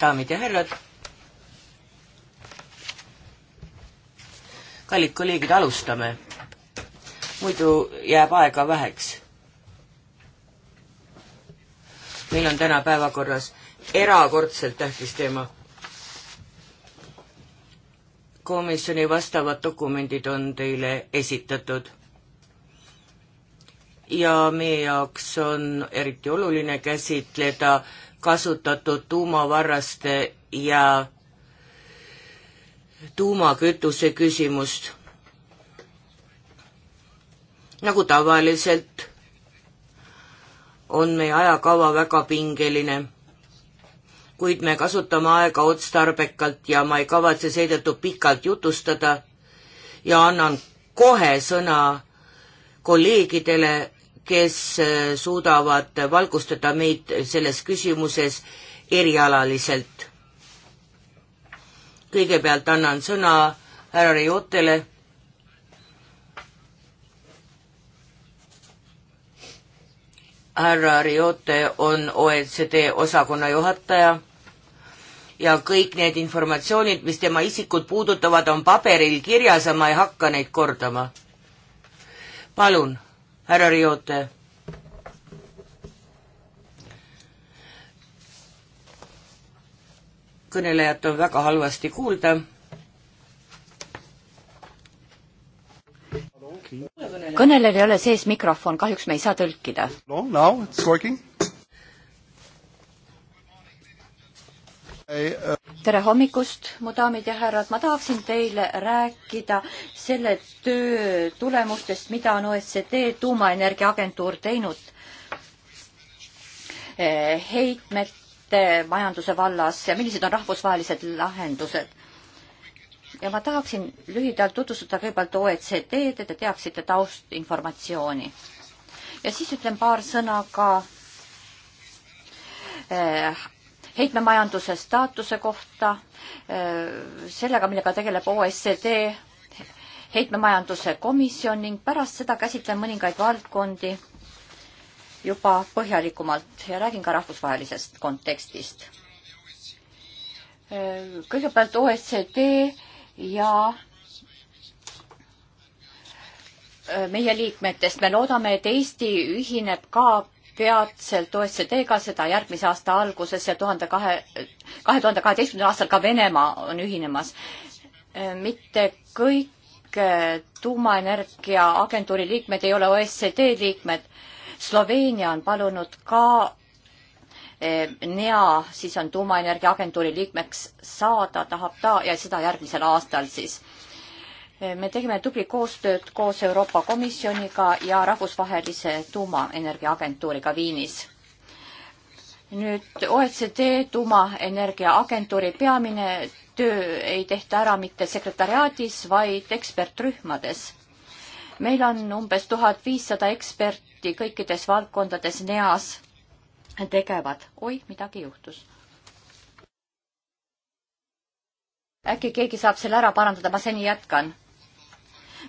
daamid ja härrad. kallid kolleegid, alustame. muidu jääb aega väheks. meil on täna päevakorras erakordselt tähtis teema. komisjoni vastavad dokumendid on teile esitatud ja meie jaoks on eriti oluline käsitleda kasutatud tuumavarraste ja tuumakütuse küsimust. nagu tavaliselt on meie ajakava väga pingeline, kuid me kasutame aega otstarbekalt ja ma ei kavatse seetõttu pikalt jutustada ja annan kohe sõna kolleegidele kes äh, suudavad valgustada meid selles küsimuses erialaliselt. kõigepealt annan sõna härra Riotele. härra Riote on OECD osakonna juhataja ja kõik need informatsioonid, mis tema isikut puudutavad, on paberil kirjas ja ma ei hakka neid kordama. palun härra Riote. kõnelejat on väga halvasti kuulda. kõnelejal ei ole sees mikrofon, kahjuks me ei saa tõlkida. no now it's working tere hommikust, mu daamid ja härrad, ma tahaksin teile rääkida selle töö tulemustest, mida on OECD tuumaenergia agentuur teinud eh, heitmete majanduse vallas ja millised on rahvusvahelised lahendused. ja ma tahaksin lühidalt tutvustada kõigepealt OECD-d, et te teaksite taustinformatsiooni. ja siis ütlen paar sõna ka eh, heitmemajanduse staatuse kohta, äh, sellega, millega tegeleb OSCD heitmemajanduse komisjon ning pärast seda käsitlen mõningaid valdkondi juba põhjalikumalt ja räägin ka rahvusvahelisest kontekstist. Äh, kõigepealt OECD ja äh, meie liikmetest. me loodame, et Eesti ühineb ka peatselt OECD-ga, seda järgmise aasta alguses ja tuhande kahe, kahe tuhande kaheteistkümnendal aastal ka Venemaa on ühinemas. mitte kõik eh, tuumaenergia agentuuri liikmed ei ole OECD liikmed. Sloveenia on palunud ka eh, NEA, siis on tuumaenergia agentuuri liikmeks saada, tahab ta ja seda järgmisel aastal siis me tegime tubli koostööd koos Euroopa Komisjoniga ja rahvusvahelise tuumaenergiaagentuuriga Viinis. nüüd OECD tuumaenergiaagentuuri peamine töö ei tehta ära mitte sekretariaadis, vaid ekspertrühmades. meil on umbes tuhat viissada eksperti kõikides valdkondades NEAS tegevad. oi, midagi juhtus äkki keegi saab selle ära parandada, ma seni jätkan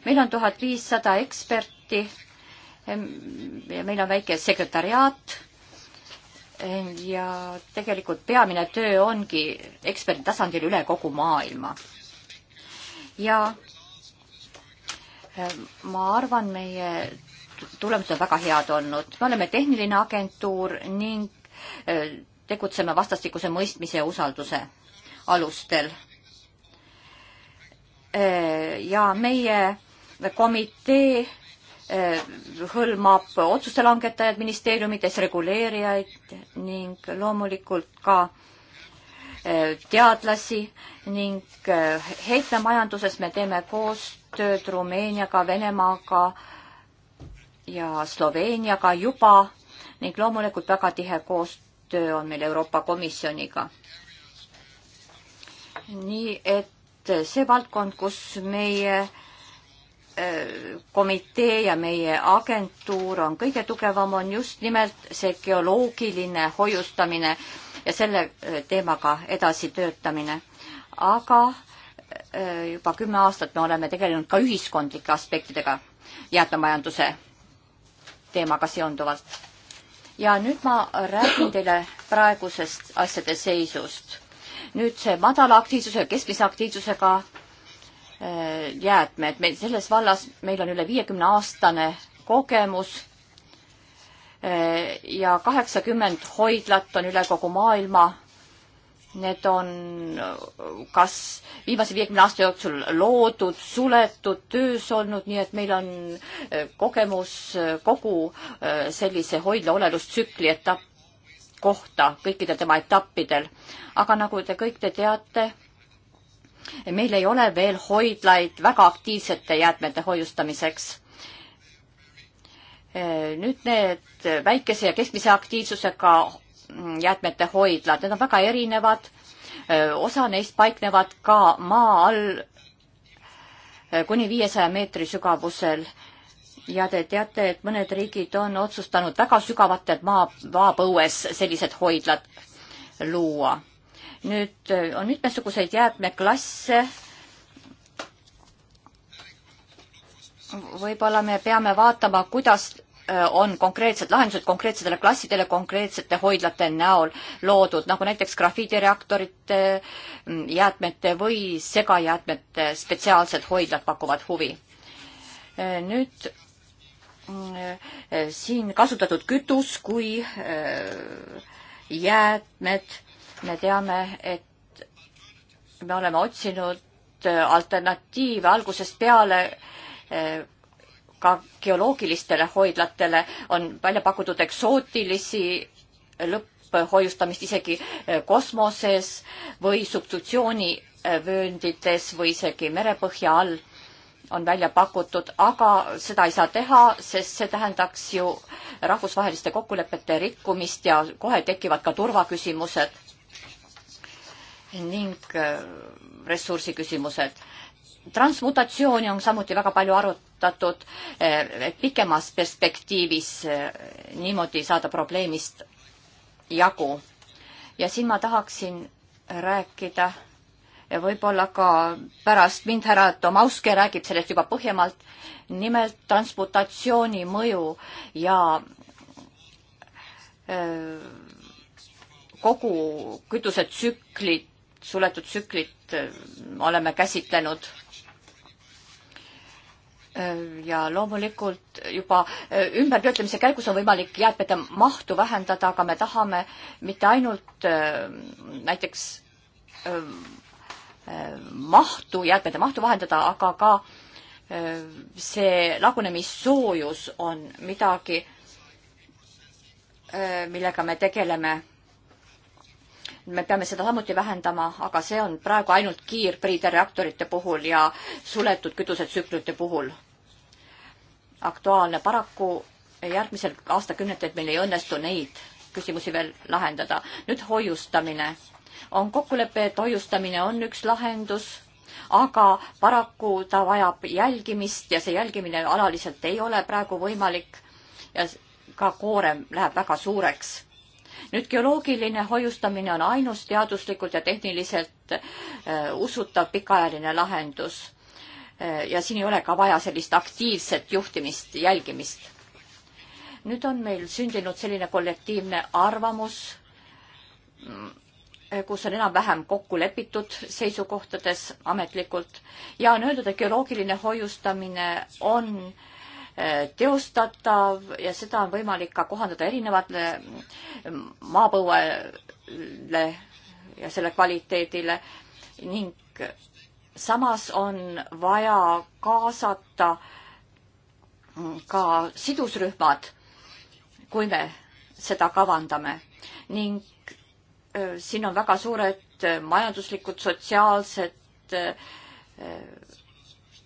meil on tuhat viissada eksperti ja meil on väike sekretariaat ja tegelikult peamine töö ongi eksperdi tasandil üle kogu maailma. ja ma arvan, meie tulemused on väga head olnud. me oleme tehniline agentuur ning e, tegutseme vastastikuse mõistmise ja usalduse alustel. E, ja meie komitee eh, hõlmab otsuste langetajaid ministeeriumites, reguleerijaid ning loomulikult ka eh, teadlasi ning eh, heitmemajanduses me teeme koostööd Rumeeniaga, Venemaaga ja Sloveeniaga juba ning loomulikult väga tihe koostöö on meil Euroopa Komisjoniga. nii et see valdkond, kus meie äh, komitee ja meie agentuur on kõige tugevam, on just nimelt see geoloogiline hoiustamine ja selle äh, teemaga edasi töötamine. aga äh, juba kümme aastat me oleme tegelenud ka ühiskondlike aspektidega jäätmemajanduse teemaga seonduvalt. ja nüüd ma räägin teile praegusest asjade seisust. nüüd see madala aktiivsuse ja keskmise aktiivsusega Eh, jäätmed, meil selles vallas, meil on üle viiekümne aastane kogemus eh, ja kaheksakümmend hoidlat on üle kogu maailma. Need on kas viimase viiekümne aasta jooksul loodud, suletud, töös olnud, nii et meil on eh, kogemus kogu sellise hoidla olelustsükli etapp kohta kõikidel tema etappidel. aga nagu te kõik te teate meil ei ole veel hoidlaid väga aktiivsete jäätmete hoiustamiseks. Äh, nüüd need väikese ja keskmise aktiivsusega mm, jäätmete hoidlad, need on väga erinevad. Äh, osa neist paiknevad ka maa all äh, kuni viiesaja meetri sügavusel ja te teate, et mõned riigid on otsustanud väga sügavate maa, maapõues sellised hoidlad luua nüüd äh, on mitmesuguseid jäätmeklasse. võib-olla me peame vaatama, kuidas äh, on konkreetsed lahendused konkreetsetele klassidele konkreetsete hoidlate näol loodud, nagu näiteks grafiidireaktorite mm, jäätmete või segajäätmete spetsiaalsed hoidlad pakuvad huvi. Äh, nüüd mm, siin kasutatud kütus kui jäätmed me teame, et me oleme otsinud äh, alternatiive algusest peale äh, ka geoloogilistele hoidlatele, on välja pakutud eksootilisi lõpphoiustamist isegi äh, kosmoses või substitutsioonivööndites või isegi merepõhja all on välja pakutud, aga seda ei saa teha, sest see tähendaks ju rahvusvaheliste kokkulepete rikkumist ja kohe tekivad ka turvaküsimused ning äh, ressursiküsimused. transmutatsiooni on samuti väga palju arutatud, äh, et pikemas perspektiivis äh, niimoodi saada probleemist jagu. ja siin ma tahaksin rääkida ja võib-olla ka pärast mind härra Tomauske räägib sellest juba põhjemalt, nimelt transmutatsiooni mõju ja öö, kogu kütusetsüklit suletud tsüklit äh, oleme käsitlenud. Äh, ja loomulikult juba äh, ümbertöötlemise käigus on võimalik jäätmete mahtu vähendada, aga me tahame mitte ainult näiteks mahtu, jäätmete mahtu vahendada, aga ka see lagunemissoojus on midagi, millega me tegeleme me peame seda samuti vähendama, aga see on praegu ainult kiirpriidereaktorite puhul ja suletud kütusetsüklite puhul aktuaalne. paraku järgmisel aastakümnetel meil ei õnnestu neid küsimusi veel lahendada. nüüd hoiustamine. on kokkulepe, et hoiustamine on üks lahendus, aga paraku ta vajab jälgimist ja see jälgimine alaliselt ei ole praegu võimalik ja ka koorem läheb väga suureks nüüd geoloogiline hoiustamine on ainus teaduslikult ja tehniliselt äh, usutav pikaajaline lahendus. Äh, ja siin ei ole ka vaja sellist aktiivset juhtimist, jälgimist. nüüd on meil sündinud selline kollektiivne arvamus, mm, äh, kus on enam-vähem kokku lepitud seisukohtades ametlikult ja on öeldud, et geoloogiline hoiustamine on äh, teostatav ja seda on võimalik ka kohandada erinevatele maapõuele ja selle kvaliteedile ning samas on vaja kaasata ka sidusrühmad, kui me seda kavandame ning siin on väga suured majanduslikud, sotsiaalsed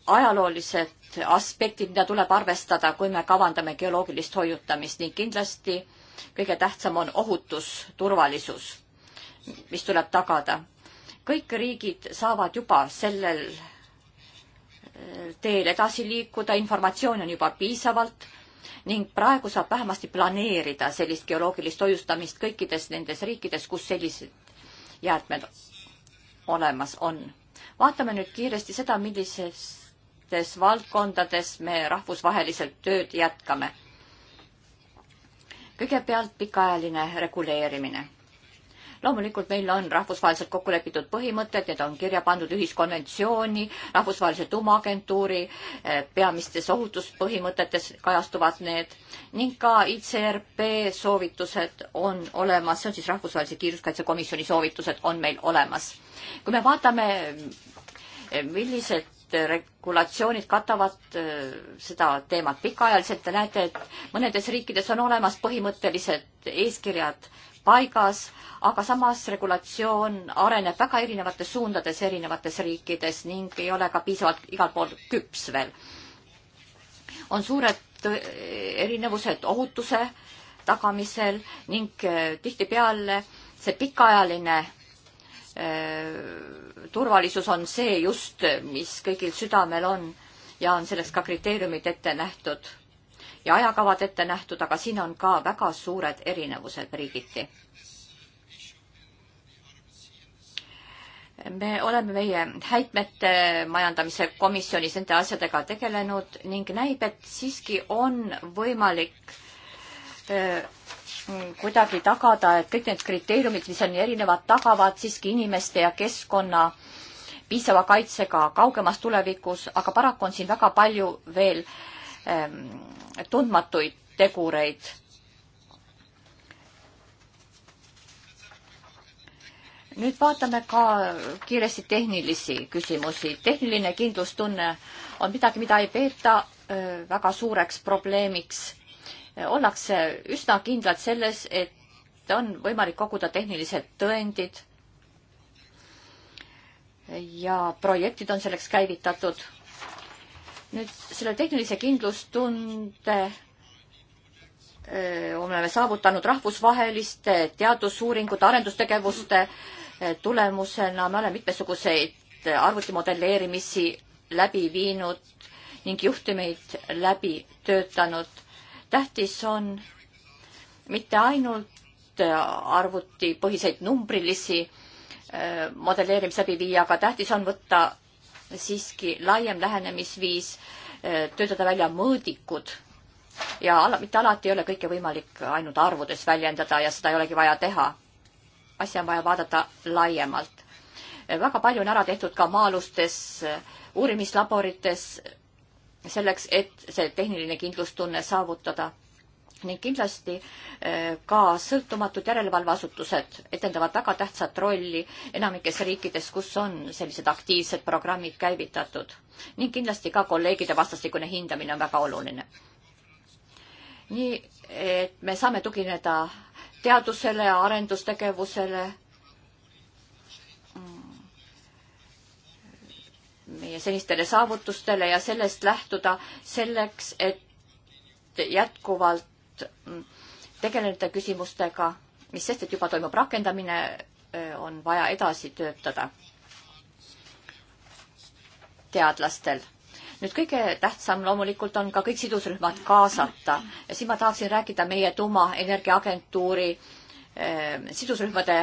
ajaloolised aspektid, mida tuleb arvestada, kui me kavandame geoloogilist hoiutamist ning kindlasti kõige tähtsam on ohutus, turvalisus, mis tuleb tagada. kõik riigid saavad juba sellel eh, teel edasi liikuda, informatsiooni on juba piisavalt ning praegu saab vähemasti planeerida sellist geoloogilist hoiustamist kõikides nendes riikides, kus sellised jäätmed olemas on. vaatame nüüd kiiresti seda, millises erinevates valdkondades me rahvusvaheliselt tööd jätkame. kõigepealt pikaajaline reguleerimine loomulikult meil on rahvusvaheliselt kokku lepitud põhimõtted, need on kirja pandud ühiskonventsiooni, rahvusvahelise tuumaagentuuri eh, peamistes ohutuspõhimõtetes kajastuvad need ning ka ICRP soovitused on olemas, see on siis Rahvusvahelise Kiiruskaitsekomisjoni soovitused on meil olemas. kui me vaatame, eh, millised et äh, regulatsioonid katavad äh, seda teemat pikaajaliselt. Te näete, et mõnedes riikides on olemas põhimõttelised eeskirjad paigas, aga samas regulatsioon areneb väga erinevates suundades erinevates riikides ning ei ole ka piisavalt igal pool küps veel. on suured äh, erinevused ohutuse tagamisel ning tihtipeale see pikaajaline Äh, turvalisus on see just, mis kõigil südamel on ja on selleks ka kriteeriumid ette nähtud ja ajakavad ette nähtud, aga siin on ka väga suured erinevused riigiti. me oleme meie häitmete majandamise komisjonis nende asjadega tegelenud ning näib, et siiski on võimalik äh, Mm, kuidagi tagada, et kõik need kriteeriumid, mis on erinevad, tagavad siiski inimeste ja keskkonna piisava kaitsega kaugemas tulevikus, aga paraku on siin väga palju veel ähm, tundmatuid tegureid. nüüd vaatame ka kiiresti tehnilisi küsimusi. tehniline kindlustunne on midagi, mida ei peeta äh, väga suureks probleemiks ollakse üsna kindlad selles, et on võimalik koguda tehnilised tõendid ja projektid on selleks käivitatud. nüüd selle tehnilise kindlustunde oleme saavutanud rahvusvaheliste teadusuuringute, arendustegevuste tulemusena, me oleme mitmesuguseid arvutimodelleerimisi läbi viinud ning juhtumeid läbi töötanud tähtis on mitte ainult arvutipõhiseid numbrilisi äh, modelleerimis läbi viia, aga tähtis on võtta siiski laiem lähenemisviis, äh, töötada välja mõõdikud ja ala, mitte alati ei ole kõike võimalik ainult arvudes väljendada ja seda ei olegi vaja teha. asja on vaja vaadata laiemalt. Äh, väga palju on ära tehtud ka maa-alustes uurimislaborites selleks, et see tehniline kindlustunne saavutada ning kindlasti eh, ka sõltumatud järelevalveasutused etendavad väga tähtsat rolli enamikes riikides, kus on sellised aktiivsed programmid käivitatud ning kindlasti ka kolleegide vastastikune hindamine on väga oluline. nii et me saame tugineda teadusele, arendustegevusele meie senistele saavutustele ja sellest lähtuda selleks, et jätkuvalt tegeleda küsimustega, mis sest, et juba toimub rakendamine, on vaja edasi töötada teadlastel. nüüd kõige tähtsam loomulikult on ka kõik sidusrühmad kaasata ja siin ma tahaksin rääkida meie tuumaenergiaagentuuri ehm, sidusrühmade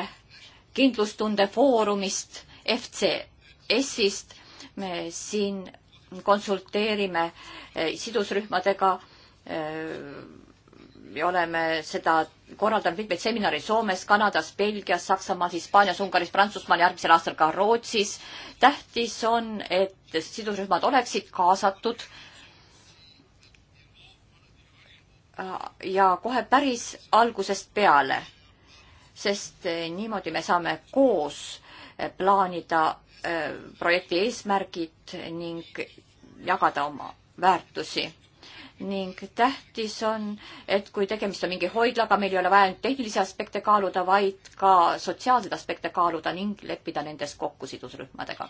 kindlustunde foorumist, FCS-ist me siin konsulteerime e, sidusrühmadega e, ja oleme seda korraldanud mitmeid seminare Soomes, Kanadas, Belgias, Saksamaal, Hispaanias, Ungaris, Prantsusmaal, järgmisel aastal ka Rootsis. tähtis on, et sidusrühmad oleksid kaasatud. ja kohe päris algusest peale, sest niimoodi me saame koos plaanida Äh, projekti eesmärgid ning jagada oma väärtusi ning tähtis on, et kui tegemist on mingi hoidlaga, meil ei ole vaja ainult tehnilisi aspekte kaaluda, vaid ka sotsiaalseid aspekte kaaluda ning leppida nendes kokku sidusrühmadega.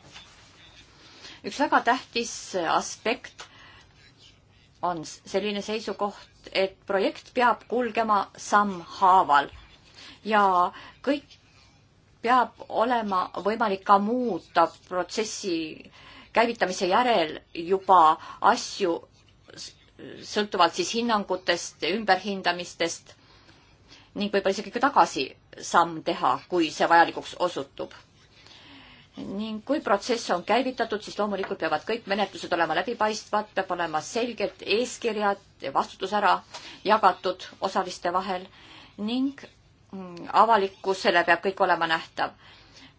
üks väga tähtis aspekt on selline seisukoht, et projekt peab kulgema sammhaaval ja kõik peab olema võimalik ka muuta protsessi käivitamise järel juba asju sõltuvalt siis hinnangutest, ümberhindamistest ning võib-olla isegi ka tagasisamm teha, kui see vajalikuks osutub. ning kui protsess on käivitatud, siis loomulikult peavad kõik menetlused olema läbipaistvad, peab olema selgelt eeskirjad ja vastutus ära jagatud osaliste vahel ning avalikkusele peab kõik olema nähtav.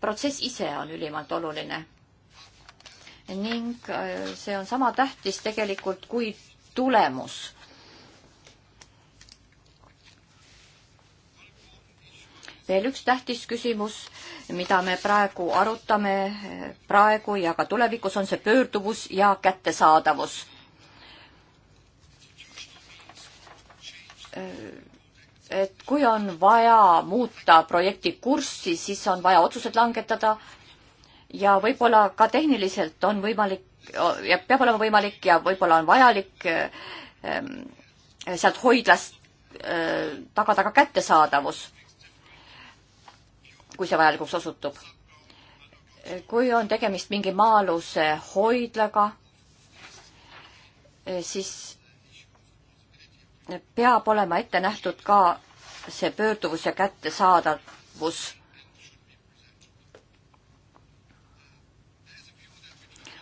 protsess ise on ülimalt oluline. ning äh, see on sama tähtis tegelikult kui tulemus. veel üks tähtis küsimus, mida me praegu arutame, praegu ja ka tulevikus, on see pöörduvus ja kättesaadavus äh, et kui on vaja muuta projekti kurssi, siis on vaja otsused langetada ja võib-olla ka tehniliselt on võimalik ja peab olema võimalik ja võib-olla on vajalik ehm, sealt hoidlast ehm, tagada ka kättesaadavus, kui see vajalikuks osutub. kui on tegemist mingi maa-aluse hoidlaga, ehm, siis peab olema ette nähtud ka see pöörduvus ja kättesaadavus.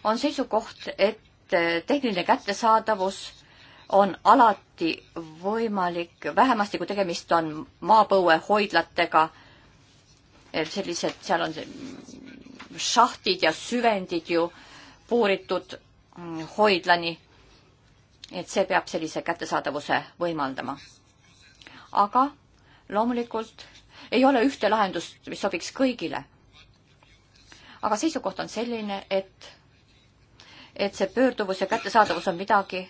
on seisukoht, et tehniline kättesaadavus on alati võimalik, vähemasti kui tegemist on maapõuehoidlatega, sellised, seal on šahtid ja süvendid ju puuritud mm, hoidlani et see peab sellise kättesaadavuse võimaldama. aga loomulikult ei ole ühte lahendust, mis sobiks kõigile. aga seisukoht on selline, et, et see pöörduvus ja kättesaadavus on midagi,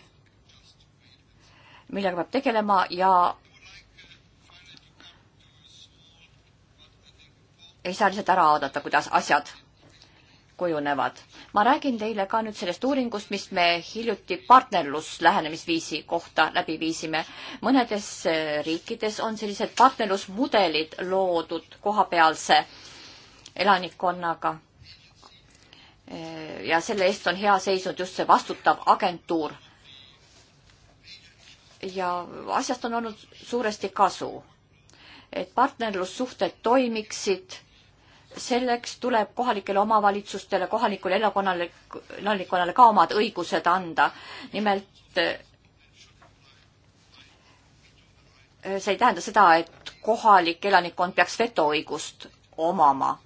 millega peab tegelema ja ei saa lihtsalt ära oodata, kuidas asjad kujunevad. ma räägin teile ka nüüd sellest uuringust, mis me hiljuti partnerlus lähenemisviisi kohta läbi viisime. mõnedes eh, riikides on sellised partnerlusmudelid loodud kohapealse elanikkonnaga. Eh, ja selle eest on hea seisnud just see vastutav agentuur. ja asjast on olnud suuresti kasu, et partnerlussuhted toimiksid selleks tuleb kohalikele omavalitsustele, kohalikule elanikkonnale, elanikkonnale ka omad õigused anda. nimelt äh, see ei tähenda seda, et kohalik elanikkond peaks vetoõigust omama.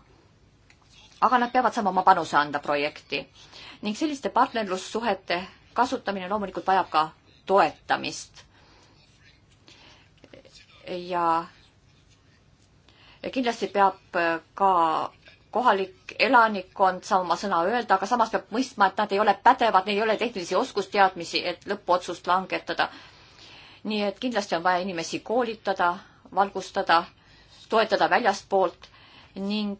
aga nad peavad saama oma panuse anda projekti ning selliste partnerlussuhete kasutamine loomulikult vajab ka toetamist. ja ja kindlasti peab äh, ka kohalik elanikkond saab oma sõna öelda, aga samas peab mõistma, et nad ei ole pädevad, neil ei ole tehnilisi oskusteadmisi, et lõppotsust langetada. nii et kindlasti on vaja inimesi koolitada, valgustada, toetada väljastpoolt ning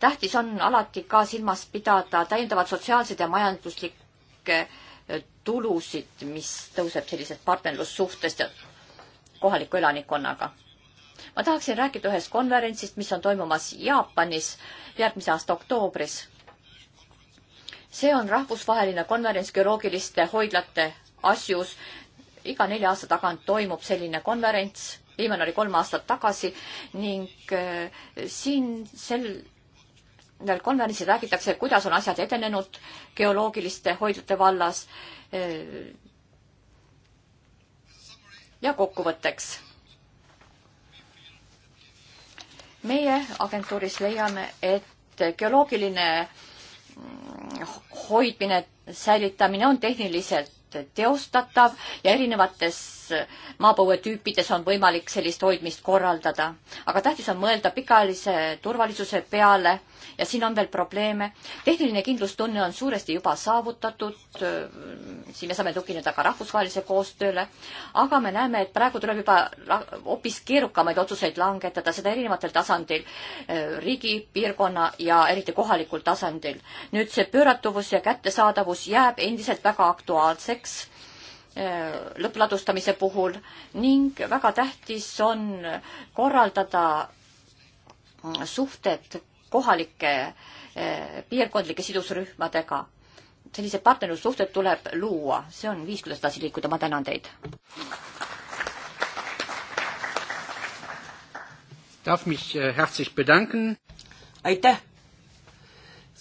tähtis on alati ka silmas pidada täiendavat sotsiaalseid ja majanduslikke äh, tulusid, mis tõuseb sellisest partnerlussuhtest ja kohaliku elanikkonnaga ma tahaksin rääkida ühest konverentsist, mis on toimumas Jaapanis järgmise aasta oktoobris. see on rahvusvaheline konverents geoloogiliste hoidlate asjus. iga nelja aasta tagant toimub selline konverents, viimane oli kolm aastat tagasi ning äh, siin sel nendel konverentsil räägitakse, kuidas on asjad edenenud geoloogiliste hoidlate vallas. Äh, ja kokkuvõtteks meie agentuuris leiame, et geoloogiline mm, hoidmine, säilitamine on tehniliselt teostatav ja erinevates maapõuetüüpides on võimalik sellist hoidmist korraldada. aga tähtis on mõelda pikaajalise turvalisuse peale ja siin on veel probleeme. tehniline kindlustunne on suuresti juba saavutatud, siin me saame tugineda ka rahvusvahelise koostööle, aga me näeme, et praegu tuleb juba hoopis keerukamaid otsuseid langetada, seda erinevatel tasandil, riigi, piirkonna ja eriti kohalikul tasandil. nüüd see pööratuvus ja kättesaadavus jääb endiselt väga aktuaalseks Äh, lõppladustamise puhul ning väga tähtis on korraldada mm, suhted kohalike äh, piirkondlike sidusrühmadega. sellised partnerlussuhted tuleb luua, see on viis, kuidas edasi liikuda, ma tänan teid. Äh, aitäh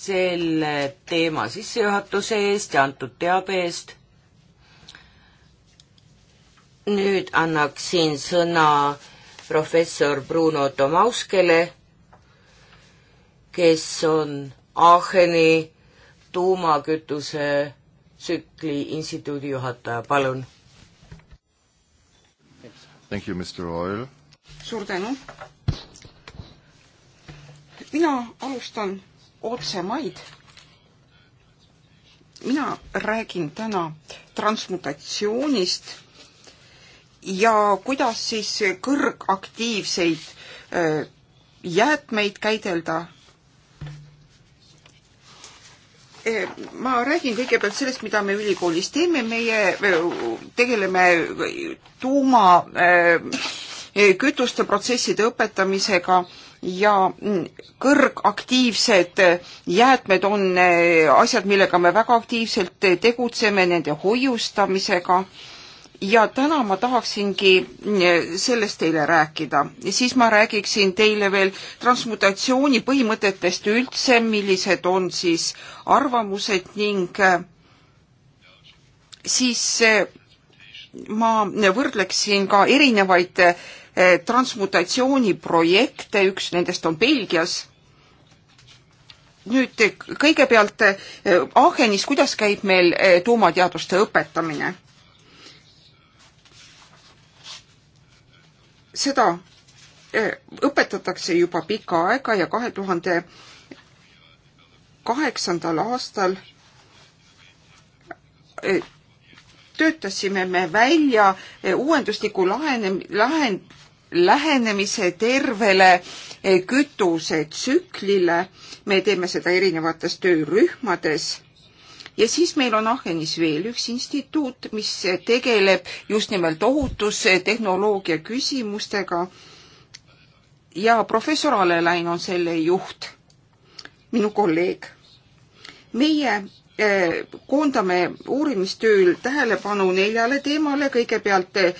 selle teema sissejuhatuse eest ja antud teabe eest nüüd annaksin sõna professor Bruno Tomauskele, kes on Aacheni tuumakütuse tsükli instituudi juhataja, palun. suur tänu. mina alustan otse maid. mina räägin täna transmutatsioonist ja kuidas siis kõrgaktiivseid äh, jäätmeid käidelda. Äh, ma räägin kõigepealt sellest, mida me ülikoolis teeme, meie äh, tegeleme tuumakütuste protsesside õpetamisega ja mm, kõrgaktiivsed jäätmed on asjad, millega me väga aktiivselt tegutseme, nende hoiustamisega ja täna ma tahaksingi eh, sellest teile rääkida. siis ma räägiksin teile veel transmutatsiooni põhimõtetest üldse, millised on siis arvamused ning eh, siis eh, ma võrdleksin ka erinevaid transmutatsiooniprojekte, üks nendest on Belgias nüüd kõigepealt Aachenis, kuidas käib meil tuumateaduste õpetamine? seda eh, õpetatakse juba pikka aega ja kahe tuhande kaheksandal aastal eh, töötasime me välja eh, uuendusliku lahenem-, lahen-, lähenemise tervele kütusetsüklile. me teeme seda erinevates töörühmades ja siis meil on Aachenis veel üks instituut, mis tegeleb just nimelt ohutustehnoloogia küsimustega. ja professor Alelain on selle juht, minu kolleeg. meie eh, koondame uurimistööl tähelepanu neljale teemale, kõigepealt eh,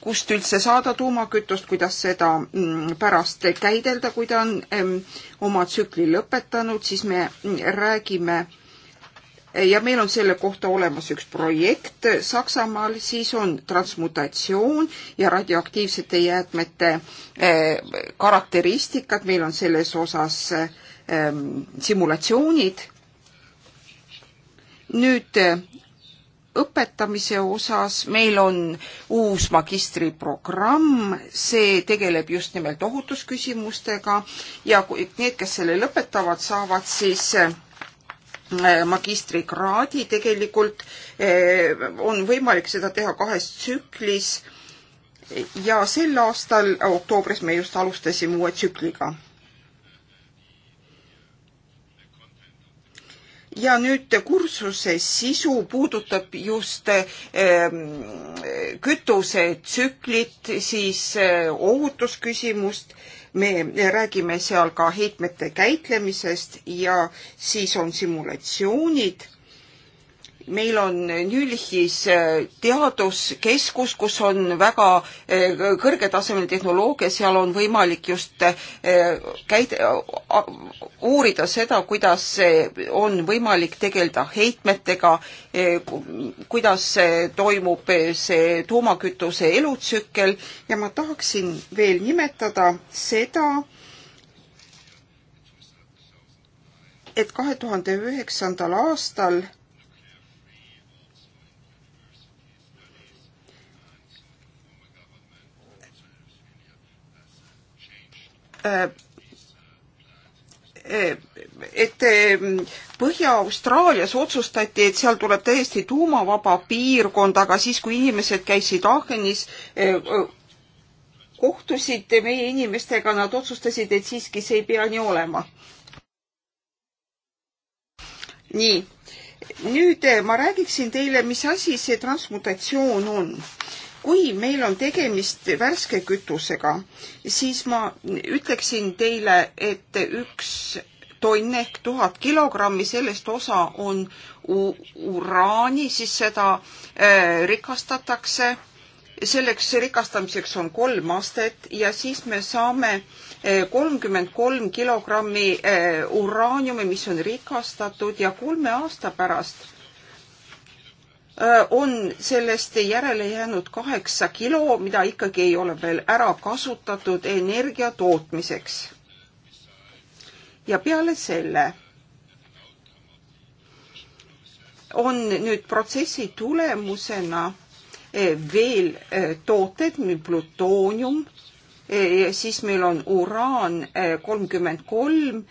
kust üldse saada tuumakütust, kuidas seda mm, pärast käidelda, kui ta on oma tsükli lõpetanud, siis me mm, räägime ja meil on selle kohta olemas üks projekt Saksamaal, siis on transmutatsioon ja radioaktiivsete jäätmete eh, karakteristikad, meil on selles osas ehm, simulatsioonid. nüüd eh, õpetamise osas meil on uus magistriprogramm, see tegeleb just nimelt ohutusküsimustega ja kui need, kes selle lõpetavad, saavad siis eh, magistrikraadi tegelikult eh, on võimalik seda teha kahes tsüklis ja sel aastal oktoobris me just alustasime uue tsükliga. ja nüüd kursuse sisu puudutab just ehm, kütusetsüklit, siis eh, ohutusküsimust me räägime seal ka heitmete käitlemisest ja siis on simulatsioonid meil on Nülhis äh, teaduskeskus, kus on väga äh, kõrgetasemeline tehnoloogia, seal on võimalik just äh, käid-, uurida seda, kuidas on võimalik tegeleda heitmetega, kuidas toimub see tuumakütuse elutsükkel ja ma tahaksin veel nimetada seda, et kahe tuhande üheksandal aastal Äh, äh, et äh, Põhja-Austraalias otsustati, et seal tuleb täiesti tuumavaba piirkond, aga siis, kui inimesed käisid Aachenis, kohtusid meie inimestega, nad otsustasid, et siiski see ei pea nii olema. nii, nüüd ma räägiksin teile, mis asi see transmutatsioon on kui meil on tegemist värske kütusega, siis ma ütleksin teile, et üks tonn ehk tuhat kilogrammi, sellest osa on uraani, siis seda äh, rikastatakse. selleks rikastamiseks on kolm astet ja siis me saame äh, kolmkümmend kolm kilogrammi äh, uraaniumi, mis on rikastatud ja kolme aasta pärast Äh, on sellest järele jäänud kaheksa kilo, mida ikkagi ei ole veel ära kasutatud energia tootmiseks. ja peale selle on nüüd protsessi tulemusena eh, veel eh, tooted, plutoonium, eh, siis meil on uraan kolmkümmend kolm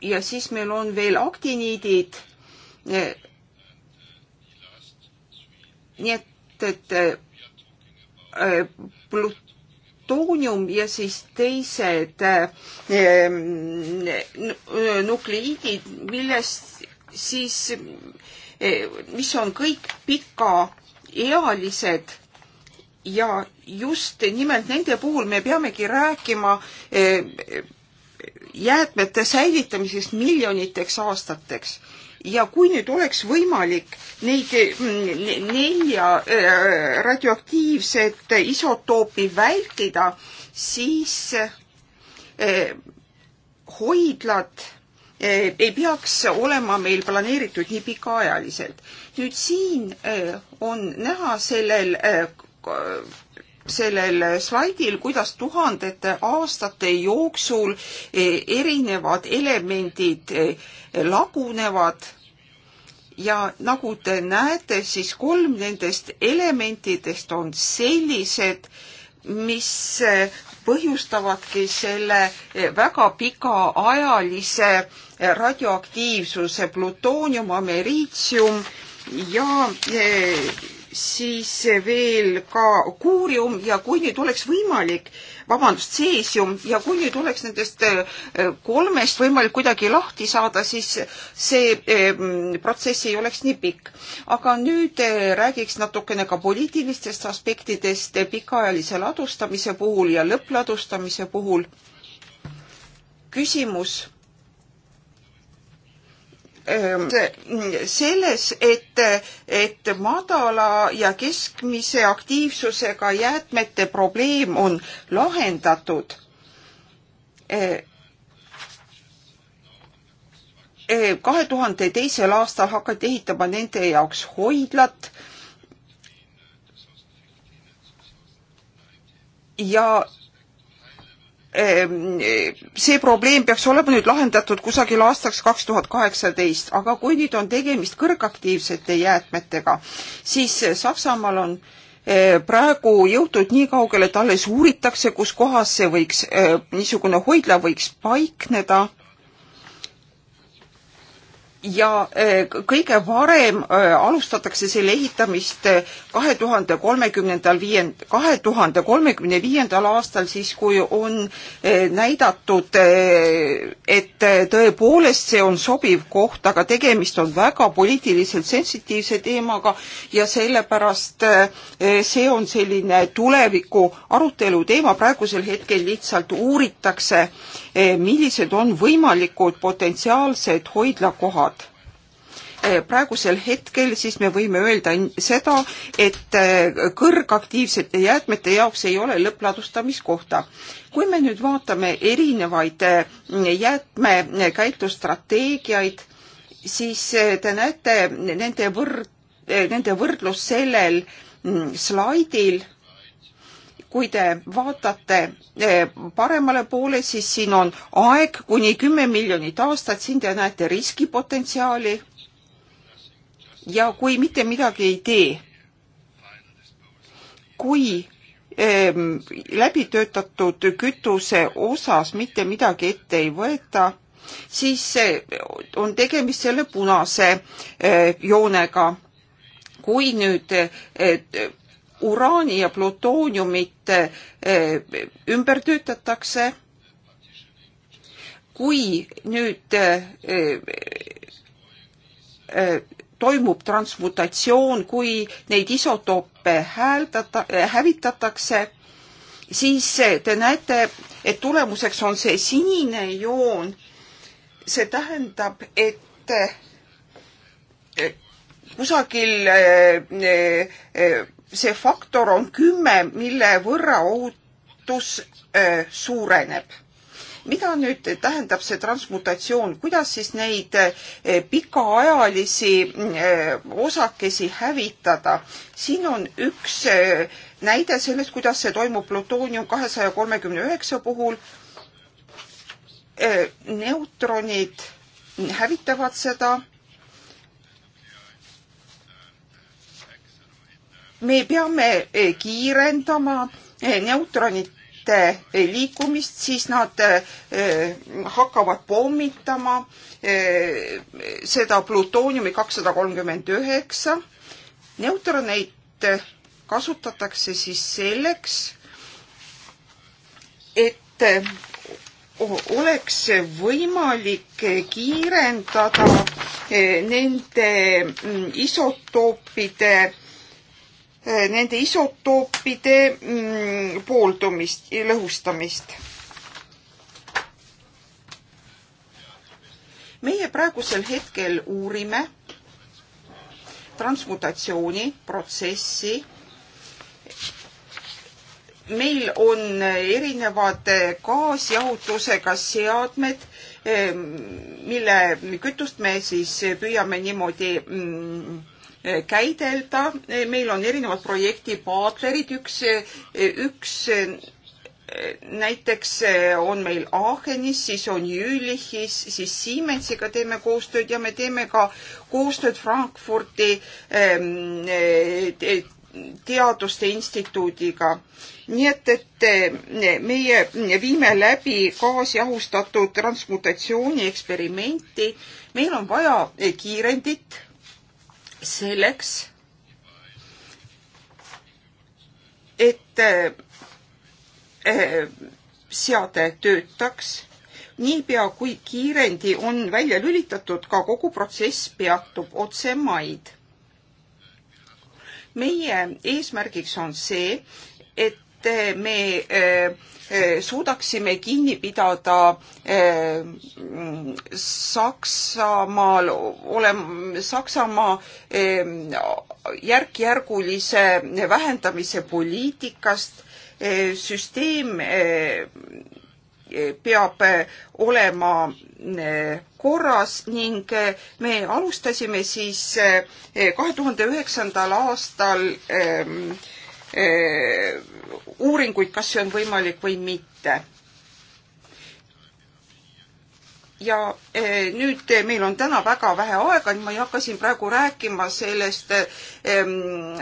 ja siis meil on veel aktiniidid nii et, et äh, plutoonium ja siis teised äh, nukleiidid, millest siis äh,, mis on kõik pikaealised ja just nimelt nende puhul me peamegi rääkima äh, jäätmete säilitamisest miljoniteks aastateks ja kui nüüd oleks võimalik neid mm, nelja äh, radioaktiivset isotoopi vältida, siis äh, hoidlad äh, ei peaks olema meil planeeritud nii pikaajaliselt. nüüd siin on näha sellel sellel slaidil, kuidas tuhandete aastate jooksul eh, erinevad elemendid eh, lagunevad ja nagu te näete, siis kolm nendest elementidest on sellised, mis eh, põhjustavadki selle väga pikaajalise radioaktiivsuse plutoonium, ameriitsium ja siis veel ka kuurium ja kui nüüd oleks võimalik, vabandust, seesium ja kui nüüd oleks nendest äh, kolmest võimalik kuidagi lahti saada, siis see ähm, protsess ei oleks nii pikk. aga nüüd äh, räägiks natukene ka poliitilistest aspektidest äh, pikaajalise ladustamise puhul ja lõppladustamise puhul. küsimus Ehm, selles, et, et madala ja keskmise aktiivsusega jäätmete probleem on lahendatud. Ehm, ehm, kahe tuhande teisel aastal hakati ehitama nende jaoks hoidlat ja Ehm, eh, see probleem peaks olema nüüd lahendatud kusagil aastaks kaks tuhat kaheksateist, aga kui nüüd on tegemist kõrgaktiivsete jäätmetega, siis Saksamaal on eh, praegu jõutud nii kaugele, et alles uuritakse, kus kohas see võiks, eh, niisugune hoidla võiks paikneda ja äh, kõige varem äh, alustatakse selle ehitamist äh, kahe tuhande kolmekümnendal viiend-, kahe tuhande kolmekümne viiendal aastal, siis kui on näidatud, et tõepoolest see on sobiv koht, aga tegemist on väga poliitiliselt sensitiivse teemaga ja sellepärast see on selline tuleviku arutelu teema, praegusel hetkel lihtsalt uuritakse Eh, millised on võimalikud potentsiaalsed hoidlakohad. Eh, praegusel hetkel siis me võime öelda seda, et eh, kõrgaktiivsete jäätmete jaoks ei ole lõppladustamiskohta. kui me nüüd vaatame erinevaid jäätmekäitlusstrateegiaid, siis te näete nende võrd-, nende võrdlus sellel mm, slaidil kui te vaatate eh, paremale poole, siis siin on aeg kuni kümme miljonit aastat, siin te näete riskipotentsiaali. ja kui mitte midagi ei tee, kui ähm, eh, läbitöötatud kütuse osas mitte midagi ette ei võeta, siis eh, on tegemist selle punase äh, joonega kui nüüd uraani ja plutooniumit eh, ümber töötatakse. kui nüüd eh, eh, toimub transmutatsioon, kui neid isotoope hääldata, hävitatakse, siis te näete, et tulemuseks on see sinine joon. see tähendab, et kusagil see faktor on kümme, mille võrra ohutus suureneb. mida nüüd tähendab see transmutatsioon, kuidas siis neid pikaajalisi osakesi hävitada? siin on üks näide sellest, kuidas see toimub plutoonium kahesaja kolmekümne üheksa puhul. neutronid hävitavad seda me peame eh, kiirendama eh, neutronite eh, liikumist, siis nad hakkavad pommitama seda plutooniumi kakssada kolmkümmend üheksa. neutroneid kasutatakse siis selleks, et oleks võimalik kiirendada nende mm, isotoopide Eh, nende isotoopide mm, pooldumist ja lõhustamist. meie praegusel hetkel uurime transmutatsiooni protsessi. meil on erinevad gaasjahutusega seadmed, eh, mille kütust me siis püüame niimoodi mm, Eh, käidelda. Eh, meil on erinevad projektipaatlerid, üks, eh, üks näiteks on meil Aachenis, siis on Jülichis, siis Siemensiga teeme koostööd ja me teeme ka koostööd Frankfurdi ehm, teaduste instituudiga. nii et, et meie viime läbi gaasiahustatud transmutatsiooni eksperimenti. meil on vaja kiirendit selleks, et eh, seade töötaks. niipea kui kiirendi on välja lülitatud, ka kogu protsess peatub otse maid. meie eesmärgiks on see, et me äh, Eh, suudaksime kinni pidada eh, Saksamaal olema, Saksamaa eh, järk-järgulise vähendamise poliitikast. süsteem peab olema korras ning me alustasime siis kahe tuhande üheksandal aastal Äh, uuringuid, kas see on võimalik või mitte. ja äh, nüüd äh, meil on täna väga vähe aega, nii ma ei hakka siin praegu rääkima sellest ähm,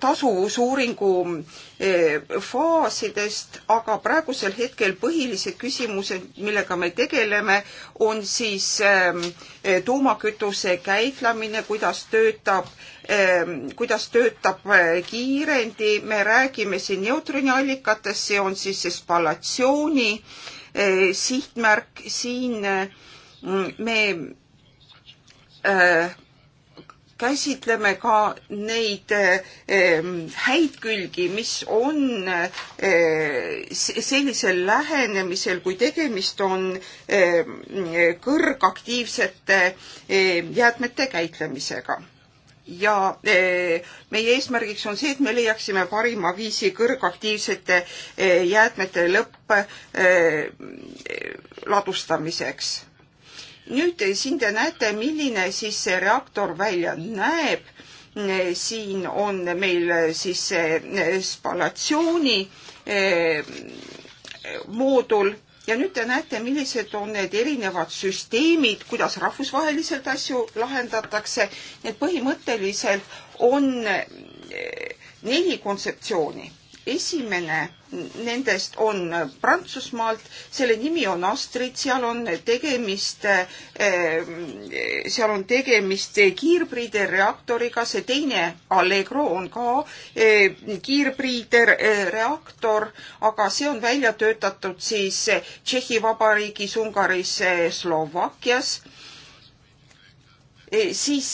tasuvusuuringu faasidest, aga praegusel hetkel põhilised küsimused, millega me tegeleme, on siis ähm, tuumakütuse käitlemine, kuidas töötab äh, Ehm, kuidas töötab eh, kiirendi, me räägime siin neutroniallikatest, see on siis siis spallatsiooni eh, sihtmärk, siin mm, me eh, käsitleme ka neid ehm, häid külgi, mis on sellisel lähenemisel, kui tegemist on ehm, kõrgaktiivsete jäätmete käitlemisega ja eh, meie eesmärgiks on see, et me leiaksime parima viisi kõrgaktiivsete eh, jäätmete lõppladustamiseks. Eh, nüüd siin te näete, milline siis see reaktor välja näeb. siin on meil siis see spalatsiooni moodul ja nüüd te näete, millised on need erinevad süsteemid, kuidas rahvusvaheliselt asju lahendatakse. nii et põhimõtteliselt on eh, neli kontseptsiooni esimene nendest on Prantsusmaalt, selle nimi on Astrid, seal on tegemist, eh, seal on tegemist kiirpriider reaktoriga, see teine Allegro on ka eh, kiirpriider reaktor, aga see on välja töötatud siis Tšehhi Vabariigis, Ungaris, Slovakkias. Eh, siis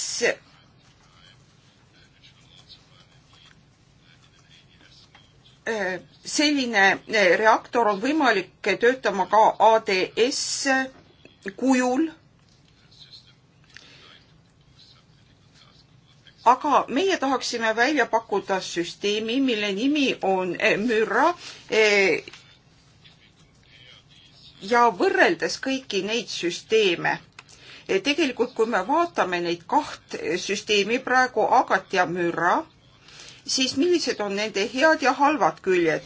selline eh, reaktor on võimalik töötama ka ADS kujul. aga meie tahaksime välja pakkuda süsteemi, mille nimi on eh, müra eh, ja võrreldes kõiki neid süsteeme, tegelikult kui me vaatame neid kaht süsteemi praegu, agat ja müra, siis millised on nende head ja halvad küljed?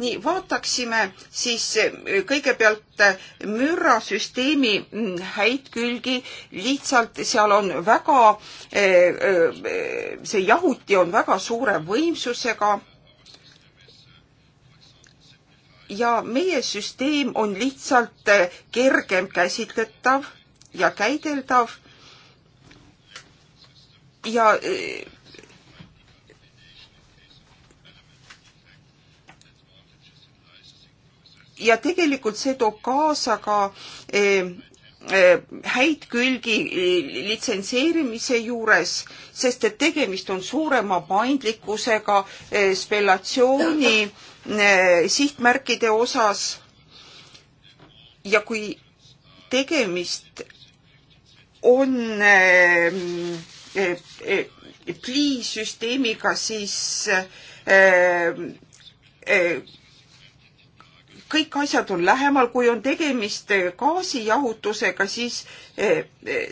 nii, vaataksime siis eh, kõigepealt eh, mürrasüsteemi mm, häid külgi, lihtsalt seal on väga, eh, see jahuti on väga suure võimsusega ja meie süsteem on lihtsalt kergem käsitletav ja käideldav ja e, ja tegelikult see toob kaasa ka e, e, häid külgi litsenseerimise juures, sest et tegemist on suurema paindlikkusega spellatsiooni sihtmärkide osas. ja kui tegemist on Eh, eh, pliisüsteemiga, siis eh, kõik asjad on lähemal, kui on tegemist gaasijahutusega, siis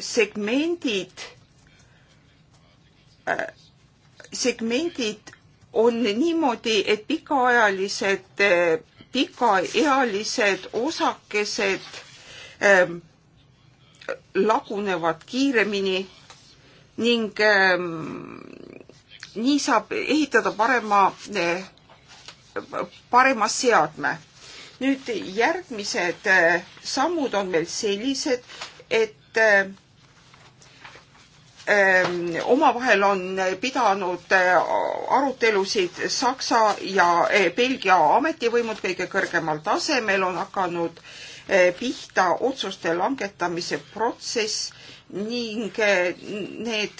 segmendid, segmendid on niimoodi, et pikaajalised, pikaealised osakesed lagunevad kiiremini ning ähm, nii saab ehitada parema, eh, parema seadme. nüüd järgmised eh, sammud on meil sellised, et eh, omavahel on pidanud arutelusid Saksa ja Belgia ametivõimud kõige kõrgemal tasemel, on hakanud pihta otsuste langetamise protsess ning eh, need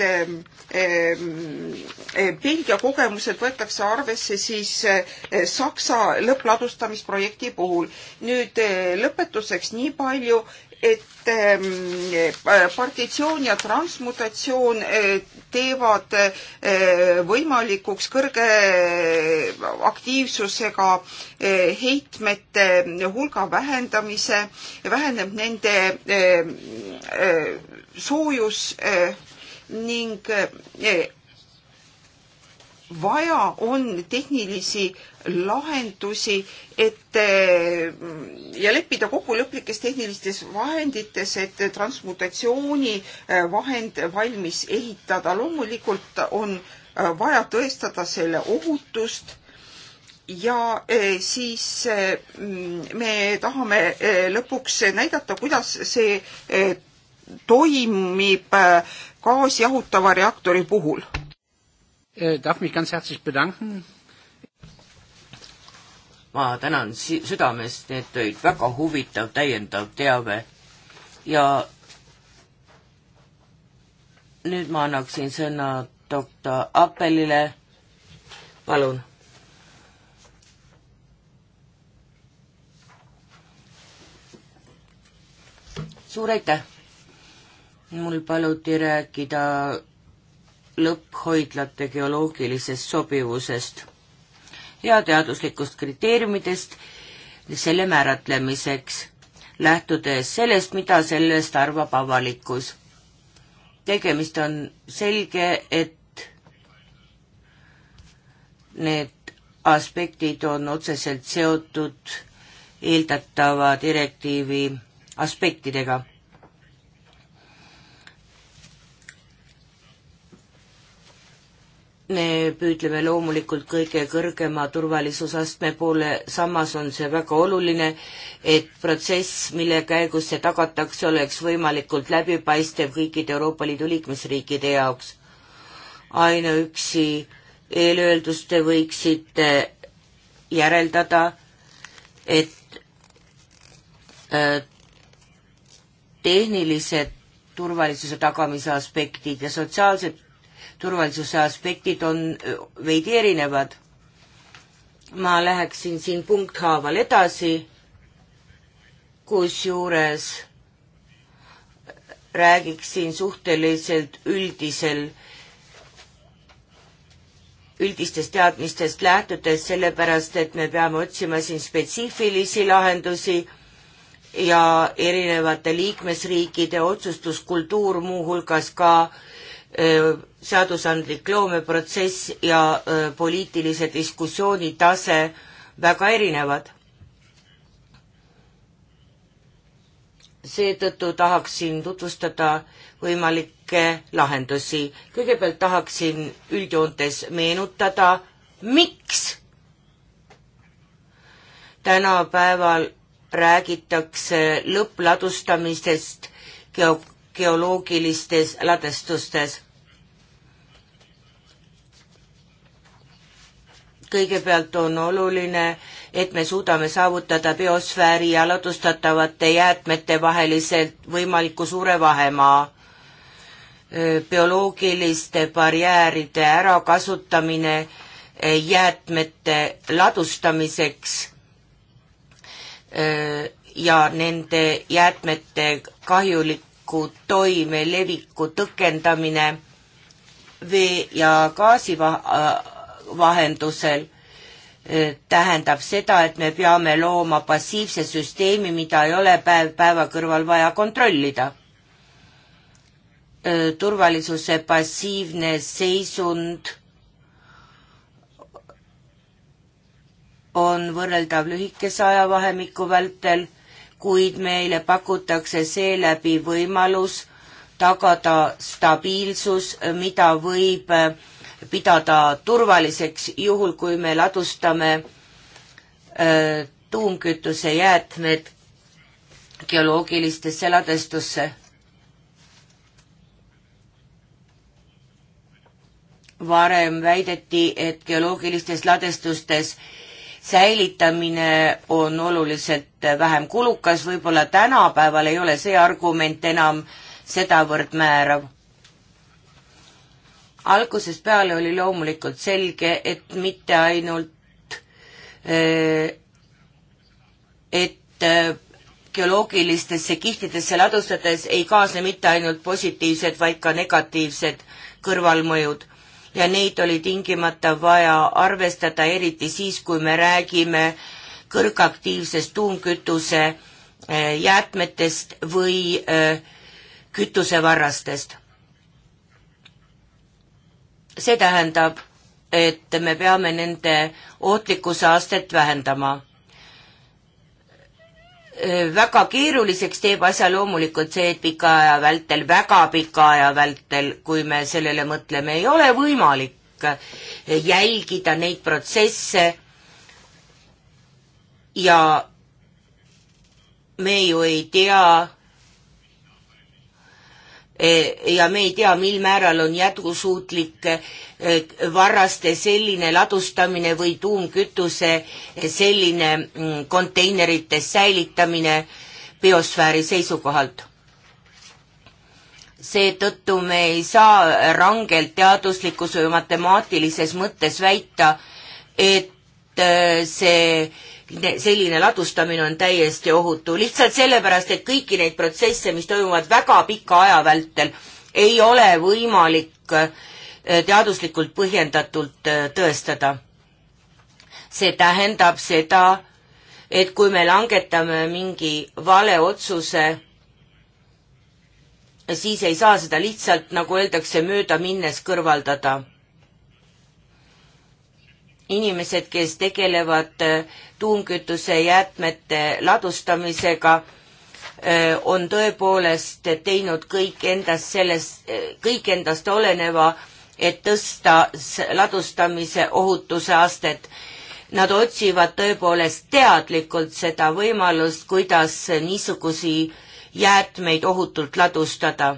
Belgia eh, eh, kogemused võetakse arvesse siis Saksa lõppladustamisprojekti puhul. nüüd lõpetuseks nii palju, et partitsioon ja transmutatsioon teevad võimalikuks kõrge aktiivsusega heitmete hulga vähendamise, väheneb nende soojus eh, ning eh, vaja on tehnilisi lahendusi, et eh, ja leppida kokku lõplikes tehnilistes vahendites, et transmutatsiooni vahend valmis ehitada. loomulikult on vaja tõestada selle ohutust ja siis me tahame lõpuks näidata, kuidas see toimib äh, gaasjahutava reaktori puhul? Äh, ma tänan südamest, need olid väga huvitav täiendav teave ja nüüd ma annaksin sõna doktor Appelile. palun. suur aitäh mul paluti rääkida lõpphoidlate geoloogilisest sobivusest ja teaduslikust kriteeriumidest selle määratlemiseks, lähtudes sellest, mida sellest arvab avalikkus. tegemist on selge, et need aspektid on otseselt seotud eeldatava direktiivi aspektidega me püüdleme loomulikult kõige kõrgema turvalisusastme poole, samas on see väga oluline, et protsess, mille käigus see tagatakse, oleks võimalikult läbipaistev kõikide Euroopa Liidu liikmesriikide jaoks. ainuüksi eelöeldust te võiksite järeldada, et äh, tehnilised turvalisuse tagamise aspektid ja sotsiaalsed turvalisuse aspektid on veidi erinevad. ma läheksin siin punkthaaval edasi, kusjuures räägiksin suhteliselt üldisel üldistest teadmistest lähtudes, sellepärast et me peame otsima siin spetsiifilisi lahendusi ja erinevate liikmesriikide otsustuskultuur, muuhulgas ka Äh, seadusandlik loomeprotsess ja äh, poliitilise diskussiooni tase väga erinevad. seetõttu tahaksin tutvustada võimalikke lahendusi. kõigepealt tahaksin üldjoontes meenutada, miks tänapäeval räägitakse lõppladustamisest geo-, geoloogilistes ladestustes. kõigepealt on oluline, et me suudame saavutada biosfääri ja ladustatavate jäätmete vaheliselt võimaliku suure vahemaa bioloogiliste barjääride ärakasutamine jäätmete ladustamiseks ja nende jäätmete kahjulik leviku toime, leviku tõkendamine vee- ja gaasivahendusel äh, äh, tähendab seda, et me peame looma passiivse süsteemi, mida ei ole päev päeva kõrval vaja kontrollida. Äh, turvalisuse passiivne seisund on võrreldav lühikese ajavahemiku vältel kuid meile pakutakse seeläbi võimalus tagada stabiilsus, mida võib äh, pidada turvaliseks, juhul kui me ladustame äh, tuumkütuse jäätmed geoloogilistesse ladestusse. varem väideti, et geoloogilistes ladestustes säilitamine on oluliselt vähem kulukas, võib-olla tänapäeval ei ole see argument enam sedavõrd määrav. algusest peale oli loomulikult selge, et mitte ainult, äh, et äh, geoloogilistesse kihtidesse ladustades ei kaasne mitte ainult positiivsed, vaid ka negatiivsed kõrvalmõjud ja neid oli tingimata vaja arvestada, eriti siis, kui me räägime kõrgaktiivsest tuumkütuse eh, jäätmetest või eh, kütusevarrastest. see tähendab, et me peame nende ohtlikku saastet vähendama väga keeruliseks teeb asja loomulikult see, et pika aja vältel, väga pika aja vältel, kui me sellele mõtleme, ei ole võimalik jälgida neid protsesse ja me ju ei tea, Eh, ja me ei tea, mil määral on jätkusuutlik eh, varraste selline ladustamine või tuumkütuse eh, selline mm, konteinerites säilitamine biosfääri seisukohalt. seetõttu me ei saa rangelt teaduslikus või matemaatilises mõttes väita, et see selline ladustamine on täiesti ohutu, lihtsalt sellepärast, et kõiki neid protsesse, mis toimuvad väga pika aja vältel, ei ole võimalik äh, teaduslikult põhjendatult äh, tõestada. see tähendab seda, et kui me langetame mingi vale otsuse, siis ei saa seda lihtsalt, nagu öeldakse, mööda minnes kõrvaldada. inimesed, kes tegelevad äh, tuumkütuse jäätmete ladustamisega on tõepoolest teinud kõik endast selles, kõik endast oleneva, et tõsta ladustamise ohutuse astet. Nad otsivad tõepoolest teadlikult seda võimalust, kuidas niisugusi jäätmeid ohutult ladustada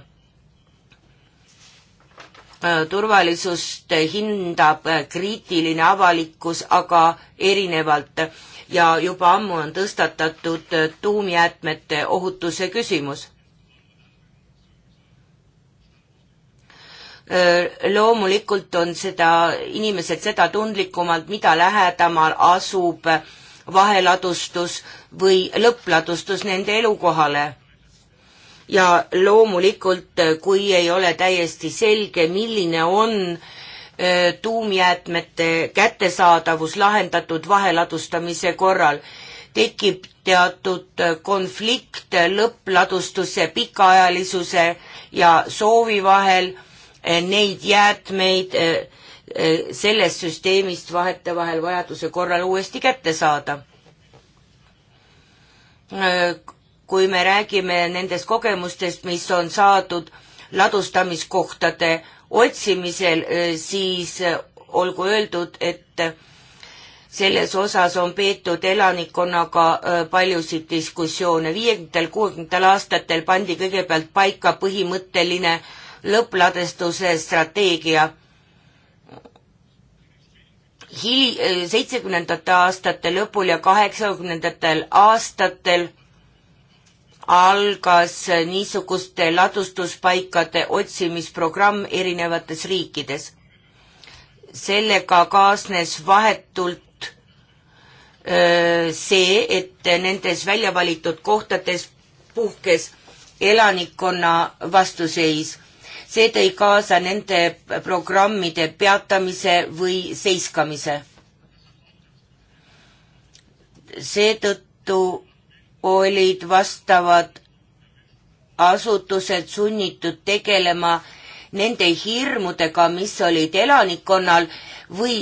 Äh, turvalisust hindab äh, kriitiline avalikkus aga erinevalt ja juba ammu on tõstatatud äh, tuumjäätmete ohutuse küsimus. loomulikult on seda, inimesed seda tundlikumalt, mida lähedamal asub vaheladustus või lõppladustus nende elukohale ja loomulikult, äh, kui ei ole täiesti selge, milline on äh, tuumjäätmete kättesaadavus lahendatud vaheladustamise korral, tekib teatud äh, konflikt lõppladustuse pikaajalisuse ja soovi vahel neid jäätmeid sellest süsteemist vahetevahel vajaduse korral uuesti kätte saada kui me räägime nendest kogemustest, mis on saadud ladustamiskohtade otsimisel, siis olgu öeldud, et selles osas on peetud elanikkonnaga paljusid diskussioone. viiekümnendatel, kuuekümnendatel aastatel pandi kõigepealt paika põhimõtteline lõppladestuse strateegia. Hili-, seitsmekümnendate aastate lõpul ja kaheksakümnendatel aastatel algas niisuguste ladustuspaikade otsimisprogramm erinevates riikides. sellega kaasnes vahetult see, et nendes välja valitud kohtades puhkes elanikkonna vastuseis. see tõi kaasa nende programmide peatamise või seiskamise. seetõttu olid vastavad asutused sunnitud tegelema nende hirmudega, mis olid elanikkonnal või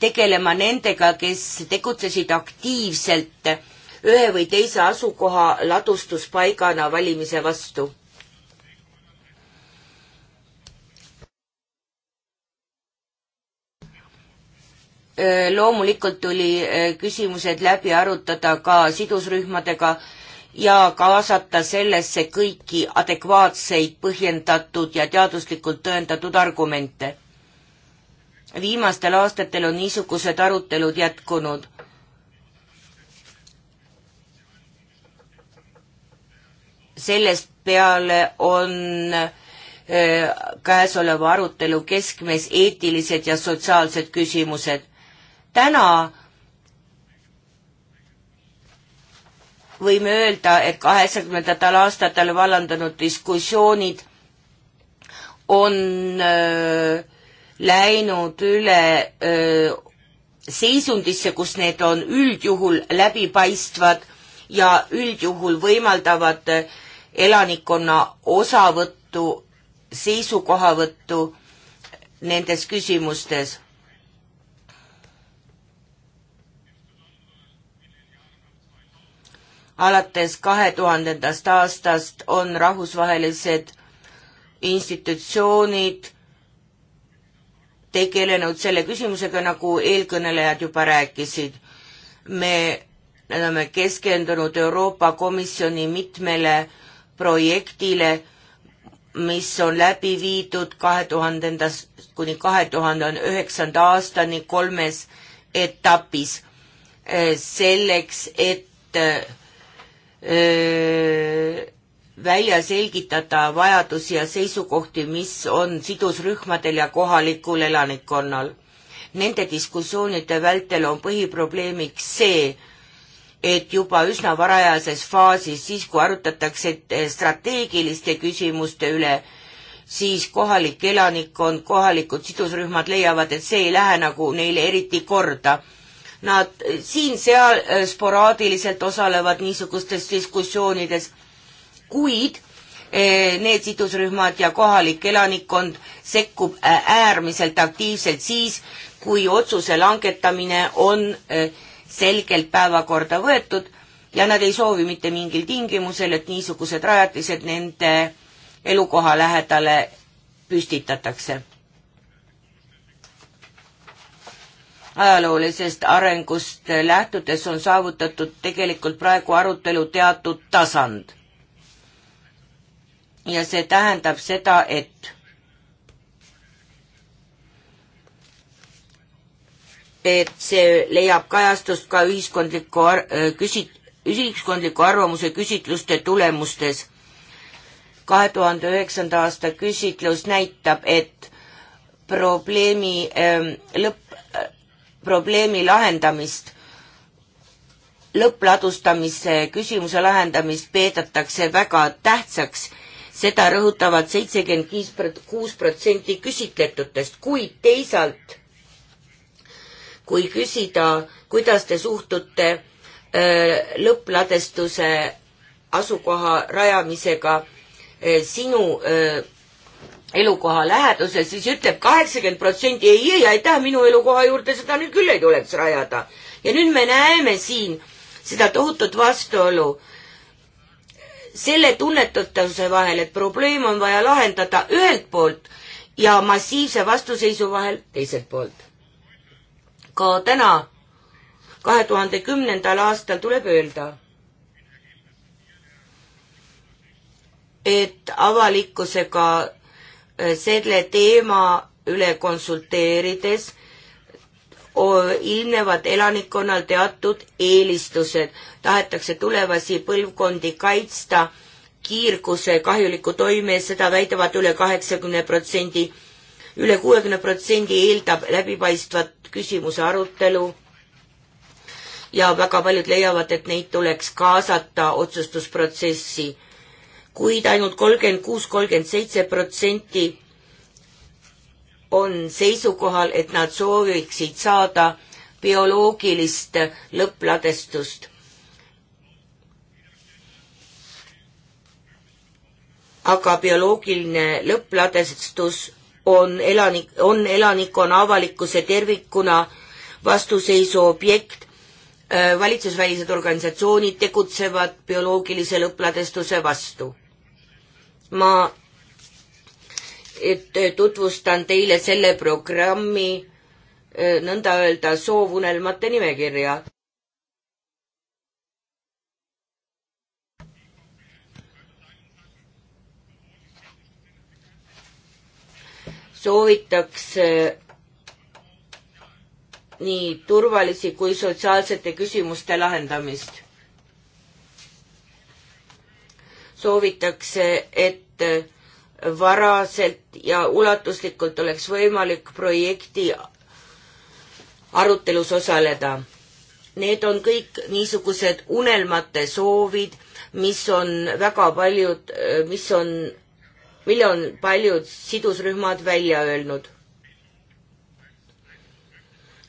tegelema nendega, kes tegutsesid aktiivselt ühe või teise asukoha ladustuspaigana valimise vastu. loomulikult tuli küsimused läbi arutada ka sidusrühmadega ja kaasata sellesse kõiki adekvaatseid, põhjendatud ja teaduslikult tõendatud argumente. viimastel aastatel on niisugused arutelud jätkunud. sellest peale on käesoleva arutelu keskmes eetilised ja sotsiaalsed küsimused täna võime öelda, et kaheksakümnendatel aastatel vallandunud diskussioonid on öö, äh, läinud üle öö, äh, seisundisse, kus need on üldjuhul läbipaistvad ja üldjuhul võimaldavad äh, elanikkonna osavõttu, seisukohavõttu nendes küsimustes alates kahe tuhandendast aastast on rahvusvahelised institutsioonid tegelenud selle küsimusega, nagu eelkõnelejad juba rääkisid. me oleme keskendunud Euroopa Komisjoni mitmele projektile, mis on läbi viidud kahe tuhandendast kuni kahe tuhande üheksanda aastani kolmes etapis, selleks et välja selgitada vajadusi ja seisukohti, mis on sidusrühmadel ja kohalikul elanikkonnal. Nende diskussioonide vältel on põhiprobleemiks see, et juba üsna varajases faasis, siis kui arutatakse eh, strateegiliste küsimuste üle, siis kohalik elanikkond, kohalikud sidusrühmad leiavad, et see ei lähe nagu neile eriti korda Nad siin-seal äh, sporaadiliselt osalevad niisugustes diskussioonides, kuid äh, need sidusrühmad ja kohalik elanikkond sekkub äh, äärmiselt aktiivselt siis, kui otsuse langetamine on selgelt päevakorda võetud ja nad ei soovi mitte mingil tingimusel, et niisugused rajatised nende elukoha lähedale püstitatakse. ajaloolisest arengust lähtudes on saavutatud tegelikult praegu arutelu teatud tasand. ja see tähendab seda, et et see leiab kajastust ka ühiskondliku ar-, küsi-, ühiskondliku arvamuse küsitluste tulemustes. kahe tuhande üheksanda aasta küsitlus näitab, et probleemi ähm, lõpp probleemi lahendamist, lõppladustamise küsimuse lahendamist peetakse väga tähtsaks seda rõhutavad seitsekümmend viis, kuus protsenti küsitletutest, kuid teisalt, kui küsida, kuidas te suhtute öö, lõppladestuse asukoha rajamisega öö, sinu öö, elukoha läheduses, siis ütleb kaheksakümmend protsenti ei, ei aitäh, minu elukoha juurde seda nüüd küll ei tuleks rajada. ja nüüd me näeme siin seda tohutut vastuolu selle tunnetatavuse vahel, et probleem on vaja lahendada ühelt poolt ja massiivse vastuseisu vahel teiselt poolt. ka täna, kahe tuhande kümnendal aastal tuleb öelda, et avalikkusega selle teema üle konsulteerides ilmnevad elanikkonnal teatud eelistused. tahetakse tulevasi põlvkondi kaitsta kiirguse kahjuliku toime eest, seda väidavad üle kaheksakümne protsendi, üle kuuekümne protsendi eeldab läbipaistvat küsimuse arutelu ja väga paljud leiavad, et neid tuleks kaasata otsustusprotsessi kuid ainult kolmkümmend kuus, kolmkümmend seitse protsenti on seisukohal, et nad sooviksid saada bioloogilist lõppladestust. aga bioloogiline lõppladestus on elanik, on elanikkonna avalikkuse tervikuna vastuseisu objekt Äh, valitsusvälised organisatsioonid tegutsevad bioloogilise lõplatestuse vastu. ma et äh, tutvustan teile selle programmi äh, nõnda öelda soovunelmate nimekirja. soovitakse nii turvalisi kui sotsiaalsete küsimuste lahendamist. soovitakse, et varaselt ja ulatuslikult oleks võimalik projekti arutelus osaleda. Need on kõik niisugused unelmate soovid, mis on väga paljud, mis on, mille on paljud sidusrühmad välja öelnud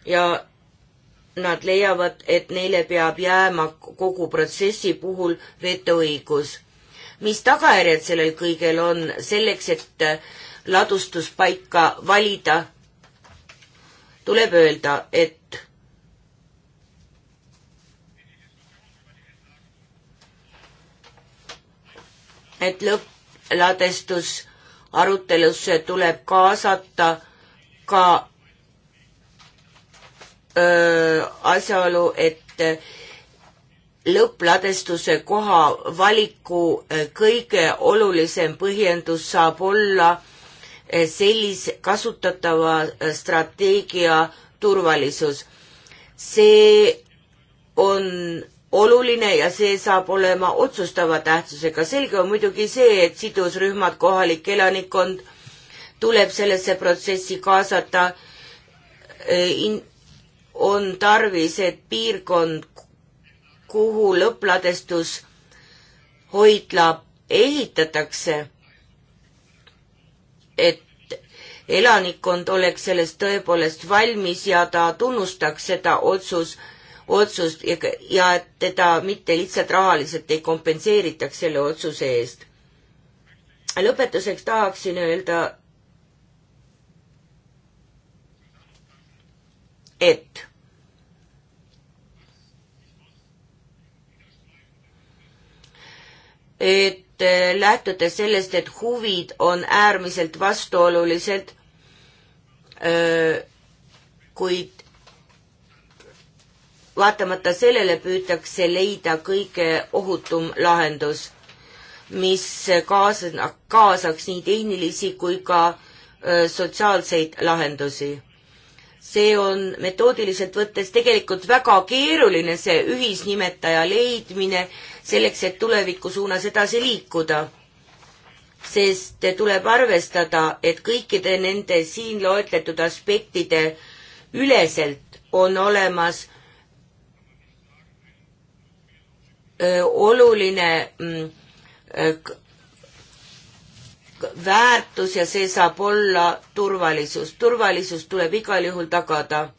ja nad leiavad, et neile peab jääma kogu protsessi puhul vetoõigus. mis tagajärjed sellel kõigel on selleks, et äh, ladustuspaika valida? tuleb öelda, et et lõppladestus arutelusse tuleb kaasata ka asjaolu, et lõppladestuse koha valiku kõige olulisem põhjendus saab olla sellise kasutatava strateegia turvalisus. see on oluline ja see saab olema otsustava tähtsusega. selge on muidugi see, et sidusrühmad, kohalik elanikkond tuleb sellesse protsessi kaasata in-, on tarvis, et piirkond, kuhu lõppladestushoidla ehitatakse, et elanikkond oleks sellest tõepoolest valmis ja ta tunnustaks seda otsus, otsust ja, ja et teda mitte lihtsalt rahaliselt ei kompenseeritaks selle otsuse eest. lõpetuseks tahaksin öelda, et et äh, lähtudes sellest, et huvid on äärmiselt vastuolulised, äh, kuid vaatamata sellele püütakse leida kõige ohutum lahendus, mis kaasa, kaasaks nii tehnilisi kui ka äh, sotsiaalseid lahendusi see on metoodiliselt võttes tegelikult väga keeruline, see ühisnimetaja leidmine selleks, et tuleviku suunas edasi liikuda. sest tuleb arvestada, et kõikide nende siin loetletud aspektide üleselt on olemas öö, oluline mm, öö, väärtus ja see saab olla turvalisus. turvalisus tuleb igal juhul tagada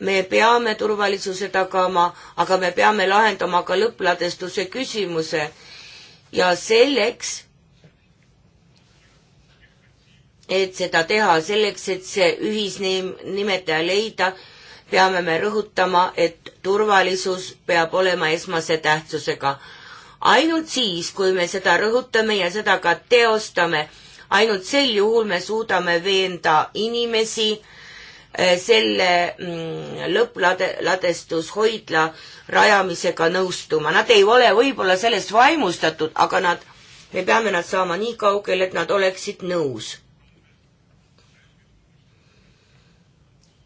me peame turvalisuse tagama, aga me peame lahendama ka lõppladestuse küsimuse. ja selleks, et seda teha, selleks, et see ühisnimetaja leida, peame me rõhutama, et turvalisus peab olema esmase tähtsusega. ainult siis, kui me seda rõhutame ja seda ka teostame, ainult sel juhul me suudame veenda inimesi äh, Äh, selle mm, lõppladestushoidla rajamisega nõustuma. Nad ei ole võib-olla sellest vaimustatud, aga nad, me peame nad saama nii kaugele, et nad oleksid nõus.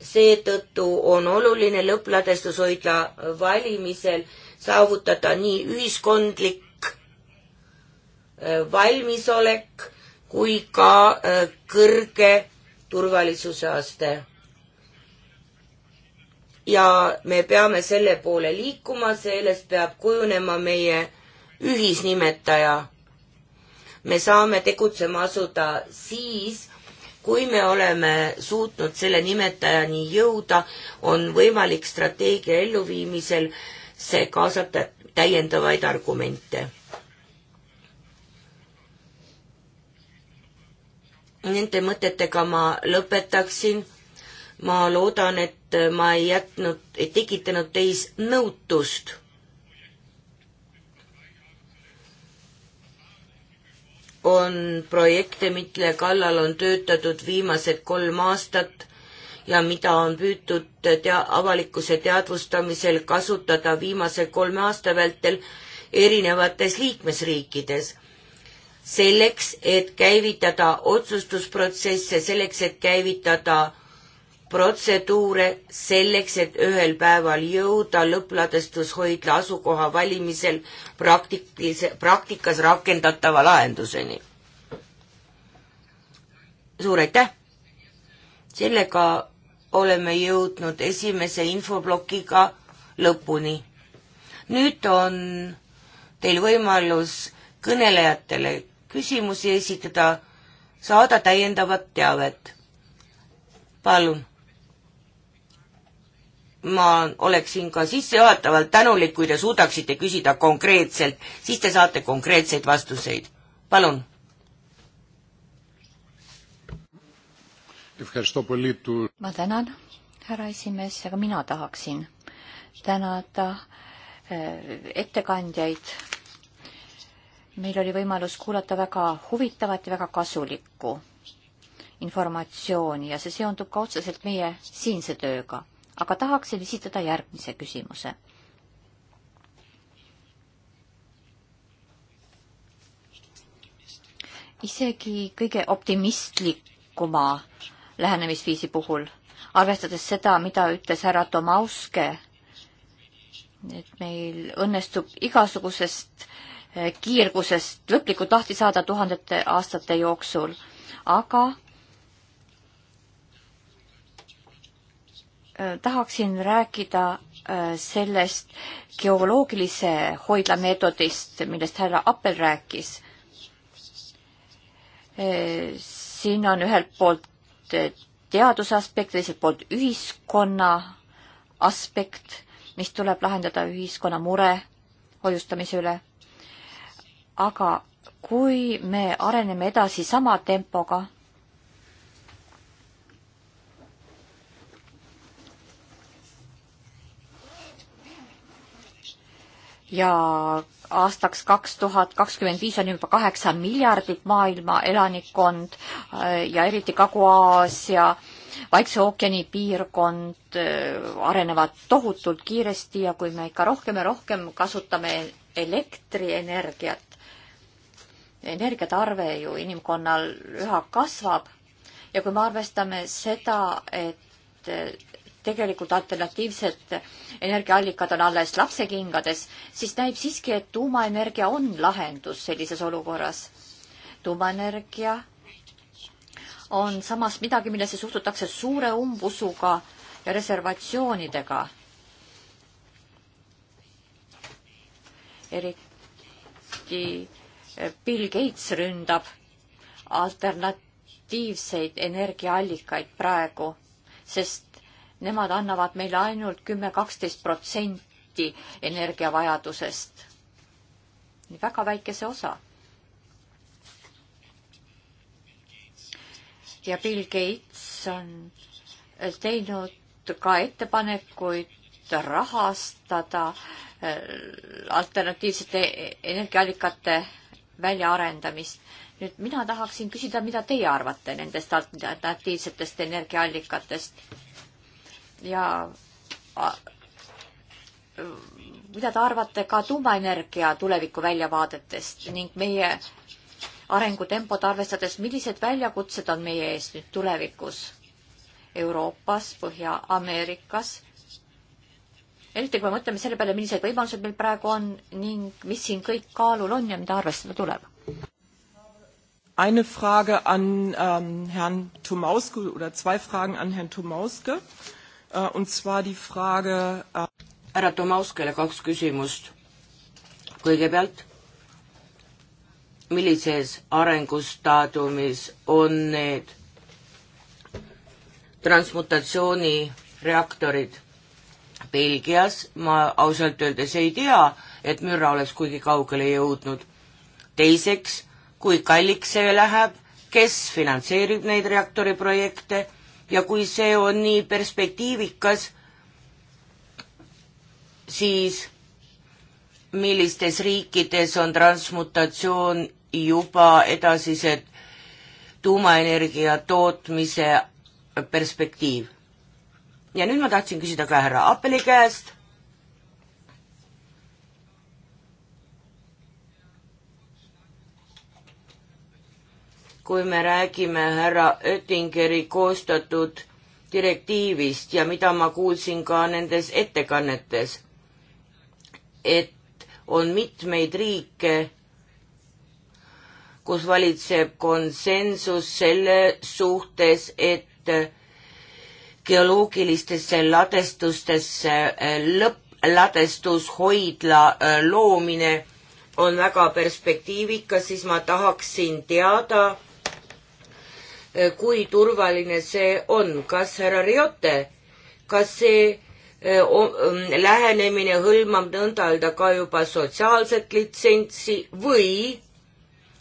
seetõttu on oluline lõppladestushoidla valimisel saavutada nii ühiskondlik äh, valmisolek kui ka äh, kõrge turvalisuse aste ja me peame selle poole liikuma, sellest peab kujunema meie ühisnimetaja. me saame tegutsema asuda siis, kui me oleme suutnud selle nimetajani jõuda, on võimalik strateegia elluviimisel see kaasata täiendavaid argumente. Nende mõtetega ma lõpetaksin ma loodan, et ma ei jätnud, ei tekitanud teis nõutust. on projekte, mille kallal on töötatud viimased kolm aastat ja mida on püütud tea-, avalikkuse teadvustamisel kasutada viimase kolme aasta vältel erinevates liikmesriikides selleks, et käivitada otsustusprotsesse, selleks, et käivitada protseduure selleks, et ühel päeval jõuda lõppladestushoidla asukoha valimisel praktilise, praktikas rakendatava lahenduseni. suur aitäh! sellega oleme jõudnud esimese infoblokiga lõpuni. nüüd on teil võimalus kõnelejatele küsimusi esitada, saada täiendavat teavet. palun ma oleksin ka sissejuhatavalt tänulik, kui te suudaksite küsida konkreetselt, siis te saate konkreetseid vastuseid. palun. ma tänan, härra esimees, aga mina tahaksin tänada äh, ettekandjaid. meil oli võimalus kuulata väga huvitavat ja väga kasulikku informatsiooni ja see seondub ka otseselt meie siinse tööga aga tahaksin esitada järgmise küsimuse. isegi kõige optimistlikuma lähenemisviisi puhul, arvestades seda, mida ütles härra Tomauske, et meil õnnestub igasugusest eh, kiirgusest lõplikult lahti saada tuhandete aastate jooksul, aga Äh, tahaksin rääkida äh, sellest geoloogilise hoidla meetodist, millest härra Appel rääkis. Äh, siin on ühelt poolt teaduse aspekt, teiselt poolt ühiskonna aspekt, mis tuleb lahendada ühiskonna mure hoiustamise üle. aga kui me areneme edasi sama tempoga ja aastaks kaks tuhat kakskümmend viis on juba kaheksa miljardit maailma elanikkond äh, ja eriti Kagu-Aasia, Vaikse ookeani piirkond äh, arenevad tohutult kiiresti ja kui me ikka rohkem ja rohkem kasutame elektrienergiat, energiatarve ju inimkonnal üha kasvab ja kui me arvestame seda, et tegelikult alternatiivsed energiaallikad on alles lapsekingades, siis näib siiski, et tuumaenergia on lahendus sellises olukorras. tuumaenergia on samas midagi, millesse suhtutakse suure umbusuga ja reservatsioonidega. eriti eh, Bill Gates ründab alternatiivseid energiaallikaid praegu, sest nemad annavad meile ainult kümme, kaksteist protsenti energiavajadusest. väga väikese osa. ja Bill Gates on teinud ka ettepanekuid rahastada äh, alternatiivsete energiaallikate väljaarendamist. nüüd mina tahaksin küsida, mida teie arvate nendest alternatiivsetest energiaallikatest? ja mida te arvate ka tuumaenergia tuleviku väljavaadetest ning meie arengutempot arvestades, millised väljakutsed on meie ees nüüd tulevikus Euroopas, Põhja-Ameerikas? eriti kui me mõtleme selle peale, millised võimalused meil praegu on ning mis siin kõik kaalul on ja mida arvestada tuleb. Eine Frage an ähm, Herrn Tomauske oder zwei Fragen an Herrn Tomauske. Äh, Äh, und zwar die Frage äh, härra Tomauskele kaks küsimust. kõigepealt, millises arengustaadiumis on need transmutatsioonireaktorid Belgias, ma ausalt öeldes ei tea, et mürra oleks kuigi kaugele jõudnud. teiseks, kui kalliks see läheb, kes finantseerib neid reaktoriprojekte ja kui see on nii perspektiivikas, siis millistes riikides on transmutatsioon juba edasised tuumaenergia tootmise perspektiiv. ja nüüd ma tahtsin küsida ka härra Appeli käest kui me räägime härra Oettingeri koostatud direktiivist ja mida ma kuulsin ka nendes ettekannetes, et on mitmeid riike, kus valitseb konsensus selle suhtes, et geoloogilistesse ladestustesse eh, lõpp, ladestushoidla eh, loomine on väga perspektiivikas, siis ma tahaksin teada, Eh, kui turvaline see on. kas härra Riote, kas see eh, mm, lähenemine hõlmab nõnda-öelda ka juba sotsiaalset litsentsi või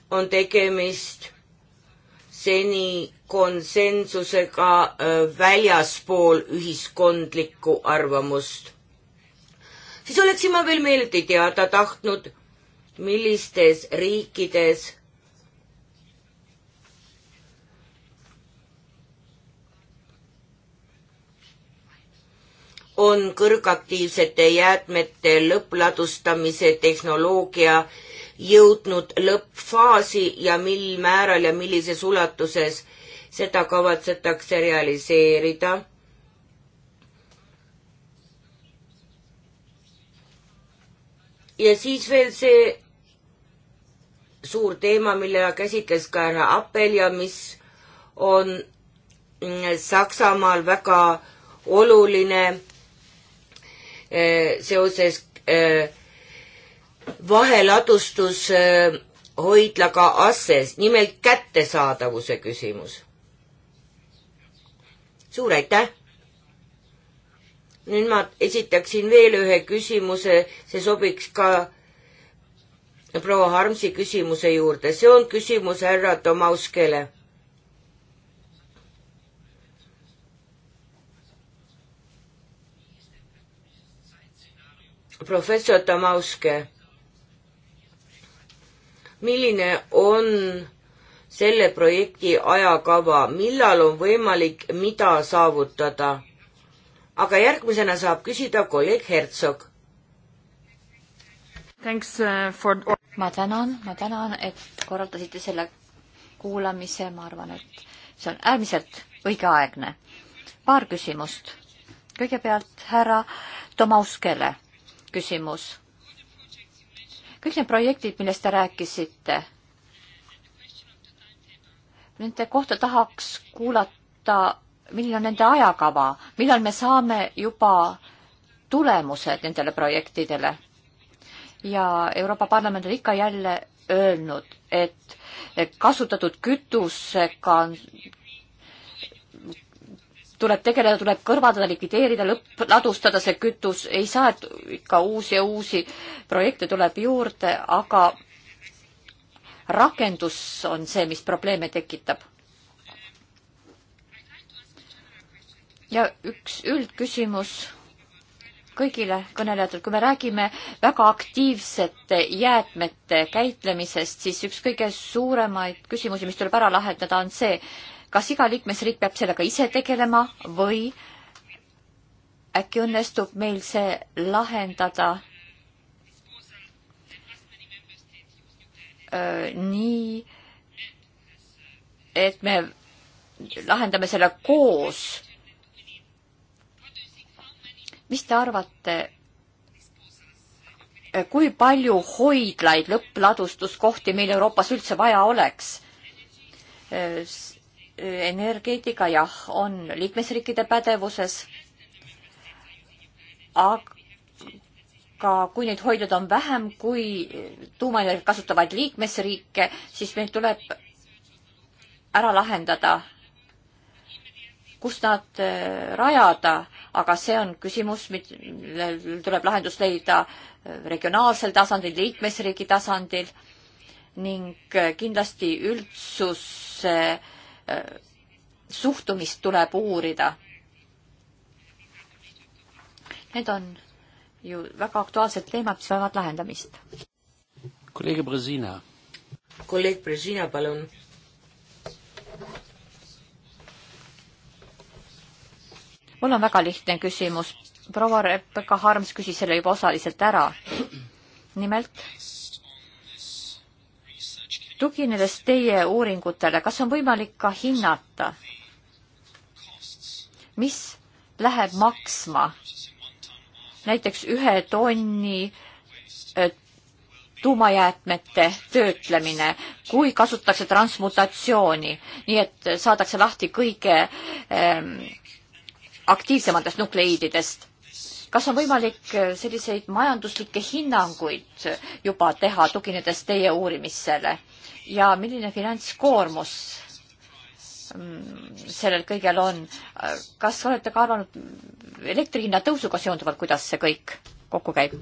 on tegemist seni konsensusega eh, väljaspool ühiskondlikku arvamust. siis oleksin ma veel meelde teada tahtnud, millistes riikides on kõrgaktiivsete jäätmete lõppladustamise tehnoloogia jõudnud lõppfaasi ja mil määral ja millises ulatuses seda kavatsetakse realiseerida. ja siis veel see suur teema, mille käsitles ka härra Appel ja mis on Saksamaal väga oluline seoses vaheladustushoidlaga Asses, nimelt kättesaadavuse küsimus. suur aitäh! nüüd ma esitaksin veel ühe küsimuse, see sobiks ka proua Harmsi küsimuse juurde, see on küsimus härra Tomauskele professor Tamauske, milline on selle projekti ajakava, millal on võimalik mida saavutada? aga järgmisena saab küsida kolleeg Hertsog. Uh, for... ma tänan, ma tänan, et korraldasite selle kuulamise, ma arvan, et see on äärmiselt õigeaegne. paar küsimust. kõigepealt härra Tomauskele küsimus. kõik need projektid, millest te rääkisite, nende kohta tahaks kuulata, milline on nende ajakava, millal me saame juba tulemused nendele projektidele. ja Euroopa Parlament on ikka jälle öelnud, et kasutatud kütusega on tuleb tegeleda, tuleb kõrvaldada, likvideerida, lõpp, ladustada see kütus, ei saa, et ikka uusi ja uusi projekte tuleb juurde, aga rakendus on see, mis probleeme tekitab. ja üks üldküsimus kõigile kõnelejatele, kui me räägime väga aktiivsete jäätmete käitlemisest, siis üks kõige suuremaid küsimusi, mis tuleb ära lahendada, on see, kas iga liikmesriik peab sellega ise tegelema või äkki õnnestub meil see lahendada öö, äh, nii, et me lahendame selle koos. mis te arvate, äh, kui palju hoidlaid lõppladustuskohti meil Euroopas üldse vaja oleks? Äh, energeetika jah, on liikmesriikide pädevuses, aga kui neid hoidlad on vähem kui tuumaenergiat kasutavaid liikmesriike, siis meil tuleb ära lahendada, kus nad äh, rajada, aga see on küsimus, millel tuleb lahendus leida äh, regionaalsel tasandil, liikmesriigi tasandil ning äh, kindlasti üldsuse äh, Äh, suhtumist tuleb uurida. Need on ju väga aktuaalsed teemad, mis vajavad lahendamist. kolleeg Brezina. kolleeg Brezina, palun. mul on väga lihtne küsimus. proua Rebecca Harms küsis selle juba osaliselt ära. nimelt tuginedes teie uuringutele, kas on võimalik ka hinnata, mis läheb maksma näiteks ühe tonni e, tuumajäätmete töötlemine, kui kasutatakse transmutatsiooni, nii et saadakse lahti kõige ähm, aktiivsematest nukleiididest kas on võimalik äh, selliseid majanduslikke hinnanguid äh, juba teha, tuginedes teie uurimisele ja milline finantskoormus mm, sellel kõigel on. Äh, kas olete ka arvanud mm, elektri hinna tõusuga seonduvalt, kuidas see kõik kokku käib?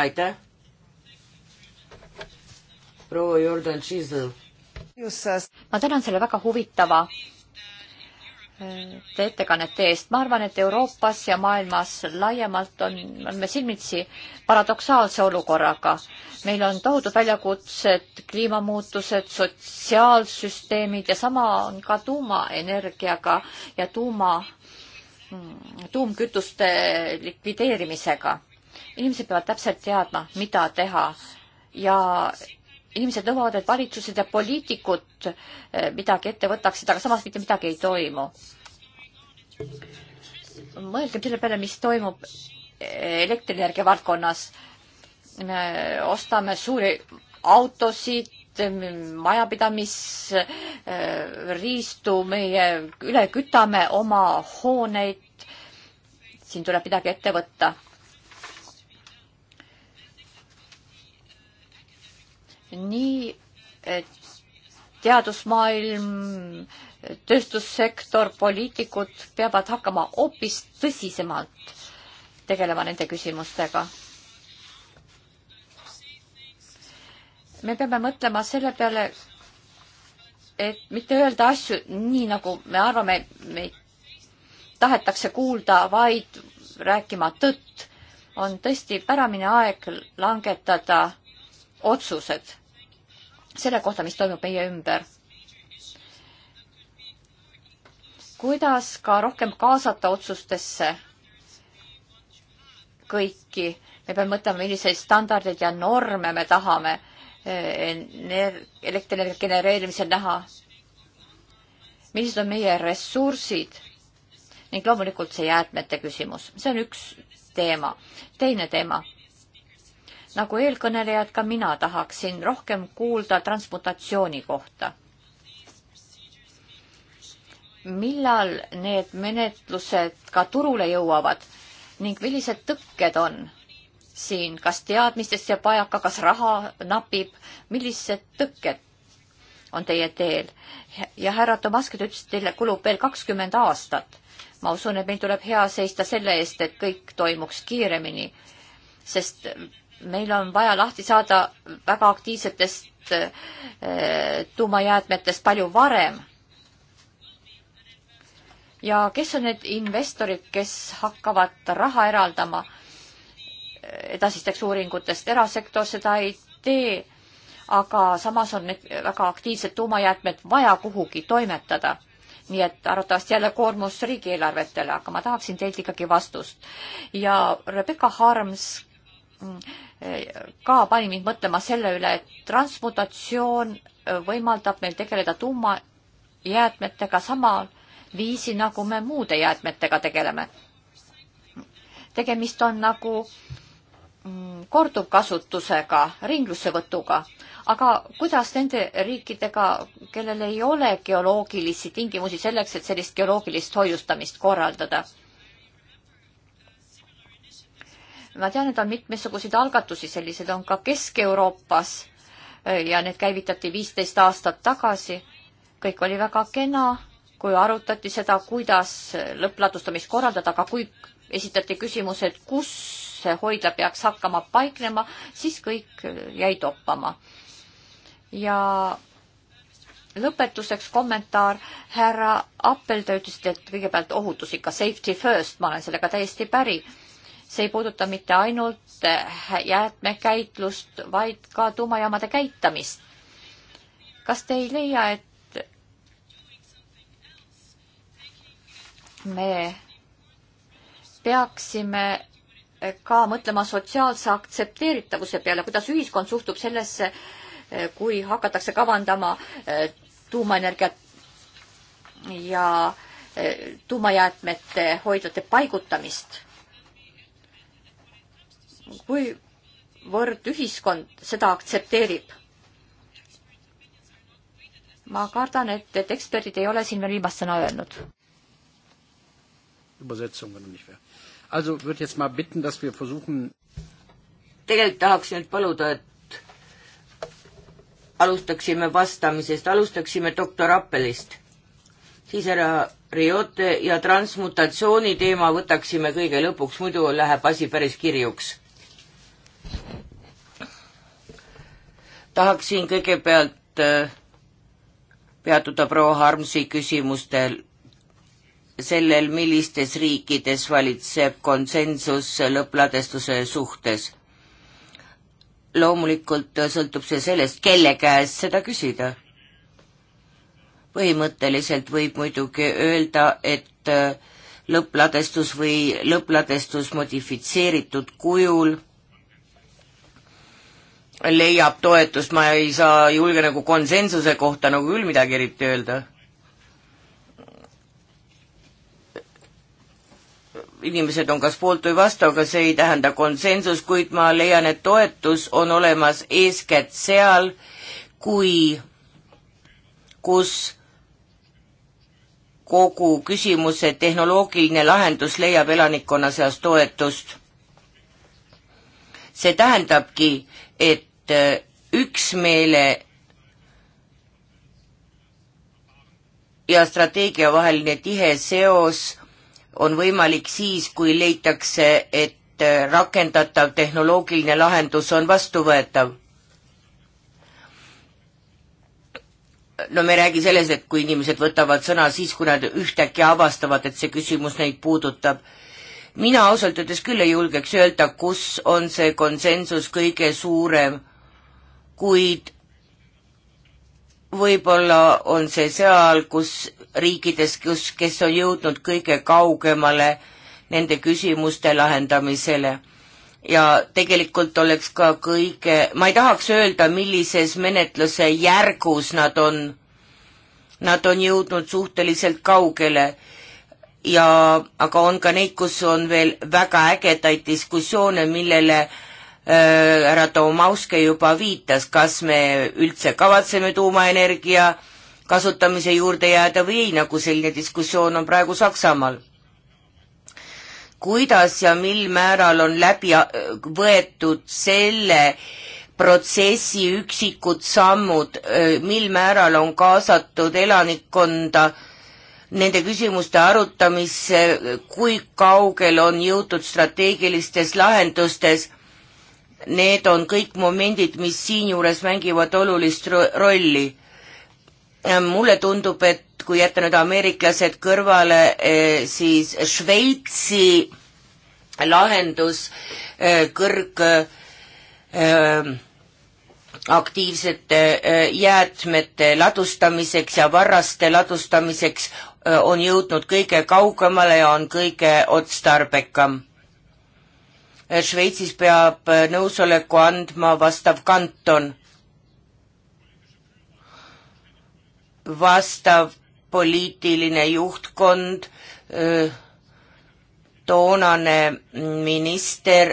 aitäh. proua Jordan Chisel. ma tänan selle väga huvitava te ettekannete eest. ma arvan, et Euroopas ja maailmas laiemalt on, oleme silmitsi paradoksaalse olukorraga. meil on tohutud väljakutsed, kliimamuutused, sotsiaalsüsteemid ja sama on ka tuumaenergiaga ja tuuma, mm, tuumkütuste likvideerimisega. inimesed peavad täpselt teadma, mida teha ja inimesed nõuavad, et valitsused ja poliitikud eh, midagi ette võtaksid, aga samas mitte midagi ei toimu. mõelgem selle peale, mis toimub eh, elektrienergia valdkonnas. me ostame suuri autosid, majapidamisriistu, eh, meie üle kütame oma hooneid. siin tuleb midagi ette võtta nii, et teadusmaailm, tööstussektor, poliitikud peavad hakkama hoopis tõsisemalt tegelema nende küsimustega. me peame mõtlema selle peale, et mitte öelda asju nii, nagu me arvame, meid tahetakse kuulda, vaid rääkima tõtt. on tõesti päramine aeg langetada otsused selle kohta, mis toimub meie ümber. kuidas ka rohkem kaasata otsustesse kõiki, me peame mõtlema, milliseid standardeid ja norme me tahame eh, elektrienergia genereerimisel näha. millised on meie ressursid ning loomulikult see jäätmete küsimus, see on üks teema. teine teema nagu eelkõnelejad, ka mina tahaksin rohkem kuulda transmutatsiooni kohta. millal need menetlused ka turule jõuavad ning millised tõkked on siin, kas teadmistest jääb vajaka, kas raha napib, millised tõkked on teie teel? ja härra Tomaski, te ütlesite, teile kulub veel kakskümmend aastat. ma usun, et meil tuleb hea seista selle eest, et kõik toimuks kiiremini, sest meil on vaja lahti saada väga aktiivsetest äh, tuumajäätmetest palju varem. ja kes on need investorid, kes hakkavad raha eraldama edasisteks uuringutest? erasektor seda ei tee, aga samas on need väga aktiivsed tuumajäätmed vaja kuhugi toimetada nii et arvatavasti jälle koormus riigieelarvetele, aga ma tahaksin teilt ikkagi vastust. ja Rebecca Harms ka pani mind mõtlema selle üle, et transmutatsioon äh, võimaldab meil tegeleda tuumajäätmetega samal viisi, nagu me muude jäätmetega tegeleme. tegemist on nagu mm, korduvkasutusega, ringlussevõtuga, aga kuidas nende riikidega, kellel ei ole geoloogilisi tingimusi selleks, et sellist geoloogilist hoiustamist korraldada? ma tean, et on mitmesuguseid algatusi, sellised on ka Kesk-Euroopas äh, ja need käivitati viisteist aastat tagasi. kõik oli väga kena, kui arutati seda, kuidas lõppladustamist korraldada, aga kui esitati küsimus, et kus see hoidla peaks hakkama paiknema, siis kõik jäi toppama. ja lõpetuseks kommentaar, härra Appel, te ütlesite, et kõigepealt ohutus ikka safety first, ma olen sellega täiesti päri see ei puuduta mitte ainult eh, jäätmekäitlust, vaid ka tuumajaamade käitamist. kas te ei leia, et me peaksime ka mõtlema sotsiaalse aktsepteeritavuse peale, kuidas ühiskond suhtub sellesse, eh, kui hakatakse kavandama eh, tuumaenergiat ja tuumajäätmete hoidlate paigutamist kuivõrd ühiskond seda aktsepteerib? ma kardan, et, et eksperdid ei ole siin veel viimast sõna öelnud. tegelikult tahaks nüüd paluda, et alustaksime vastamisest, alustaksime doktor Appelist, siis härra Riote ja transmutatsiooni teema võtaksime kõige lõpuks, muidu läheb asi päris kirjuks. tahaksin kõigepealt äh, peatuda proua Harmsi küsimustel sellel, millistes riikides valitseb konsensus lõppladestuse suhtes. loomulikult sõltub see sellest, kelle käest seda küsida. põhimõtteliselt võib muidugi öelda, et äh, lõppladestus või lõppladestus modifitseeritud kujul leiab toetust, ma ei saa, ei julge nagu konsensuse kohta nagu küll midagi eriti öelda. inimesed on kas poolt või vastu, aga see ei tähenda konsensust, kuid ma leian, et toetus on olemas eeskätt seal, kui, kus kogu küsimuse tehnoloogiline lahendus leiab elanikkonna seas toetust. see tähendabki, et Äh, üksmeele ja strateegia vaheline tihe seos on võimalik siis, kui leitakse, et äh, rakendatav tehnoloogiline lahendus on vastuvõetav. no me ei räägi selles, et kui inimesed võtavad sõna siis, kui nad ühtäkki avastavad, et see küsimus neid puudutab. mina ausalt öeldes küll ei julgeks öelda, kus on see konsensus kõige suurem kuid võib-olla on see seal, kus riikides, kus, kes on jõudnud kõige kaugemale nende küsimuste lahendamisele. ja tegelikult oleks ka kõige, ma ei tahaks öelda, millises menetluse järgus nad on, nad on jõudnud suhteliselt kaugele ja, aga on ka neid, kus on veel väga ägedaid diskussioone, millele äh, Äh, härra Toomauske juba viitas, kas me üldse kavatseme tuumaenergia kasutamise juurde jääda või ei, nagu selline diskussioon on praegu Saksamaal. kuidas ja mil määral on läbi äh, võetud selle protsessi üksikud sammud, äh, mil määral on kaasatud elanikkonda nende küsimuste arutamisse, kui kaugel on jõutud strateegilistes lahendustes Need on kõik momendid, mis siinjuures mängivad olulist rolli. mulle tundub, et kui jätta nüüd ameeriklased kõrvale, eh, siis Šveitsi lahendus eh, kõrg eh, aktiivsete jäätmete ladustamiseks ja varraste ladustamiseks on jõudnud kõige kaugemale ja on kõige otstarbekam Šveitsis peab nõusoleku andma vastav kanton, vastav poliitiline juhtkond, toonane minister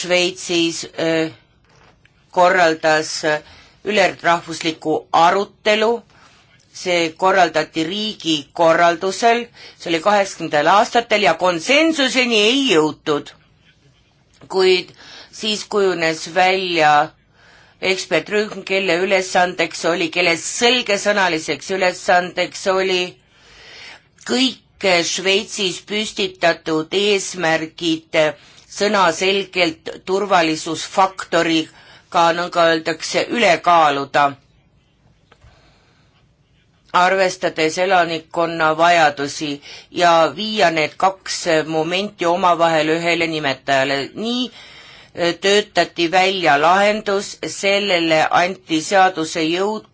Šveitsis korraldas ülerahvusliku arutelu, see korraldati riigikorraldusel, see oli kaheksakümnendatel aastatel ja konsensuseni ei jõutud kuid siis kujunes välja ekspertrühm, kelle ülesandeks oli, kelle selgesõnaliseks ülesandeks oli kõik Šveitsis püstitatud eesmärgid sõnaselgelt turvalisusfaktoriga, nagu öeldakse, üle kaaluda arvestades elanikkonna vajadusi ja viia need kaks momenti omavahel ühele nimetajale. nii eh, töötati välja lahendus, sellele anti seaduse jõud,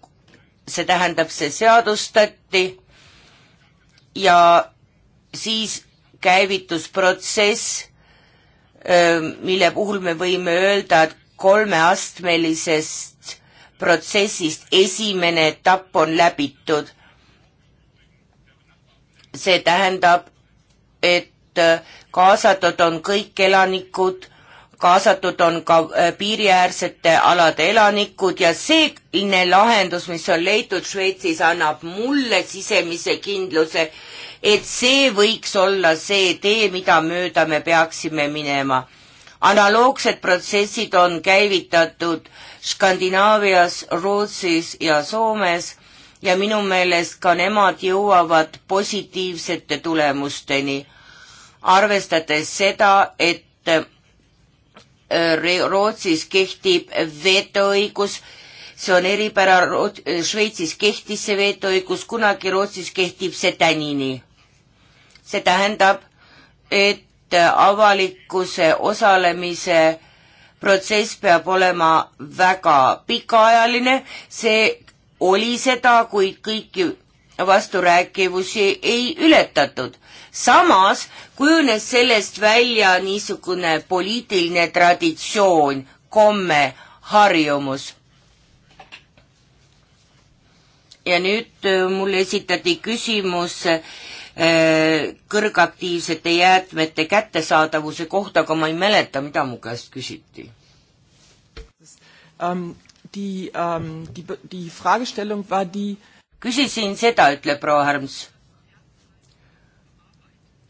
see tähendab, see seadustati ja siis käivitus protsess, eh, mille puhul me võime öelda, et kolmeastmelisest protsessist esimene etapp on läbitud. see tähendab, et äh, kaasatud on kõik elanikud, kaasatud on ka äh, piiriäärsete alade elanikud ja selline lahendus, mis on leitud Šveitsis, annab mulle sisemise kindluse, et see võiks olla see tee, mida mööda me peaksime minema. analoogsed protsessid on käivitatud äh, Skandinaavias, Rootsis ja Soomes ja minu meelest ka nemad jõuavad positiivsete tulemusteni, arvestades seda, et äh, Rootsis kehtib vetoõigus, see on eripära, Šveitsis kehtis see vetoõigus, kunagi Rootsis kehtib see tänini. see tähendab, et äh, avalikkuse osalemise äh, protsess peab olema väga pikaajaline, see oli seda, kuid kõiki vasturääkivusi ei ületatud. samas kujunes sellest välja niisugune poliitiline traditsioon, komme, harjumus. ja nüüd äh, mulle esitati küsimus Äh, kõrgaktiivsete jäätmete kättesaadavuse kohta, aga ma ei mäleta, mida mu käest küsiti ähm,. Die ähm,, die, die Fragestellung war die küsisin seda, ütleb proua Härms.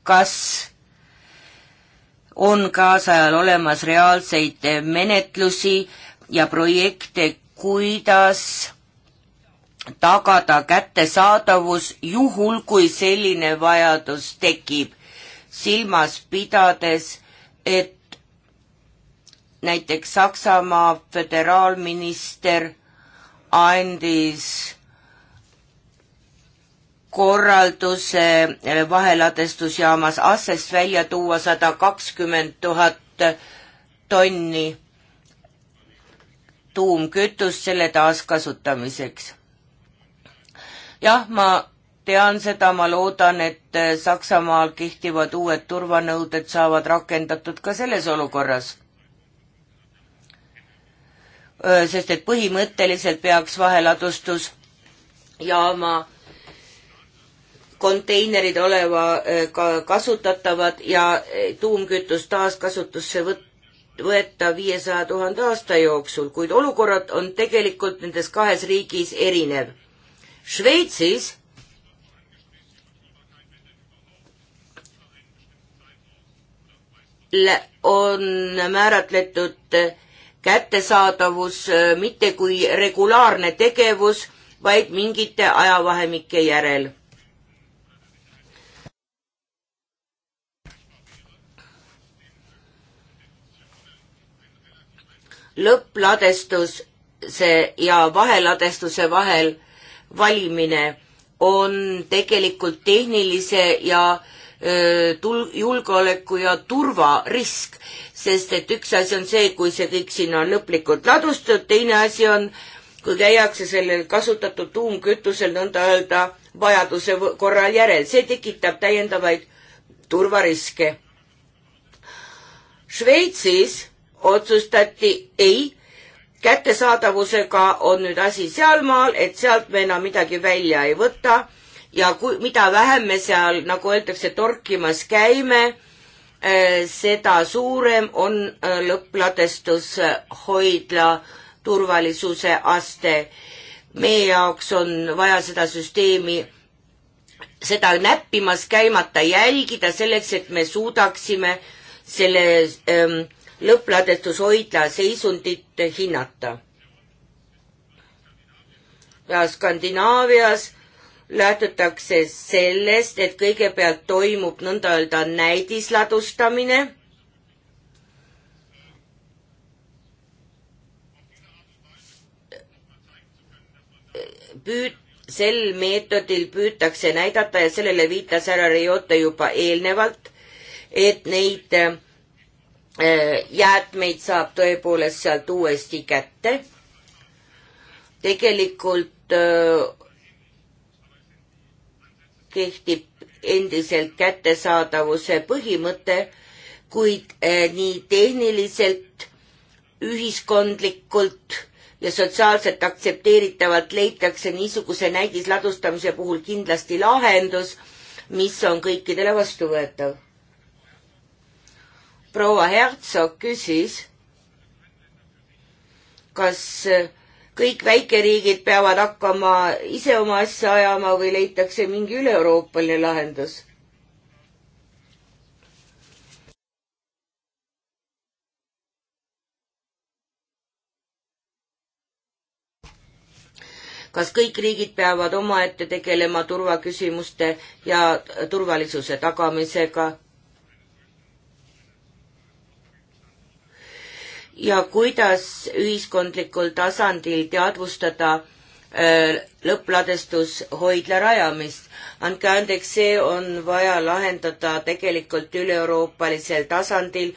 kas on kaasajal olemas reaalseid menetlusi ja projekte, kuidas tagada kättesaadavus juhul, kui selline vajadus tekib, silmas pidades, et näiteks Saksamaa föderaalminister andis korralduse eh, vaheladestusjaamas Assest välja tuua sada kakskümmend tuhat tonni tuumkütust selle taaskasutamiseks jah, ma tean seda, ma loodan, et äh, Saksamaal kehtivad uued turvanõuded saavad rakendatud ka selles olukorras. sest et põhimõtteliselt peaks vaheladustusjaama konteinerid olema ka kasutatavad ja e, tuumkütus taaskasutusse võtta võeta viiesaja tuhande aasta jooksul, kuid olukorrad on tegelikult nendes kahes riigis erinev Šveitsis on määratletud kättesaadavus äh, mitte kui regulaarne tegevus, vaid mingite ajavahemike järel. lõppladestuse ja vaheladestuse vahel valimine on tegelikult tehnilise ja tul-, julgeoleku ja turvarisk, sest et üks asi on see, kui see kõik sinna on lõplikult ladustatud, teine asi on, kui käiakse sellel kasutatud tuumkütusel nõnda öelda vajaduse korral järel, see tekitab täiendavaid turvariske. Šveitsis otsustati ei kättesaadavusega on nüüd asi sealmaal, et sealt me enam midagi välja ei võta ja kui, mida vähem me seal, nagu öeldakse, torkimas käime, äh, seda suurem on äh, lõppladestushoidla turvalisuse aste. meie jaoks on vaja seda süsteemi, seda näppimas käimata jälgida selleks, et me suudaksime selle ähm, lõppladestushoidla seisundit hinnata. ja Skandinaavias lähtutakse sellest, et kõigepealt toimub nõnda öelda näidisladustamine püüd-, sel meetodil püütakse näidata ja sellele viitas härra Riotta juba eelnevalt, et neid Äh, jäätmeid saab tõepoolest sealt uuesti kätte. tegelikult äh, kehtib endiselt kättesaadavuse põhimõte, kuid äh, nii tehniliselt, ühiskondlikult ja sotsiaalselt aktsepteeritavalt leitakse niisuguse näidisladustamise puhul kindlasti lahendus, mis on kõikidele vastuvõetav proua Hertsog küsis, kas kõik väikeriigid peavad hakkama ise oma asja ajama või leitakse mingi üleeuroopaline lahendus kas kõik riigid peavad omaette tegelema turvaküsimuste ja turvalisuse tagamisega ja kuidas ühiskondlikul tasandil teadvustada äh, lõppladestushoidla rajamist. andke andeks, see on vaja lahendada tegelikult üle-euroopalisel tasandil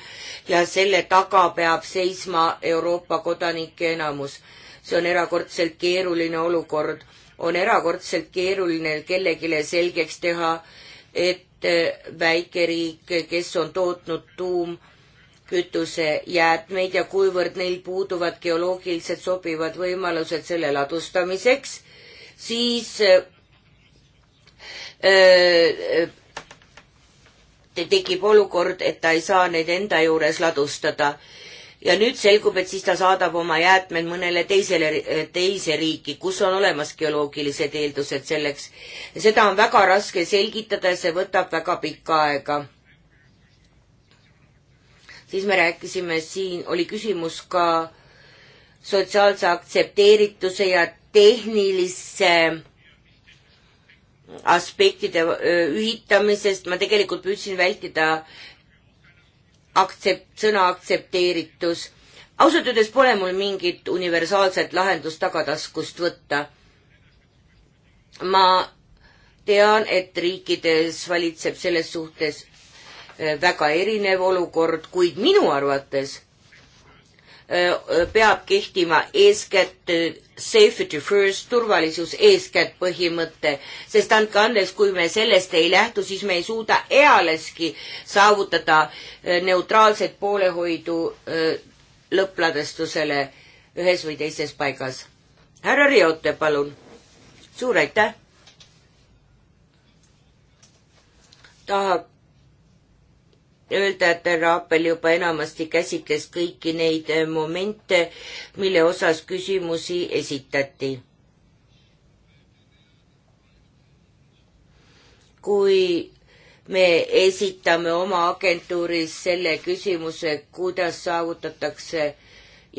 ja selle taga peab seisma Euroopa kodanike enamus. see on erakordselt keeruline olukord. on erakordselt keeruline kellelegi selgeks teha, et äh, väikeriik, kes on tootnud tuum kütusejäätmeid ja kuivõrd neil puuduvad geoloogiliselt sobivad võimalused selle ladustamiseks, siis öö, äh, äh, tekib olukord, et ta ei saa neid enda juures ladustada. ja nüüd selgub, et siis ta saadab oma jäätmed mõnele teisele, teise riiki, kus on olemas geoloogilised eeldused selleks. seda on väga raske selgitada ja see võtab väga pikka aega siis me rääkisime siin, oli küsimus ka sotsiaalse aktsepteerituse ja tehnilise aspektide ühitamisest, ma tegelikult püüdsin vältida aktsept, sõna aktsepteeritus. ausalt öeldes pole mul mingit universaalset lahendust tagataskust võtta. ma tean, et riikides valitseb selles suhtes Eh, väga erinev olukord, kuid minu arvates eh, peab kehtima eeskätt eh, safety first, turvalisus eeskätt põhimõte, sest andke andeks, kui me sellest ei lähtu, siis me ei suuda ealeski saavutada neutraalset poolehoidu lõppladestusele ühes või teises paigas. härra Riote, palun. suur aitäh. tahab öelda, et härra Appel juba enamasti käsitles kõiki neid momente, mille osas küsimusi esitati. kui me esitame oma agentuuris selle küsimuse, kuidas saavutatakse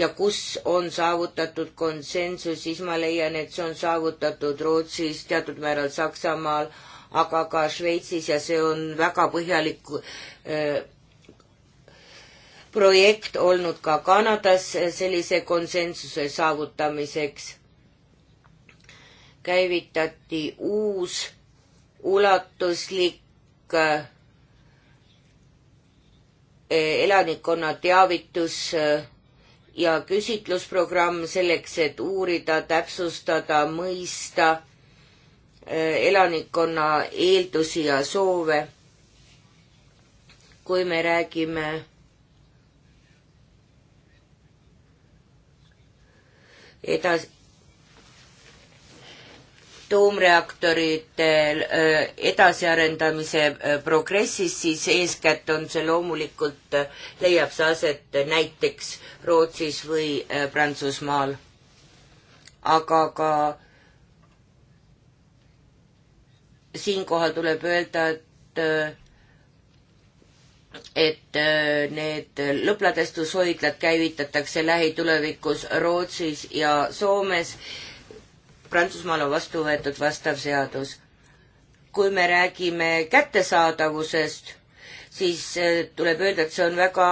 ja kus on saavutatud konsensus, siis ma leian, et see on saavutatud Rootsis, teatud määral Saksamaal aga ka Šveitsis ja see on väga põhjalik äh, projekt olnud ka Kanadas sellise konsensuse saavutamiseks. käivitati uus ulatuslik äh, elanikkonna teavitus äh, ja küsitlusprogramm selleks, et uurida, täpsustada, mõista elanikkonna eeldusi ja soove. kui me räägime edasi, tuumreaktorite äh, edasiarendamise äh, progressis, siis eeskätt on see loomulikult, äh, leiab see aset näiteks Rootsis või Prantsusmaal. aga ka siinkohal tuleb öelda, et äh, et äh, need lõpladestushoidlad käivitatakse lähitulevikus Rootsis ja Soomes. Prantsusmaal on vastu võetud vastav seadus. kui me räägime kättesaadavusest, siis äh, tuleb öelda, et see on väga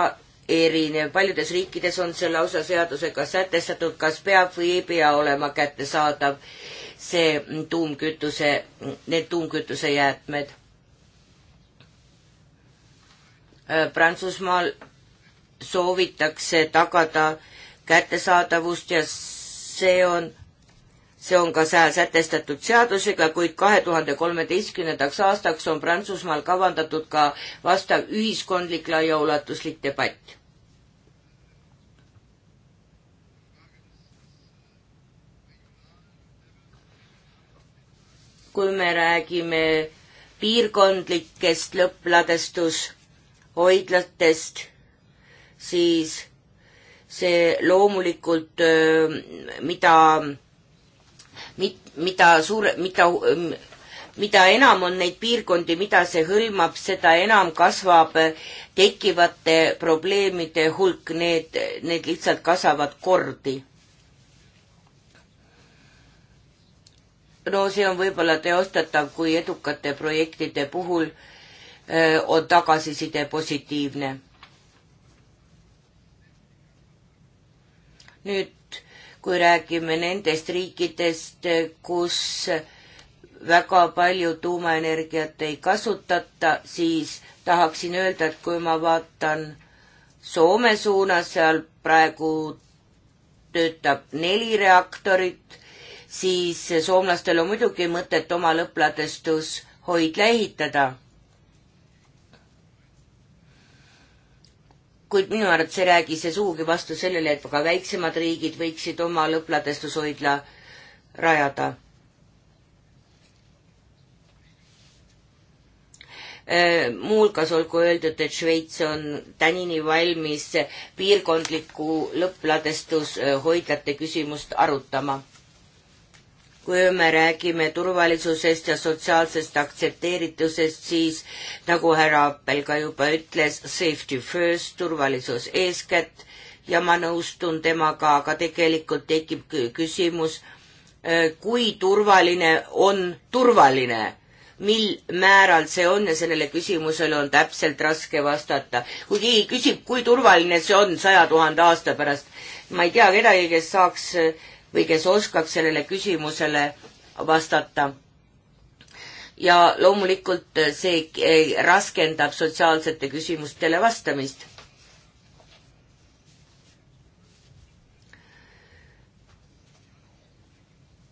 erinev, paljudes riikides on see lausa seadusega sätestatud, kas peab või ei pea olema kättesaadav see tuumkütuse, need tuumkütusejäätmed. Äh, Prantsusmaal soovitakse tagada kättesaadavust ja see on, see on ka seal sätestatud seadusega, kuid kahe tuhande kolmeteistkümnendaks aastaks on Prantsusmaal kavandatud ka vastav ühiskondlik laiaulatuslik debatt kui me räägime piirkondlikest lõppladestushoidlatest, siis see loomulikult, mida, mida suure, mida, mida enam on neid piirkondi, mida see hõlmab, seda enam kasvab tekkivate probleemide hulk, need, need lihtsalt kasvavad kordi no see on võib-olla teostatav, kui edukate projektide puhul öö, on tagasiside positiivne. nüüd, kui räägime nendest riikidest, kus väga palju tuumaenergiat ei kasutata, siis tahaksin öelda, et kui ma vaatan Soome suunas, seal praegu töötab neli reaktorit siis soomlastel on muidugi mõtet oma lõppladestushoidla ehitada. kuid minu arvates ei räägi see sugugi vastu sellele, et ka väiksemad riigid võiksid oma lõppladestushoidla rajada. Äh, muuhulgas olgu öeldud, et Šveits on tänini valmis piirkondliku lõppladestushoidlate äh, küsimust arutama kui me räägime turvalisusest ja sotsiaalsest aktsepteeritusest, siis nagu härra Appel ka juba ütles, safety first, turvalisus eeskätt ja ma nõustun temaga, aga tegelikult tekib küsimus, äh, kui turvaline on turvaline, mil määral see on ja sellele küsimusele on täpselt raske vastata. kui keegi küsib, kui turvaline see on saja tuhande aasta pärast, ma ei tea kedagi, kes saaks äh, või kes oskaks sellele küsimusele vastata. ja loomulikult see eh, raskendab sotsiaalsete küsimustele vastamist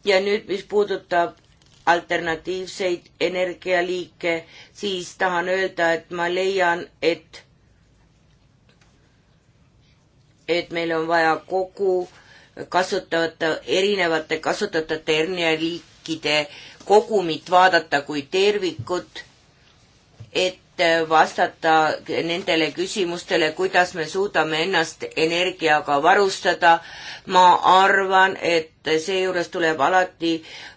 ja nüüd, mis puudutab alternatiivseid energialiike, siis tahan öelda, et ma leian, et, et meil on vaja kogu kasutavate, erinevate kasutatavate hernialiikide kogumit vaadata kui tervikut, et vastata nendele küsimustele, kuidas me suudame ennast energiaga varustada. ma arvan, et seejuures tuleb alati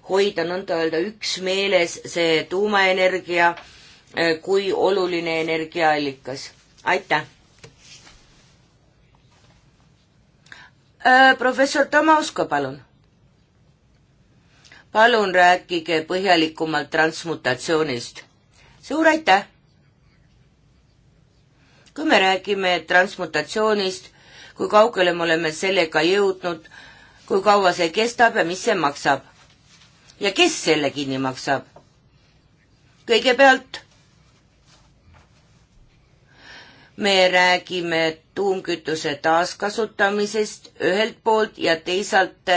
hoida nõnda öelda üksmeeles see tuumaenergia kui oluline energiaallikas. aitäh! professor Toma Usko, palun. palun rääkige põhjalikumalt transmutatsioonist. suur aitäh! kui me räägime transmutatsioonist, kui kaugele me oleme sellega jõudnud, kui kaua see kestab ja mis see maksab? ja kes selle kinni maksab? kõigepealt me räägime tuumkütuse taaskasutamisest ühelt poolt ja teisalt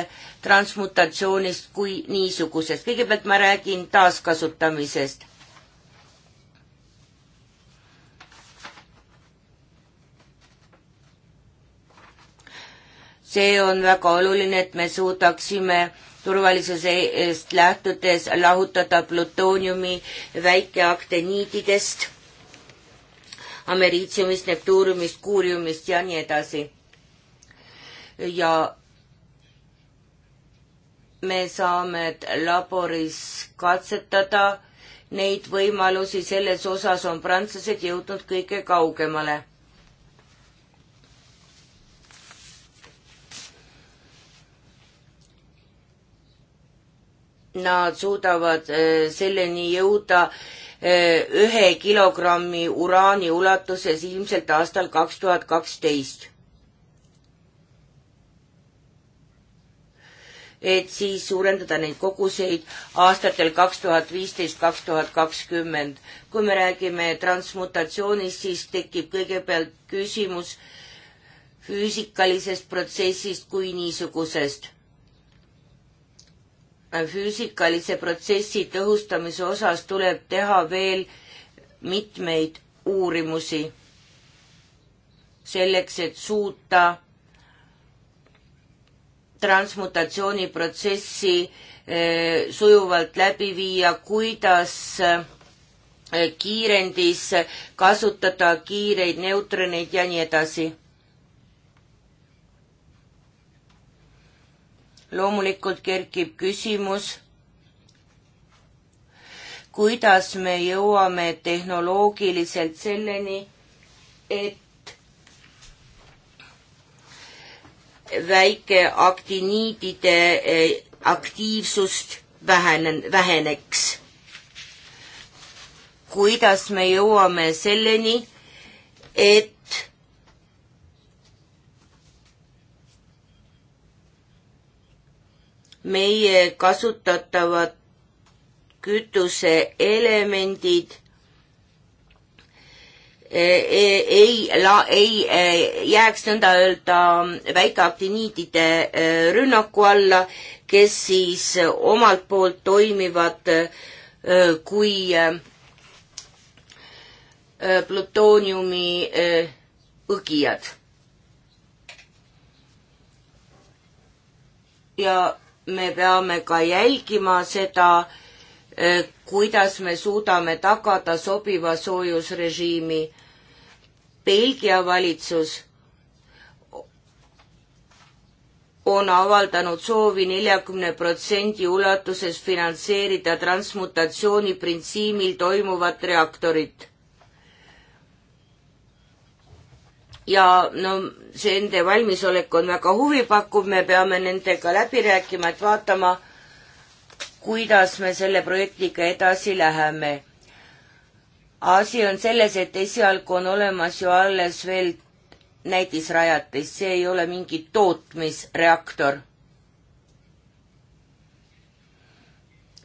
transmutatsioonist kui niisugusest. kõigepealt ma räägin taaskasutamisest. see on väga oluline, et me suudaksime turvalisuse eest lähtudes lahutada plutooniumi väikeakteniididest ameriitsiumist, neptuuriumist, kuuriumist ja nii edasi. ja me saame laboris katsetada neid võimalusi, selles osas on prantslased jõudnud kõige kaugemale nad suudavad äh, selleni jõuda äh, ühe kilogrammi uraani ulatuses ilmselt aastal kaks tuhat kaksteist. et siis suurendada neid koguseid aastatel kaks tuhat viisteist, kaks tuhat kakskümmend. kui me räägime transmutatsioonist, siis tekib kõigepealt küsimus füüsikalisest protsessist kui niisugusest füüsikalise protsessi tõhustamise osas tuleb teha veel mitmeid uurimusi selleks, et suuta transmutatsiooniprotsessi eh, sujuvalt läbi viia, kuidas eh, kiirendis kasutada kiireid neutroneid ja nii edasi loomulikult kerkib küsimus, kuidas me jõuame tehnoloogiliselt selleni, et väikeaktiniidide eh, aktiivsust vähenen, väheneks. kuidas me jõuame selleni, et meie kasutatavad kütuseelemendid e, e, ei, la, ei e, jääks nõnda öelda väikeaktiniidide rünnaku alla, kes siis omalt poolt toimivad kui plutooniumi õgijad. ja me peame ka jälgima seda, eh, kuidas me suudame tagada sobiva soojusrežiimi. Belgia valitsus on avaldanud soovi neljakümne protsendi ulatuses finantseerida transmutatsiooni printsiimil toimuvat reaktorit. ja no see nende valmisolek on väga huvipakkuv, me peame nendega läbi rääkima, et vaatama, kuidas me selle projektiga edasi läheme. asi on selles, et esialgu on olemas ju alles veel näidisrajatis, see ei ole mingi tootmisreaktor.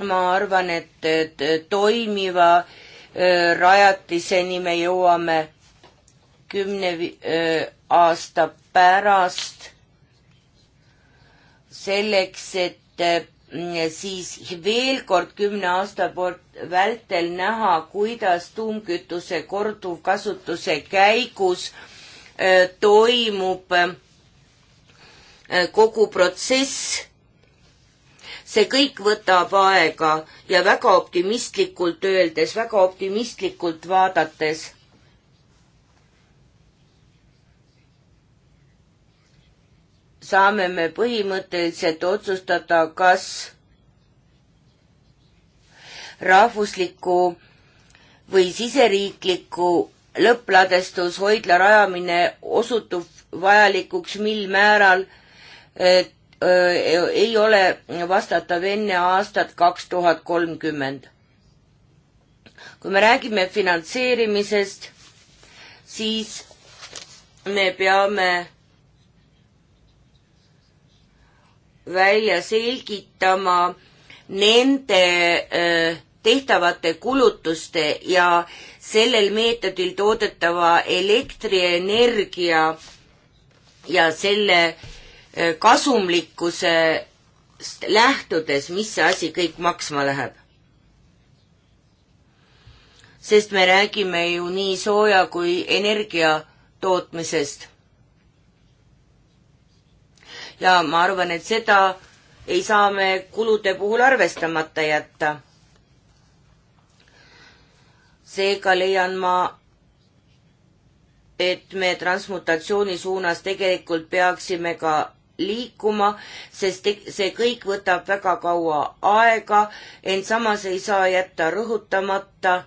ma arvan, et, et toimiva öö, äh, rajatiseni me jõuame kümne aasta pärast selleks, et mm, siis veel kord kümne aasta poolt vältel näha, kuidas tuumkütuse korduvkasutuse käigus toimub kogu protsess. see kõik võtab aega ja väga optimistlikult öeldes, väga optimistlikult vaadates saame me põhimõtteliselt otsustada, kas rahvusliku või siseriikliku lõppladestushoidla rajamine osutub vajalikuks, mil määral et, öö, ei ole vastatav enne aastat kaks tuhat kolmkümmend. kui me räägime finantseerimisest, siis me peame välja selgitama nende äh, tehtavate kulutuste ja sellel meetodil toodetava elektrienergia ja selle äh, kasumlikkusest lähtudes, mis see asi kõik maksma läheb. sest me räägime ju nii sooja kui energia tootmisest ja ma arvan, et seda ei saa me kulude puhul arvestamata jätta. seega leian ma, et me transmutatsiooni suunas tegelikult peaksime ka liikuma, sest see kõik võtab väga kaua aega, ent samas ei saa jätta rõhutamata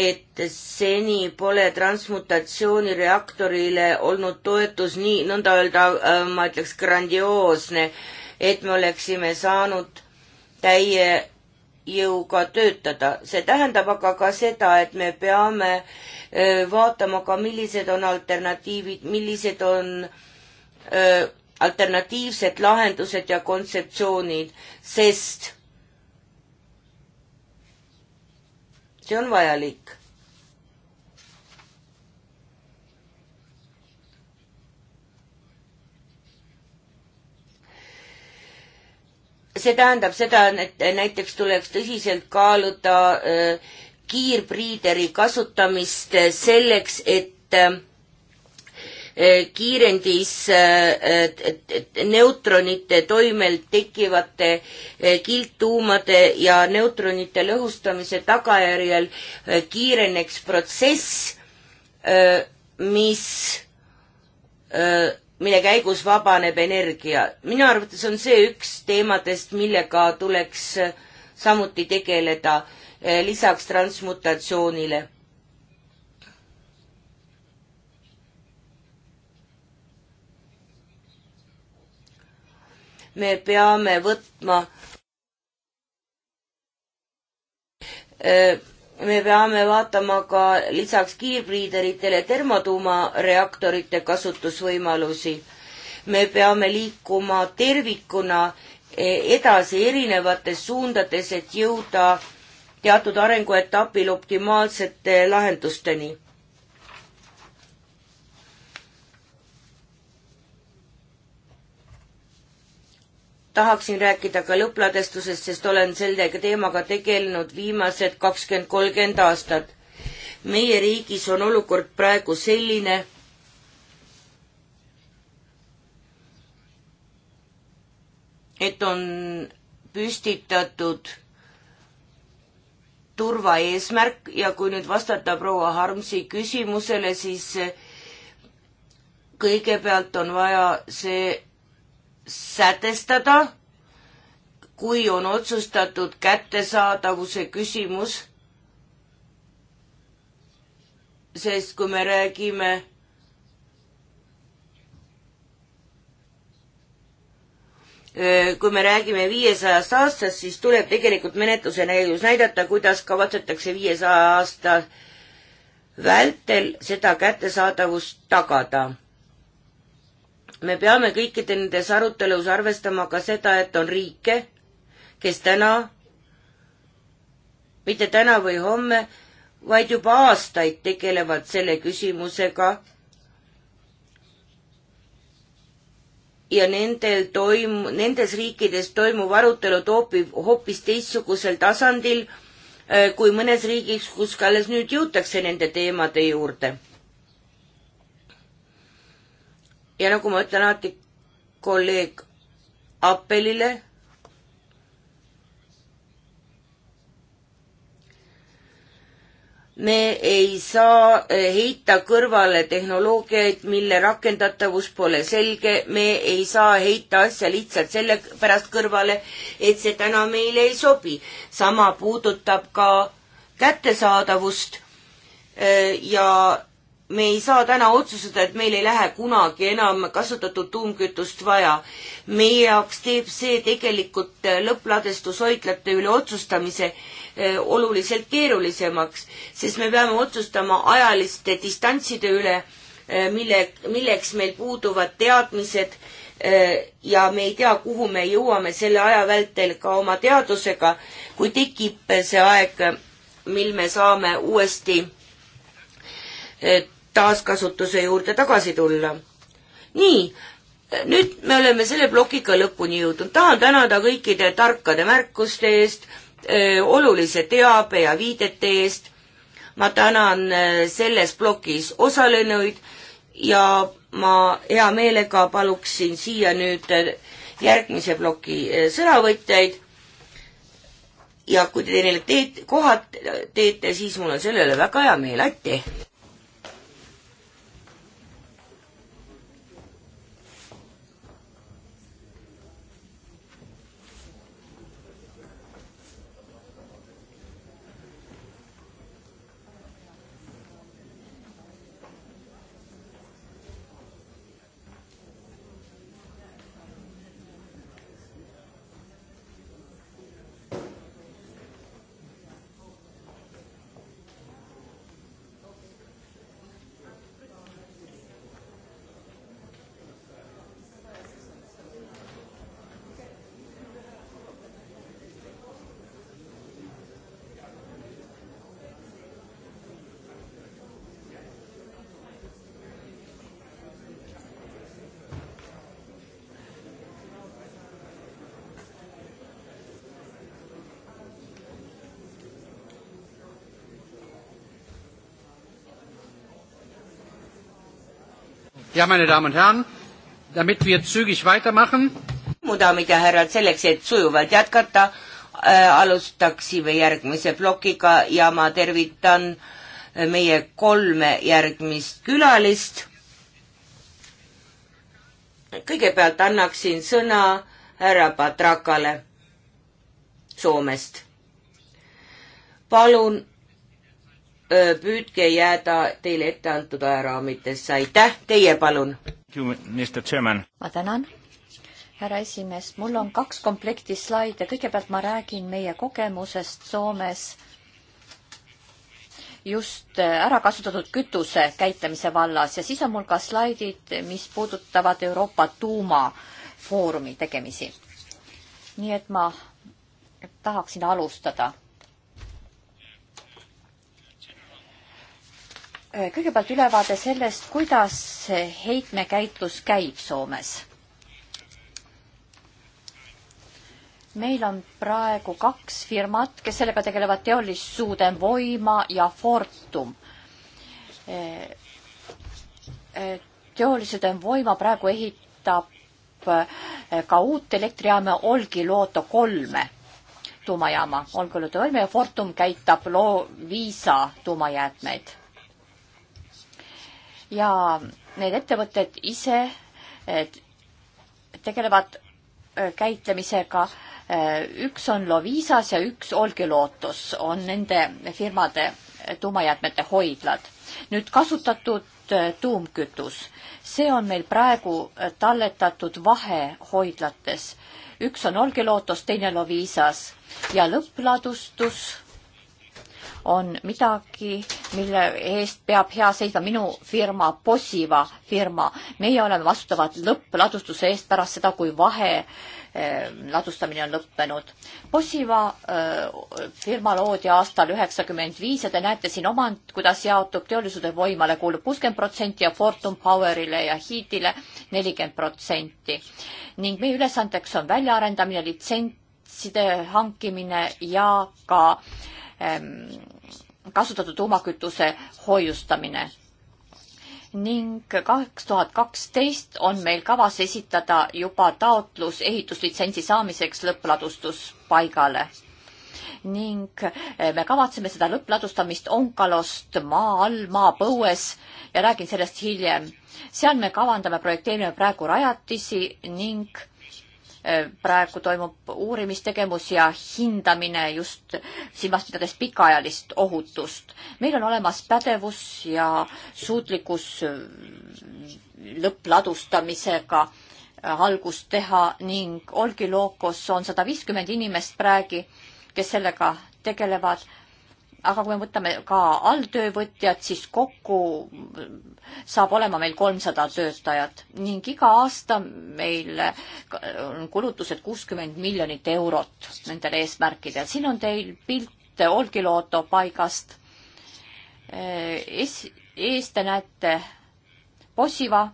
et seni pole transmutatsioonireaktorile olnud toetus nii, nõnda öelda, äh, ma ütleks grandioosne, et me oleksime saanud täie jõuga töötada. see tähendab aga ka seda, et me peame äh, vaatama ka, millised on alternatiivid, millised on äh, alternatiivsed lahendused ja kontseptsioonid, sest kindlasti on vajalik. see tähendab seda, et näiteks tuleks tõsiselt kaaluda äh, kiirpriideri kasutamist selleks, et äh, Eh, kiirendis eh, eh, neutronite toimel tekivate kildtuumade ja neutronite lõhustamise tagajärjel kiireneks protsess, mis, mille käigus vabaneb energia. minu arvates on see üks teemadest, millega tuleks samuti tegeleda lisaks transmutatsioonile me peame võtma äh, me peame vaatama ka lisaks kiirpriideritele termotuumareaktorite kasutusvõimalusi. me peame liikuma tervikuna äh, edasi erinevates suundades, et jõuda teatud arenguetapil optimaalsete lahendusteni tahaksin rääkida ka lõppladestusest, sest olen selle teemaga tegelenud viimased kakskümmend, kolmkümmend aastat. meie riigis on olukord praegu selline, et on püstitatud turvaeesmärk ja kui nüüd vastata proua Harmsi küsimusele, siis kõigepealt on vaja see sätestada, kui on otsustatud kättesaadavuse küsimus. sest kui me räägime äh, kui me räägime viiesajast aastast, siis tuleb tegelikult menetluse käigus näidata, kuidas kavatsetakse viiesaja aasta vältel seda kättesaadavust tagada me peame kõikide nendes arutelus arvestama ka seda, et on riike, kes täna, mitte täna või homme, vaid juba aastaid tegelevad selle küsimusega ja nendel toim-, nendes riikides toimuv arutelu toobib hoopis teistsugusel tasandil eh, kui mõnes riigis, kus ka alles nüüd jõutakse nende teemade juurde ja nagu ma ütlen alati kolleeg Appelile, me ei saa eh, heita kõrvale tehnoloogiaid, mille rakendatavus pole selge, me ei saa heita asja lihtsalt selle pärast kõrvale, et see täna meile ei sobi. sama puudutab ka kättesaadavust eh, ja me ei saa täna otsustada, et meil ei lähe kunagi enam kasutatud tuumkütust vaja. meie jaoks teeb see tegelikult lõppladestushoidlate üle otsustamise eh, oluliselt keerulisemaks, sest me peame otsustama ajaliste distantside üle, eh, mille, milleks meil puuduvad teadmised eh, ja me ei tea, kuhu me jõuame selle aja vältel ka oma teadusega, kui tekib see aeg, mil me saame uuesti taaskasutuse juurde tagasi tulla. nii, nüüd me oleme selle plokiga lõpuni jõudnud. tahan tänada kõikide tarkade märkuste eest, e, olulise teabe ja viidete eest. ma tänan e, selles plokis osalenuid ja ma hea meelega paluksin siia nüüd e, järgmise ploki sõnavõtjaid. ja kui te neile teed, kohad teete, siis mul on selle üle väga hea meel, aitäh! ja, meine Damen und Herren, damit wir zügig weitermachen. mu daamid ja härrad, selleks, et sujuvalt jätkata äh,, alustaksime järgmise plokiga ja ma tervitan äh, meie kolme järgmist külalist. kõigepealt annaksin sõna härra Patrakale Soomest. palun püüdke jääda teile ette antud ajaraamidesse, aitäh, teie palun. ma tänan, härra esimees, mul on kaks komplekti slaide, kõigepealt ma räägin meie kogemusest Soomes just äh, ära kasutatud kütuse käitlemise vallas ja siis on mul ka slaidid, mis puudutavad Euroopa tuumafoorumi tegemisi. nii et ma tahaksin alustada Äh, kõigepealt ülevaade sellest, kuidas heitmekäitlus käib Soomes. meil on praegu kaks firmat, kes sellega tegelevad, Teolis Suuden Voima ja Fortum. Äh, äh, Teolis Suuden Voima praegu ehitab ka uut elektrijaama Olkiluoto kolme tuumajaama, Olkiluoto kolme ja Fortum käitab Loo-Viisa tuumajäätmeid ja need ettevõtted ise tegelevad käitlemisega. üks on Lovisas ja üks Olgi Lootus on nende firmade tuumajäätmete hoidlad. nüüd kasutatud tuumkütus, see on meil praegu talletatud vahehoidlates. üks on Olgi Lootus, teine Lovisas ja lõppladustus on midagi, mille eest peab hea seisma minu firma, Posiva firma. meie oleme vastutavad lõppladustuse eest pärast seda, kui vahe eh, ladustamine on lõppenud. Posiva eh, firma loodi aastal üheksakümmend viis ja te näete siin omand, kuidas jaotub töölisuse võimale kuulub kuuskümmend protsenti ja Fortum Powerile ja Heatile nelikümmend protsenti. ning meie ülesandeks on väljaarendamine, litsentside hankimine ja ka äh, Ähm, kasutatud tuumakütuse hoiustamine. ning kaks tuhat kaksteist on meil kavas esitada juba taotlus ehituslitsentsi saamiseks lõppladustuspaigale ning äh, me kavatseme seda lõppladustamist onkalost maa all, maapõues ja räägin sellest hiljem. seal me kavandame, projekteerime praegu rajatisi ning Äh, praegu toimub uurimistegevus ja hindamine just silmas pidades pikaajalist ohutust. meil on olemas pädevus ja suutlikkus äh, lõppladustamisega äh, algust teha ning Olgi Lokos on sada viiskümmend inimest praegu, kes sellega tegelevad aga kui me võtame ka alltöövõtjad, siis kokku saab olema meil kolmsada töötajat ning iga aasta meil on kulutused kuuskümmend miljonit eurot nendel eesmärkidel. siin on teil pilt Olkiluoto paigast. Es-, ees te näete Posiva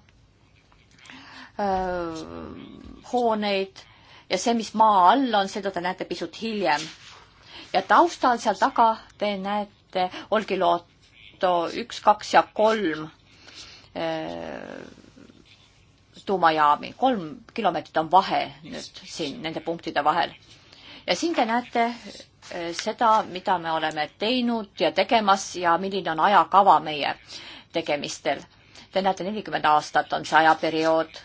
öö, hooneid ja see, mis maa all on, seda te näete pisut hiljem ja taustal seal taga te näete Olkiluoto üks, kaks ja kolm äh, tuumajaami. kolm kilomeetrit on vahe nüüd siin nende punktide vahel. ja siin te näete äh, seda, mida me oleme teinud ja tegemas ja milline on ajakava meie tegemistel. Te näete, nelikümmend aastat on see ajaperiood.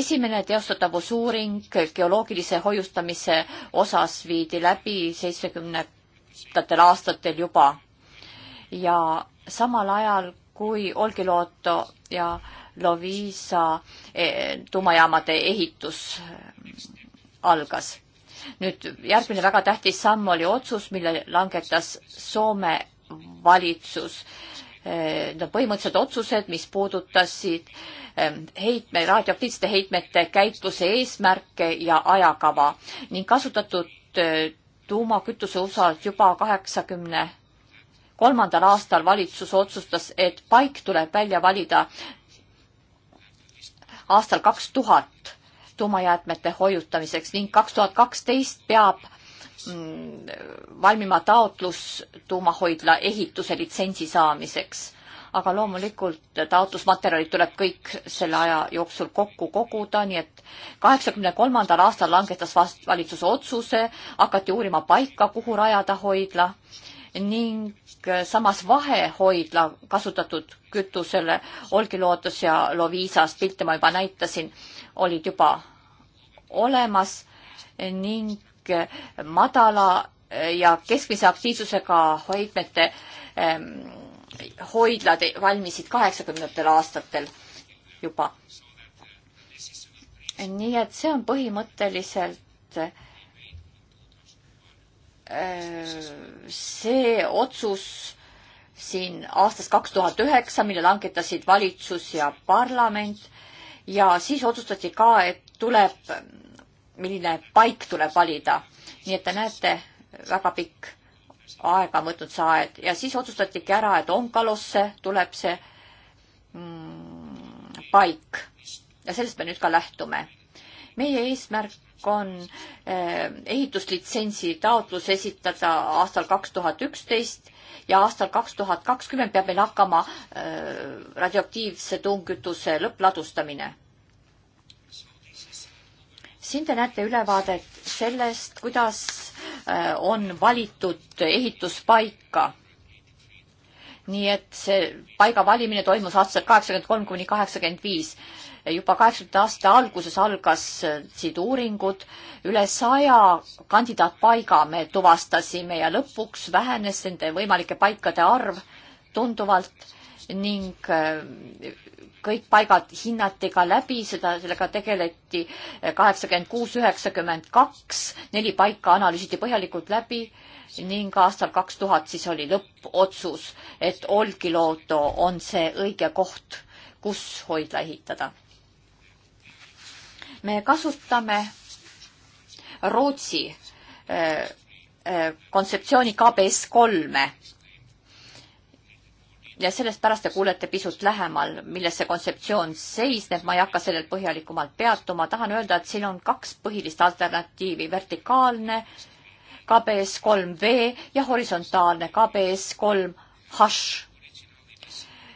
esimene teostatavusuuring geoloogilise hoiustamise osas viidi läbi seitsmekümnendatel aastatel juba ja samal ajal, kui Olkiluoto ja Loviisa eh, tuumajaamade ehitus eh, algas. nüüd järgmine väga tähtis samm oli otsus, mille langetas Soome valitsus no põhimõtteliselt otsused, mis puudutasid ehm, heitme, raadioaktiivsete heitmete käitluse eesmärke ja ajakava ning kasutatud ehm, tuumakütuse osas juba kaheksakümne kolmandal aastal valitsus otsustas, et paik tuleb välja valida aastal kaks tuhat tuumajäätmete hoiutamiseks ning kaks tuhat kaksteist peab Mm, valmima taotlus tuumahoidla ehituse litsentsi saamiseks. aga loomulikult taotlusmaterjalid tuleb kõik selle aja jooksul kokku koguda, nii et kaheksakümne kolmandal aastal langetas vast-, valitsus otsuse, hakati uurima paika, kuhu rajada hoidla ning samas vahehoidla kasutatud kütusele Olkiluotos ja Loviisas, pilte ma juba näitasin, olid juba olemas ning ehk madala eh, ja keskmise aktiivsusega hoidmete ehm, hoidlad valmisid kaheksakümnendatel aastatel juba. nii et see on põhimõtteliselt eh, see otsus siin aastast kaks tuhat üheksa, mille langetasid valitsus ja parlament ja siis otsustati ka, et tuleb milline paik tuleb valida. nii et te näete, väga pikk aega on võtnud see aed ja siis otsustatigi ära, et Onkalosse tuleb see mm, paik ja sellest me nüüd ka lähtume. meie eesmärk on eh, ehituslitsentsi taotlus esitada aastal kaks tuhat üksteist ja aastal kaks tuhat kakskümmend peab meil hakkama eh, radioaktiivse tuumkütuse lõppladustamine siin te näete ülevaadet sellest, kuidas äh, on valitud ehituspaika. nii et see paiga valimine toimus aastal kaheksakümmend kolm kuni kaheksakümmend viis. juba kaheksakümnendate aasta alguses algasid äh, uuringud, üle saja kandidaatpaiga me tuvastasime ja lõpuks vähenes nende võimalike paikade arv tunduvalt ning äh, kõik paigad hinnati ka läbi, seda, sellega tegeleti äh, kaheksakümmend kuus, üheksakümmend kaks, neli paika analüüsiti põhjalikult läbi ning aastal kaks tuhat siis oli lõppotsus, et Olkiluoto on see õige koht, kus hoidla ehitada. me kasutame Rootsi äh, kontseptsiooni KBS kolme ja sellest pärast te kuulete pisut lähemal, milles see kontseptsioon seisneb, ma ei hakka sellel põhjalikumalt peatuma, tahan öelda, et siin on kaks põhilist alternatiivi, vertikaalne KBS kolm V ja horisontaalne KBS kolm H.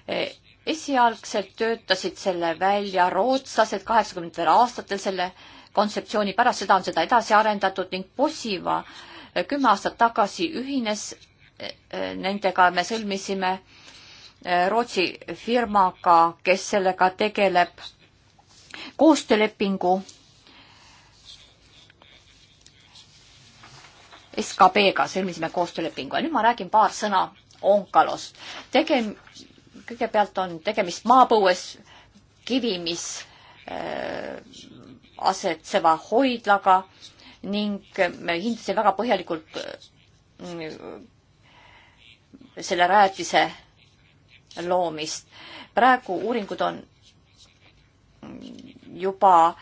Eh, esialgselt töötasid selle välja rootslased kaheksakümnendatel aastatel selle kontseptsiooni, pärast seda on seda edasi arendatud ning Posiva eh, kümme aastat tagasi ühines eh, nendega, me sõlmisime Äh, Rootsi firmaga, kes sellega tegeleb, koostöölepingu SKB-ga sõlmisime koostöölepingu ja nüüd ma räägin paar sõna onkalost. tegem-, kõigepealt on tegemist maapõues kivimis äh, asetseva hoidlaga ning me hindasime väga põhjalikult äh, selle rajatise loomist. praegu uuringud on juba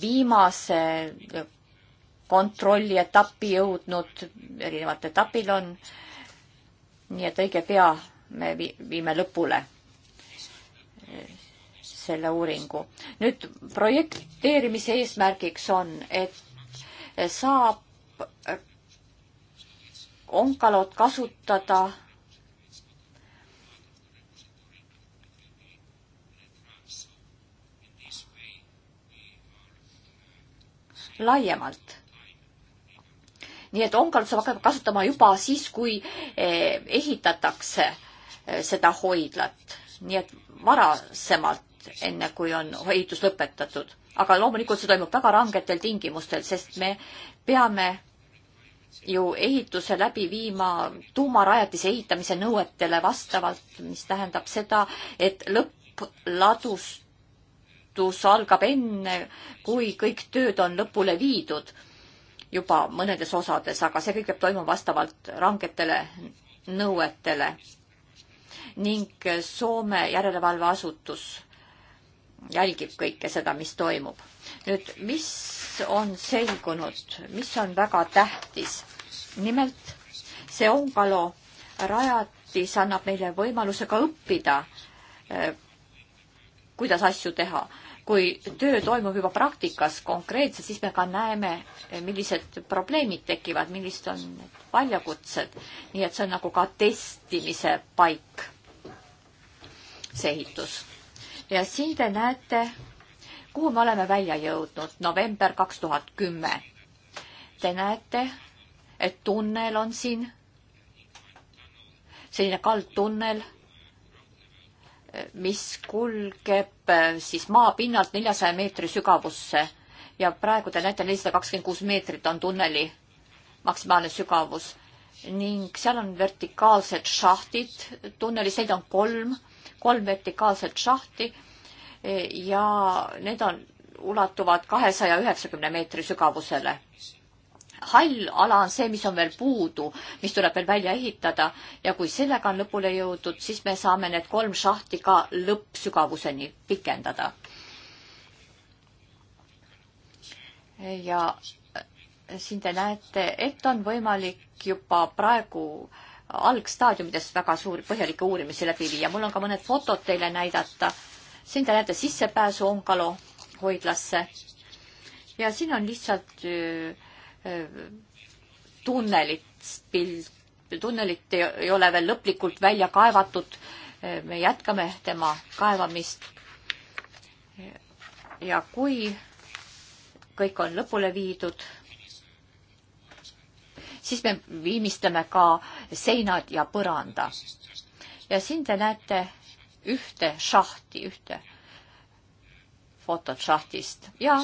viimase kontrolli etappi jõudnud, erinevad etapid on. nii et õige pea me viime lõpule selle uuringu. nüüd projekteerimise eesmärgiks on, et saab onkalood kasutada laiemalt. nii et onkalust saab hakata kasutama juba siis, kui eh, ehitatakse eh, seda hoidlat, nii et varasemalt, enne kui on ehitus lõpetatud. aga loomulikult see toimub väga rangetel tingimustel, sest me peame ju ehituse läbi viima tuumarajatise ehitamise nõuetele vastavalt, mis tähendab seda, et lõppladust kohustus algab enne, kui kõik tööd on lõpule viidud juba mõnedes osades, aga see kõik peab toimuma vastavalt rangetele nõuetele. ning Soome järelevalveasutus jälgib kõike seda, mis toimub. nüüd, mis on selgunud, mis on väga tähtis? nimelt see Ongalo rajatis annab meile võimaluse ka õppida, eh, kuidas asju teha kui töö toimub juba praktikas konkreetselt, siis me ka näeme, millised probleemid tekivad, millised on need väljakutsed. nii et see on nagu ka testimise paik, see ehitus. ja siin te näete, kuhu me oleme välja jõudnud, november kaks tuhat kümme. Te näete, et tunnel on siin, selline kaldtunnel mis kulgeb äh, siis maapinnalt neljasaja meetri sügavusse ja praegu te näete, nelisada kakskümmend kuus meetrit on tunneli maksimaalne sügavus ning seal on vertikaalsed šahtid, tunnelis neid on kolm, kolm vertikaalset šahti ja need on, ulatuvad kahesaja üheksakümne meetri sügavusele hall ala on see, mis on veel puudu, mis tuleb veel välja ehitada ja kui sellega on lõpule jõudnud, siis me saame need kolm šahti ka lõppsügavuseni pikendada. ja äh, siin te näete, et on võimalik juba praegu algstaadiumides väga suuri põhjalikke uurimisi läbi viia. mul on ka mõned fotod teile näidata. siin te näete sissepääsu onkalo hoidlasse ja siin on lihtsalt öö, äh, tunnelit, tunnelit ei ole veel lõplikult välja kaevatud. me jätkame tema kaevamist. ja kui kõik on lõpule viidud, siis me viimistleme ka seinad ja põranda. ja siin te näete ühte šahti, ühte fotot šahtist ja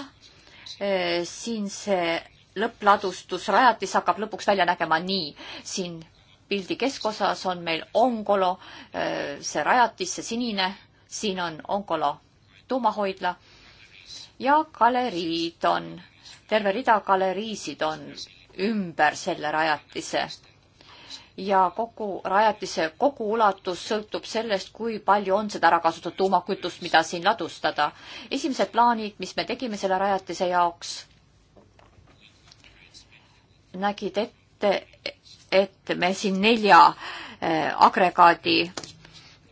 eh, siin see lõppladustusrajatis hakkab lõpuks välja nägema nii. siin pildi keskosas on meil onkolo, äh, see rajatis, see sinine, siin on onkolo tuumahoidla ja galeriid on, terve rida galeriisid on ümber selle rajatise ja kogu rajatise kogu ulatus sõltub sellest, kui palju on seda ära kasutatud tuumakütust, mida siin ladustada. esimesed plaanid, mis me tegime selle rajatise jaoks, nägid ette, et me siin nelja äh, agregaadi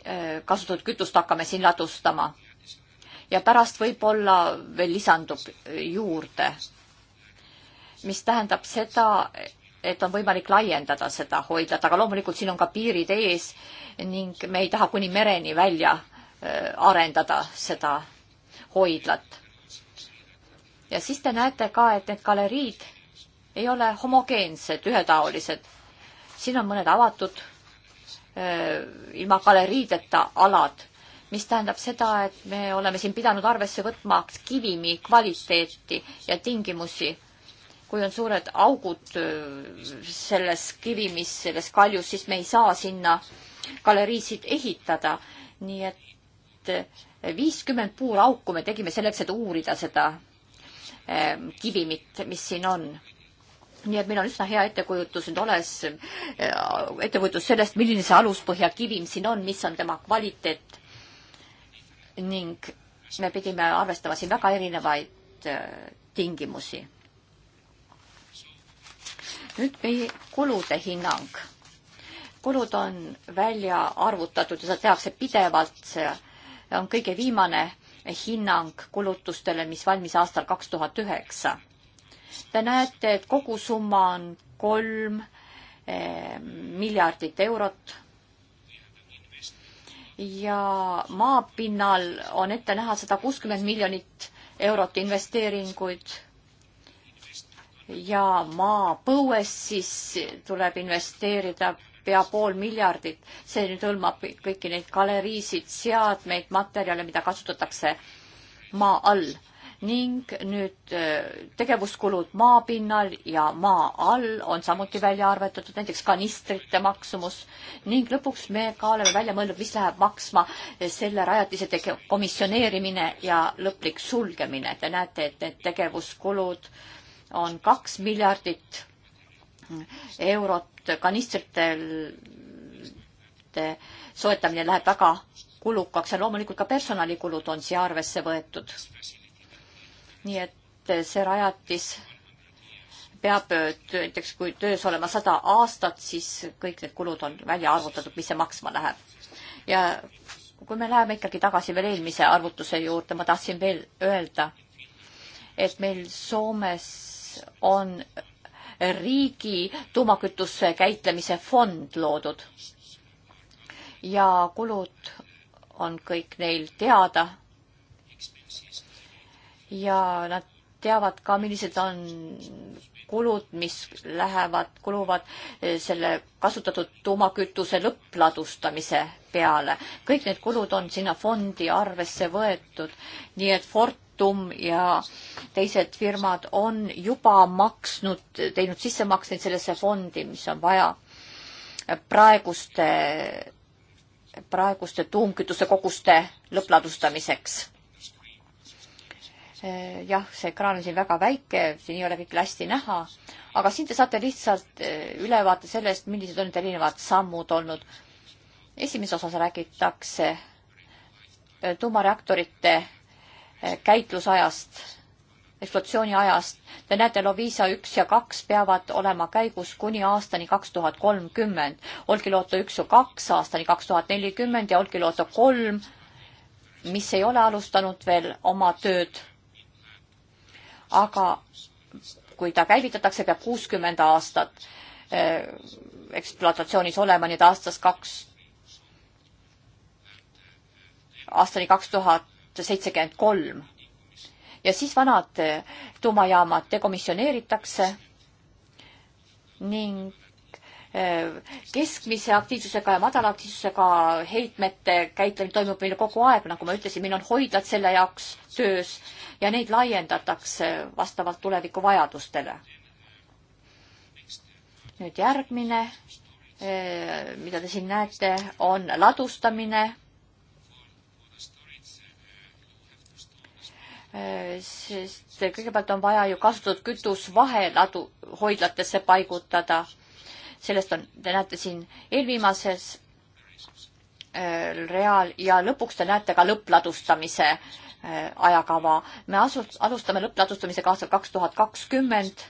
äh, kasutatud kütust hakkame siin ladustama. ja pärast võib-olla veel lisandub juurde, mis tähendab seda, et on võimalik laiendada seda hoidlat, aga loomulikult siin on ka piirid ees ning me ei taha kuni mereni välja äh, arendada seda hoidlat. ja siis te näete ka, et need galeriid ei ole homogeensed, ühetaolised. siin on mõned avatud ilma galeriideta alad, mis tähendab seda, et me oleme siin pidanud arvesse võtma kivimi kvaliteeti ja tingimusi. kui on suured augud selles kivimis, selles kaljus, siis me ei saa sinna galeriisid ehitada, nii et viiskümmend puurauku me tegime selleks, et uurida seda kivimit, mis siin on nii et meil on üsna hea ettekujutus nüüd oles, äh, ettekujutus sellest, milline see aluspõhjakivim siin on, mis on tema kvaliteet. ning me pidime arvestama siin väga erinevaid äh, tingimusi. nüüd meie kulude hinnang. kulud on välja arvutatud ja seda tehakse pidevalt, see on kõige viimane hinnang kulutustele, mis valmis aastal kaks tuhat üheksa Te näete, et kogusumma on kolm eh, miljardit eurot. ja maapinnal on ette näha sada kuuskümmend miljonit eurot investeeringuid. ja maapõues siis tuleb investeerida pea pool miljardit, see nüüd hõlmab kõiki neid galeriisid, seadmeid, materjale, mida kasutatakse maa all ning nüüd äh, tegevuskulud maapinnal ja maa all on samuti välja arvestatud, näiteks kanistrite maksumus ning lõpuks me ka oleme välja mõelnud, mis läheb maksma äh, selle rajatise tege-, komisjoneerimine ja lõplik sulgemine. Te näete, et need tegevuskulud on kaks miljardit äh, eurot, kanistrite soetamine läheb väga kulukaks ja loomulikult ka personalikulud on siia arvesse võetud nii et see rajatis peab näiteks kui töös olema sada aastat, siis kõik need kulud on välja arvutatud, mis see maksma läheb. ja kui me läheme ikkagi tagasi veel eelmise arvutuse juurde, ma tahtsin veel öelda, et meil Soomes on riigi tuumakütuse käitlemise fond loodud ja kulud on kõik neil teada ja nad teavad ka, millised on kulud, mis lähevad, kuluvad eh, selle kasutatud tuumakütuse lõppladustamise peale. kõik need kulud on sinna fondi arvesse võetud, nii et Fortum ja teised firmad on juba maksnud, teinud sissemakseid sellesse fondi, mis on vaja praeguste, praeguste tuumkütuse koguste lõppladustamiseks Eh, jah, see ekraan on siin väga väike, siin ei ole kõike hästi näha, aga siin te saate lihtsalt eh, ülevaate sellest, millised on need erinevad sammud olnud. esimeses osas räägitakse eh, tuumareaktorite käitlusajast, ekspluatsiooni ajast. Te näete, Loviisa üks ja kaks peavad olema käigus kuni aastani kaks tuhat kolmkümmend, Olkiluoto üks ja kaks aastani kaks tuhat nelikümmend ja Olkiluoto kolm, mis ei ole alustanud veel oma tööd aga kui ta käivitatakse, peab kuuskümmend aastat eh, ekspluatatsioonis olema, nii et aastas kaks, aastani kaks tuhat seitsekümmend kolm. ja siis vanad eh, tuumajaamad dekomisjoneeritakse ning keskmise aktiivsusega ja madala aktiivsusega heitmete käitlemine toimub meil kogu aeg, nagu ma ütlesin, meil on hoidlad selle jaoks töös ja neid laiendatakse vastavalt tuleviku vajadustele. nüüd järgmine, mida te siin näete, on ladustamine. sest kõigepealt on vaja ju kasutatud kütus vaheladu hoidlatesse paigutada sellest on, te näete siin eelviimases äh, real ja lõpuks te näete ka lõppladustamise äh, ajakava. me asu-, alustame lõppladustamisega aastal kaks tuhat kakskümmend,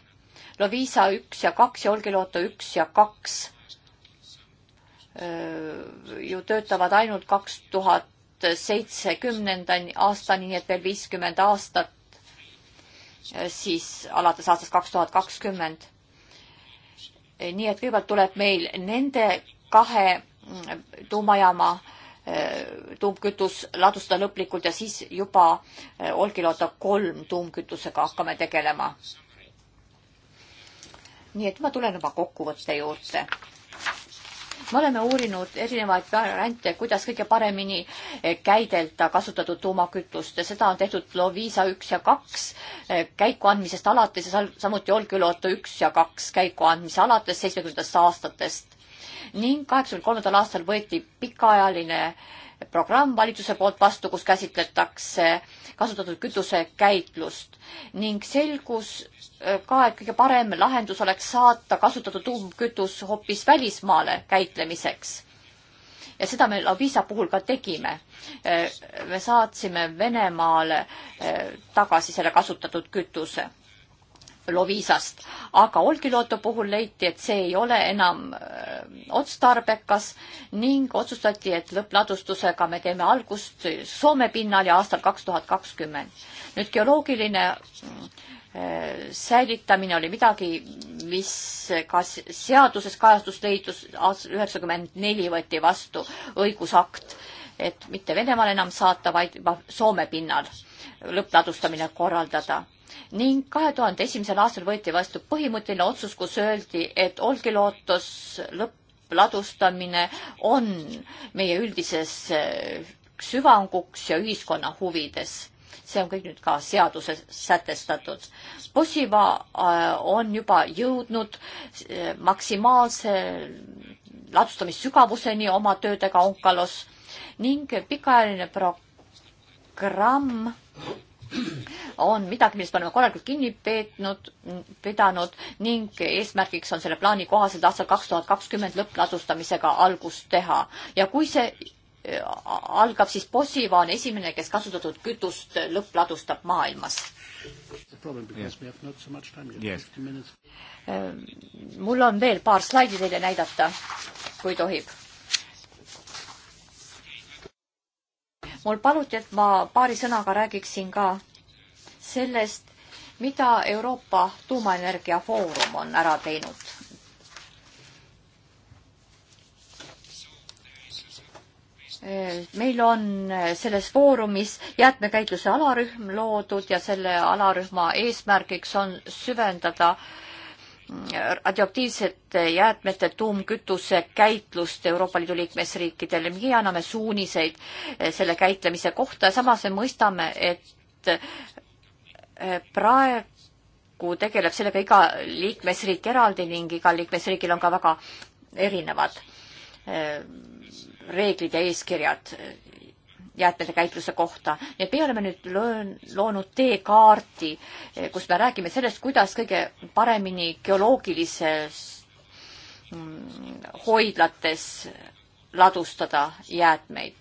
Loviisa üks ja kaks ja Olkiluoto üks ja kaks äh, ju töötavad ainult kaks tuhat seitsekümnenda aastani, nii et veel viiskümmend aastat siis alates aastast kaks tuhat kakskümmend nii et kõigepealt tuleb meil nende kahe tuumajaama eh, tuumkütus ladustada lõplikult ja siis juba eh, Olkiluoto kolm tuumkütusega hakkame tegelema. nii et ma tulen oma kokkuvõtte juurde me oleme uurinud erinevaid variante, kuidas kõige paremini eh, käidelda kasutatud tuumakütust ja seda on tehtud Loviisa üks ja kaks eh, käiku andmisest alates ja samuti Olkiluoto üks ja kaks käiku andmise alates seitsmekümnendatest aastatest ning kaheksakümne kolmandal aastal võeti pikaajaline programm valitsuse poolt vastu, kus käsitletakse kasutatud kütuse käitlust ning selgus äh, ka, et kõige parem lahendus oleks saata kasutatud tuumkütus hoopis välismaale käitlemiseks. ja seda me Labisa puhul ka tegime. Äh, me saatsime Venemaale äh, tagasi selle kasutatud kütuse Lovisast, aga Olkiluoto puhul leiti, et see ei ole enam äh, otstarbekas ning otsustati, et lõppladustusega me teeme algust Soome pinnal ja aastal kaks tuhat kakskümmend. nüüd geoloogiline äh, säilitamine oli midagi, mis ka seaduses kajastust leidus, üheksakümmend neli võeti vastu õigusakt et mitte Venemaal enam saata, vaid juba Soome pinnal lõppladustamine korraldada. ning kahe tuhande esimesel aastal võeti vastu põhimõtteline otsus, kus öeldi, et olgilootus lõppladustamine on meie üldises äh, süvanguks ja ühiskonna huvides see on kõik nüüd ka seaduses sätestatud. Posiva äh, on juba jõudnud äh, maksimaalse ladustamissügavuseni oma töödega Onkalos ning pikaajaline programm on midagi, millest me oleme korralikult kinni peetnud, pidanud ning eesmärgiks on selle plaani kohaselt aastal kaks tuhat kakskümmend lõppladustamisega algust teha ja kui see äh, algab, siis Posiva on esimene, kes kasutatud kütust lõppladustab maailmas. Yes. Äh, mul on veel paar slaidi teile näidata, kui tohib mul paluti, et ma paari sõnaga räägiksin ka sellest, mida Euroopa Tuumaenergia Foorum on ära teinud. meil on selles foorumis jäätmekäitluse alarühm loodud ja selle alarühma eesmärgiks on süvendada äh, radioaktiivsete jäätmete tuumkütuse käitlust Euroopa Liidu liikmesriikidele, meie anname suuniseid eh, selle käitlemise kohta ja samas me mõistame, et eh, praegu tegeleb sellega iga liikmesriik eraldi ning igal liikmesriigil on ka väga erinevad eh, reeglid ja eeskirjad jäätmete käitluse kohta. nii et meie oleme nüüd löön, loonud teekaardi, eh, kus me räägime sellest, kuidas kõige paremini geoloogilises mm, hoidlates ladustada jäätmeid.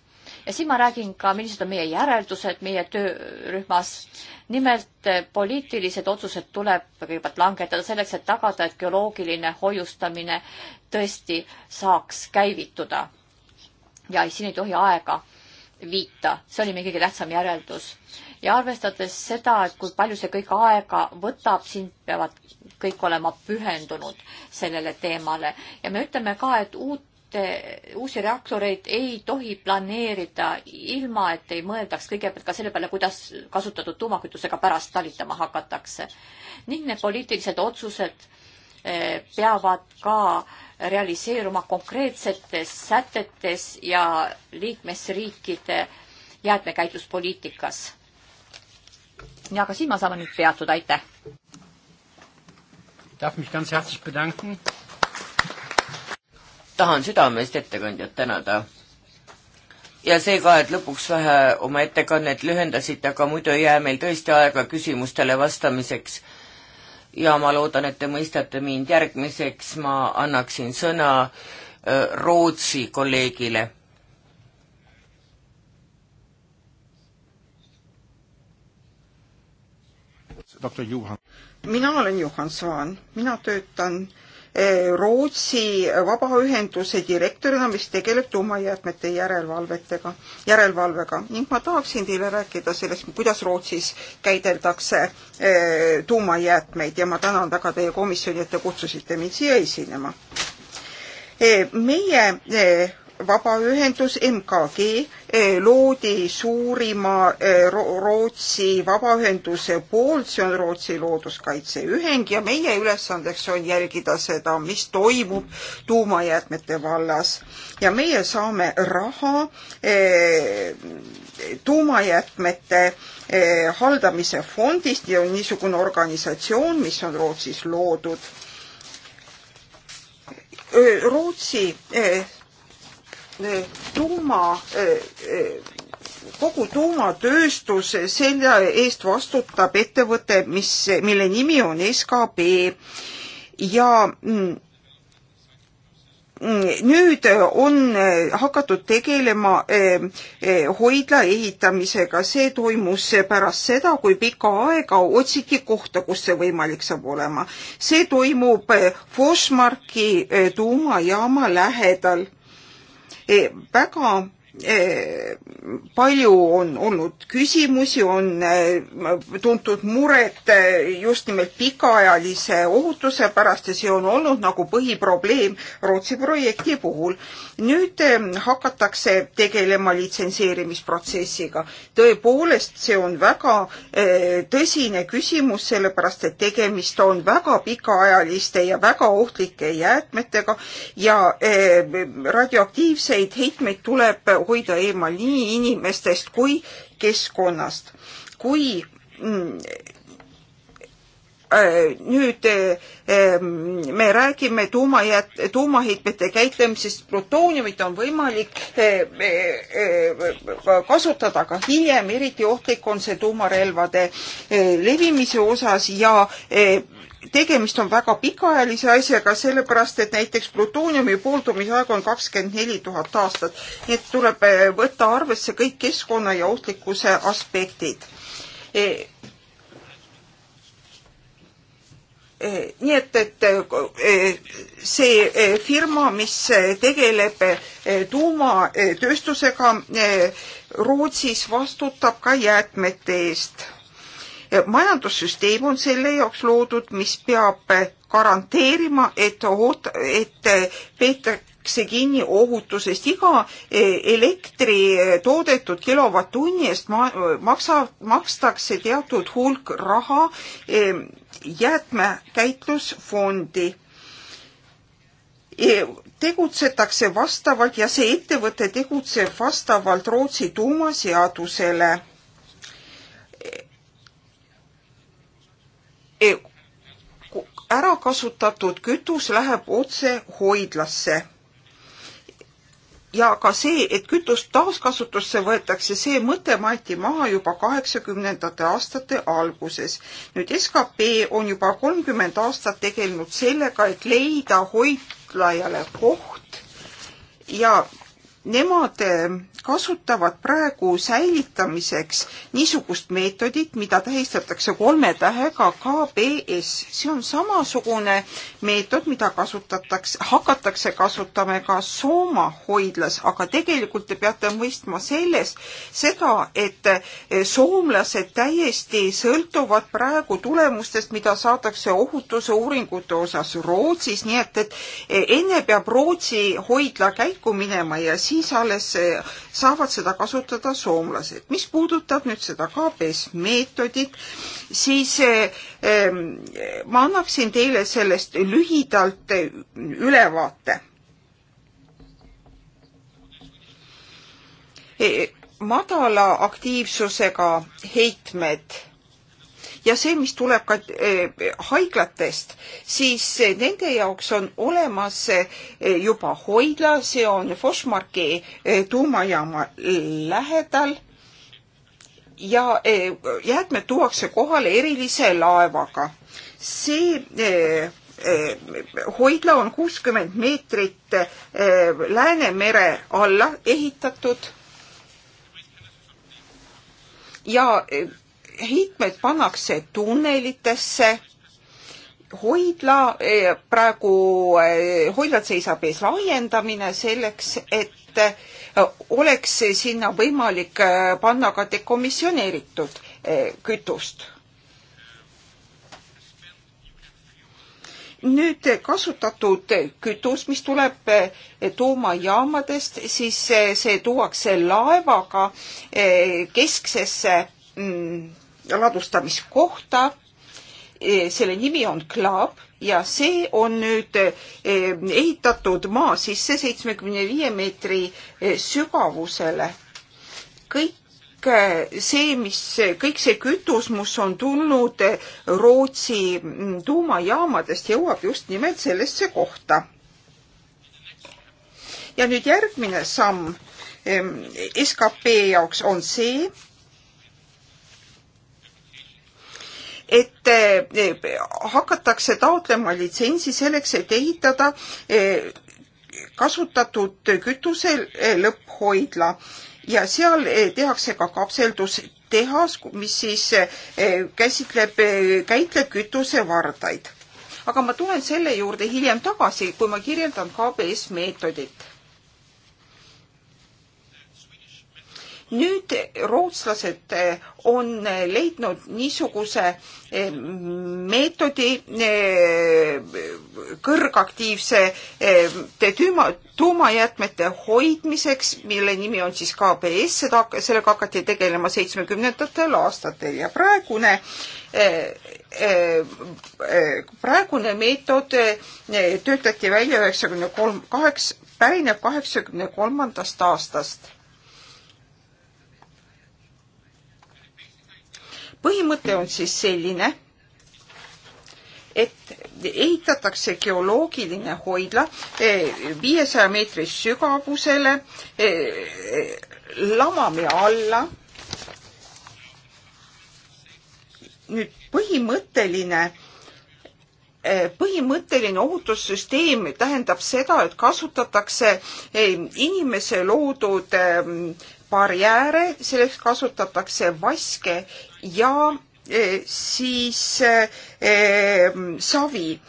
ja siin ma räägin ka, millised on meie järeldused meie töörühmas. nimelt eh, poliitilised otsused tuleb kõigepealt langetada selleks, et tagada, et geoloogiline hoiustamine tõesti saaks käivituda. ja siin ei tohi aega viita, see oli meie kõige tähtsam järeldus. ja arvestades seda, et kui palju see kõik aega võtab, siin peavad kõik olema pühendunud sellele teemale ja me ütleme ka, et uute, uusi reaktoreid ei tohi planeerida ilma, et ei mõeldaks kõigepealt ka selle peale, kuidas kasutatud tuumakütusega pärast talitama hakatakse. ning need poliitilised otsused eh, peavad ka realiseeruma konkreetsetes sätetes ja liikmesriikide jäätmekäitluspoliitikas. ja ka siin ma saan nüüd peatuda, aitäh! tahan südamest ettekandjat tänada ja see ka, et lõpuks vähe oma ettekannet lühendasite, aga muidu ei jää meil tõesti aega küsimustele vastamiseks ja ma loodan, et te mõistate mind. järgmiseks ma annaksin sõna äh, Rootsi kolleegile. mina olen Juhan Svan, mina töötan Eh, Rootsi vabaühenduse direktorina, mis tegeleb tuumajäätmete järelevalvetega, järelevalvega ning ma tahaksin teile rääkida sellest, kuidas Rootsis käideldakse eh, tuumajäätmeid ja ma tänan väga teie komisjoni, et te kutsusite mind siia esinema eh, meie vabaühendus MKG eh, loodi suurima eh, Rootsi vabaühenduse poolt, see on Rootsi Looduskaitseühing ja meie ülesandeks on jälgida seda, mis toimub tuumajäätmete vallas ja meie saame raha eh, tuumajäätmete haldamise fondist ja niisugune organisatsioon, mis on Rootsis loodud. Rootsi tuuma, kogu tuumatööstus, selle eest vastutab ettevõte, mis, mille nimi on SKB ja mm, nüüd on hakatud tegelema hoidla ehitamisega, see toimus pärast seda, kui pikka aega otsiti kohta, kus see võimalik saab olema. see toimub Forsmarki eh, tuumajaama lähedal Eh, väga Eh, palju on olnud küsimusi, on eh, tuntud muret eh, just nimelt pikaajalise ohutuse pärast ja see on olnud nagu põhiprobleem Rootsi projekti puhul. nüüd hakatakse tegelema litsenseerimisprotsessiga. tõepoolest, see on väga tõsine küsimus, sellepärast et tegemist on väga pikaajaliste ja väga ohtlike jäätmetega ja radioaktiivseid heitmeid tuleb hoida eemal nii inimestest kui keskkonnast. kui mm, äh, nüüd ähm, me räägime tuumajät-, tuumaheitmete käitlemisest, plutooniumit on võimalik äh, äh, kasutada ka hiljem, eriti ohtlik on see tuumarelvade levimise osas ja tegemist on väga pikaajalise asjaga, sellepärast et näiteks plutooniumi puudumisaeg on kakskümmend neli tuhat aastat. nii et tuleb eh, võtta arvesse kõik keskkonna ja ohtlikkuse aspektid e, e, nii et, et e, see firma, mis tegeleb tuumatööstusega Rootsis, vastutab ka jäätmete eest majandussüsteem on selle jaoks loodud, mis peab garanteerima, et oot-, et peetakse kinni ohutusest. iga e, elektri e, toodetud kilovatt-tunni eest ma-, maksa, makstakse teatud hulk raha e, jäätmekäitlusfondi tegutsetakse vastavalt ja see ettevõte tegutseb vastavalt Rootsi tuumaseadusele E, ära kasutatud kütus läheb otse hoidlasse. ja ka see, et kütust taaskasutusse võetakse, see mõte maeti maha juba kaheksakümnendate aastate alguses. nüüd skp on juba kolmkümmend aastat tegelenud sellega, et leida hoidlajale koht ja Nemad eh, kasutavad praegu säilitamiseks niisugust meetodit, mida tähistatakse kolme tähega KBS. see on samasugune meetod, mida kasutatakse, hakatakse kasutama ka Sooma hoidlas, aga tegelikult te peate mõistma selles, seda, et eh, soomlased täiesti sõltuvad praegu tulemustest, mida saadakse ohutuse uuringute osas Rootsis, nii et, et eh, enne peab Rootsi hoidla käiku minema ja siis siis alles eh, saavad seda kasutada soomlased. mis puudutab nüüd seda KBS meetodit, siis eh, ma annaksin teile sellest lühidalt eh, ülevaate madala aktiivsusega heitmed ja see, mis tuleb ka eh, haiglatest, siis eh, nende jaoks on olemas eh, juba hoidla, see on Forsmarki tuumajaama lähedal ja jäätmed tuuakse kohale erilise laevaga. see hoidla on kuuskümmend meetrit Läänemere alla ehitatud ja heitmed pannakse tunnelitesse hoidla eh, praegu, eh, hoidlat seisab ees laiendamine selleks, et eh, oleks sinna võimalik panna ka dekomisjoneeritud kütust. nüüd kasutatud kütus, mis tuleb tuumajaamadest, siis see tuuakse laevaga kesksesse mm, ladustamiskohta. E, selle nimi on Klaab ja see on nüüd e, ehitatud maa sisse seitsmekümne viie meetri e, sügavusele. kõik kõik see, mis, kõik see kütus, mis on tulnud Rootsi tuumajaamadest, jõuab just nimelt sellesse kohta. ja nüüd järgmine samm SKP jaoks on see, et eh, hakatakse taotlema litsentsi selleks, et ehitada eh, kasutatud kütuse eh, lõpphoidla ja seal tehakse ka kapseldustehas, mis siis käsitleb, käitleb kütusevardaid. aga ma tulen selle juurde hiljem tagasi, kui ma kirjeldan KBS meetodit nüüd rootslased eh, on eh, leidnud niisuguse eh, meetodi kõrgaktiivsete tüüma, tuumajäätmete hoidmiseks, mille nimi on siis KBS, seda, sellega hakati tegelema seitsmekümnendatel aastatel ja praegune praegune meetod töötati välja üheksakümne kolm, kaheksa, pärineb kaheksakümne kolmandast aastast põhimõte on siis selline, et ehitatakse geoloogiline hoidla eh, viiesaja meetri sügavusele eh, lamamee alla. nüüd põhimõtteline eh, põhimõtteline ohutussüsteem tähendab seda, et kasutatakse inimese loodud barjääre, selleks kasutatakse vaske ja e, siis äh, savi.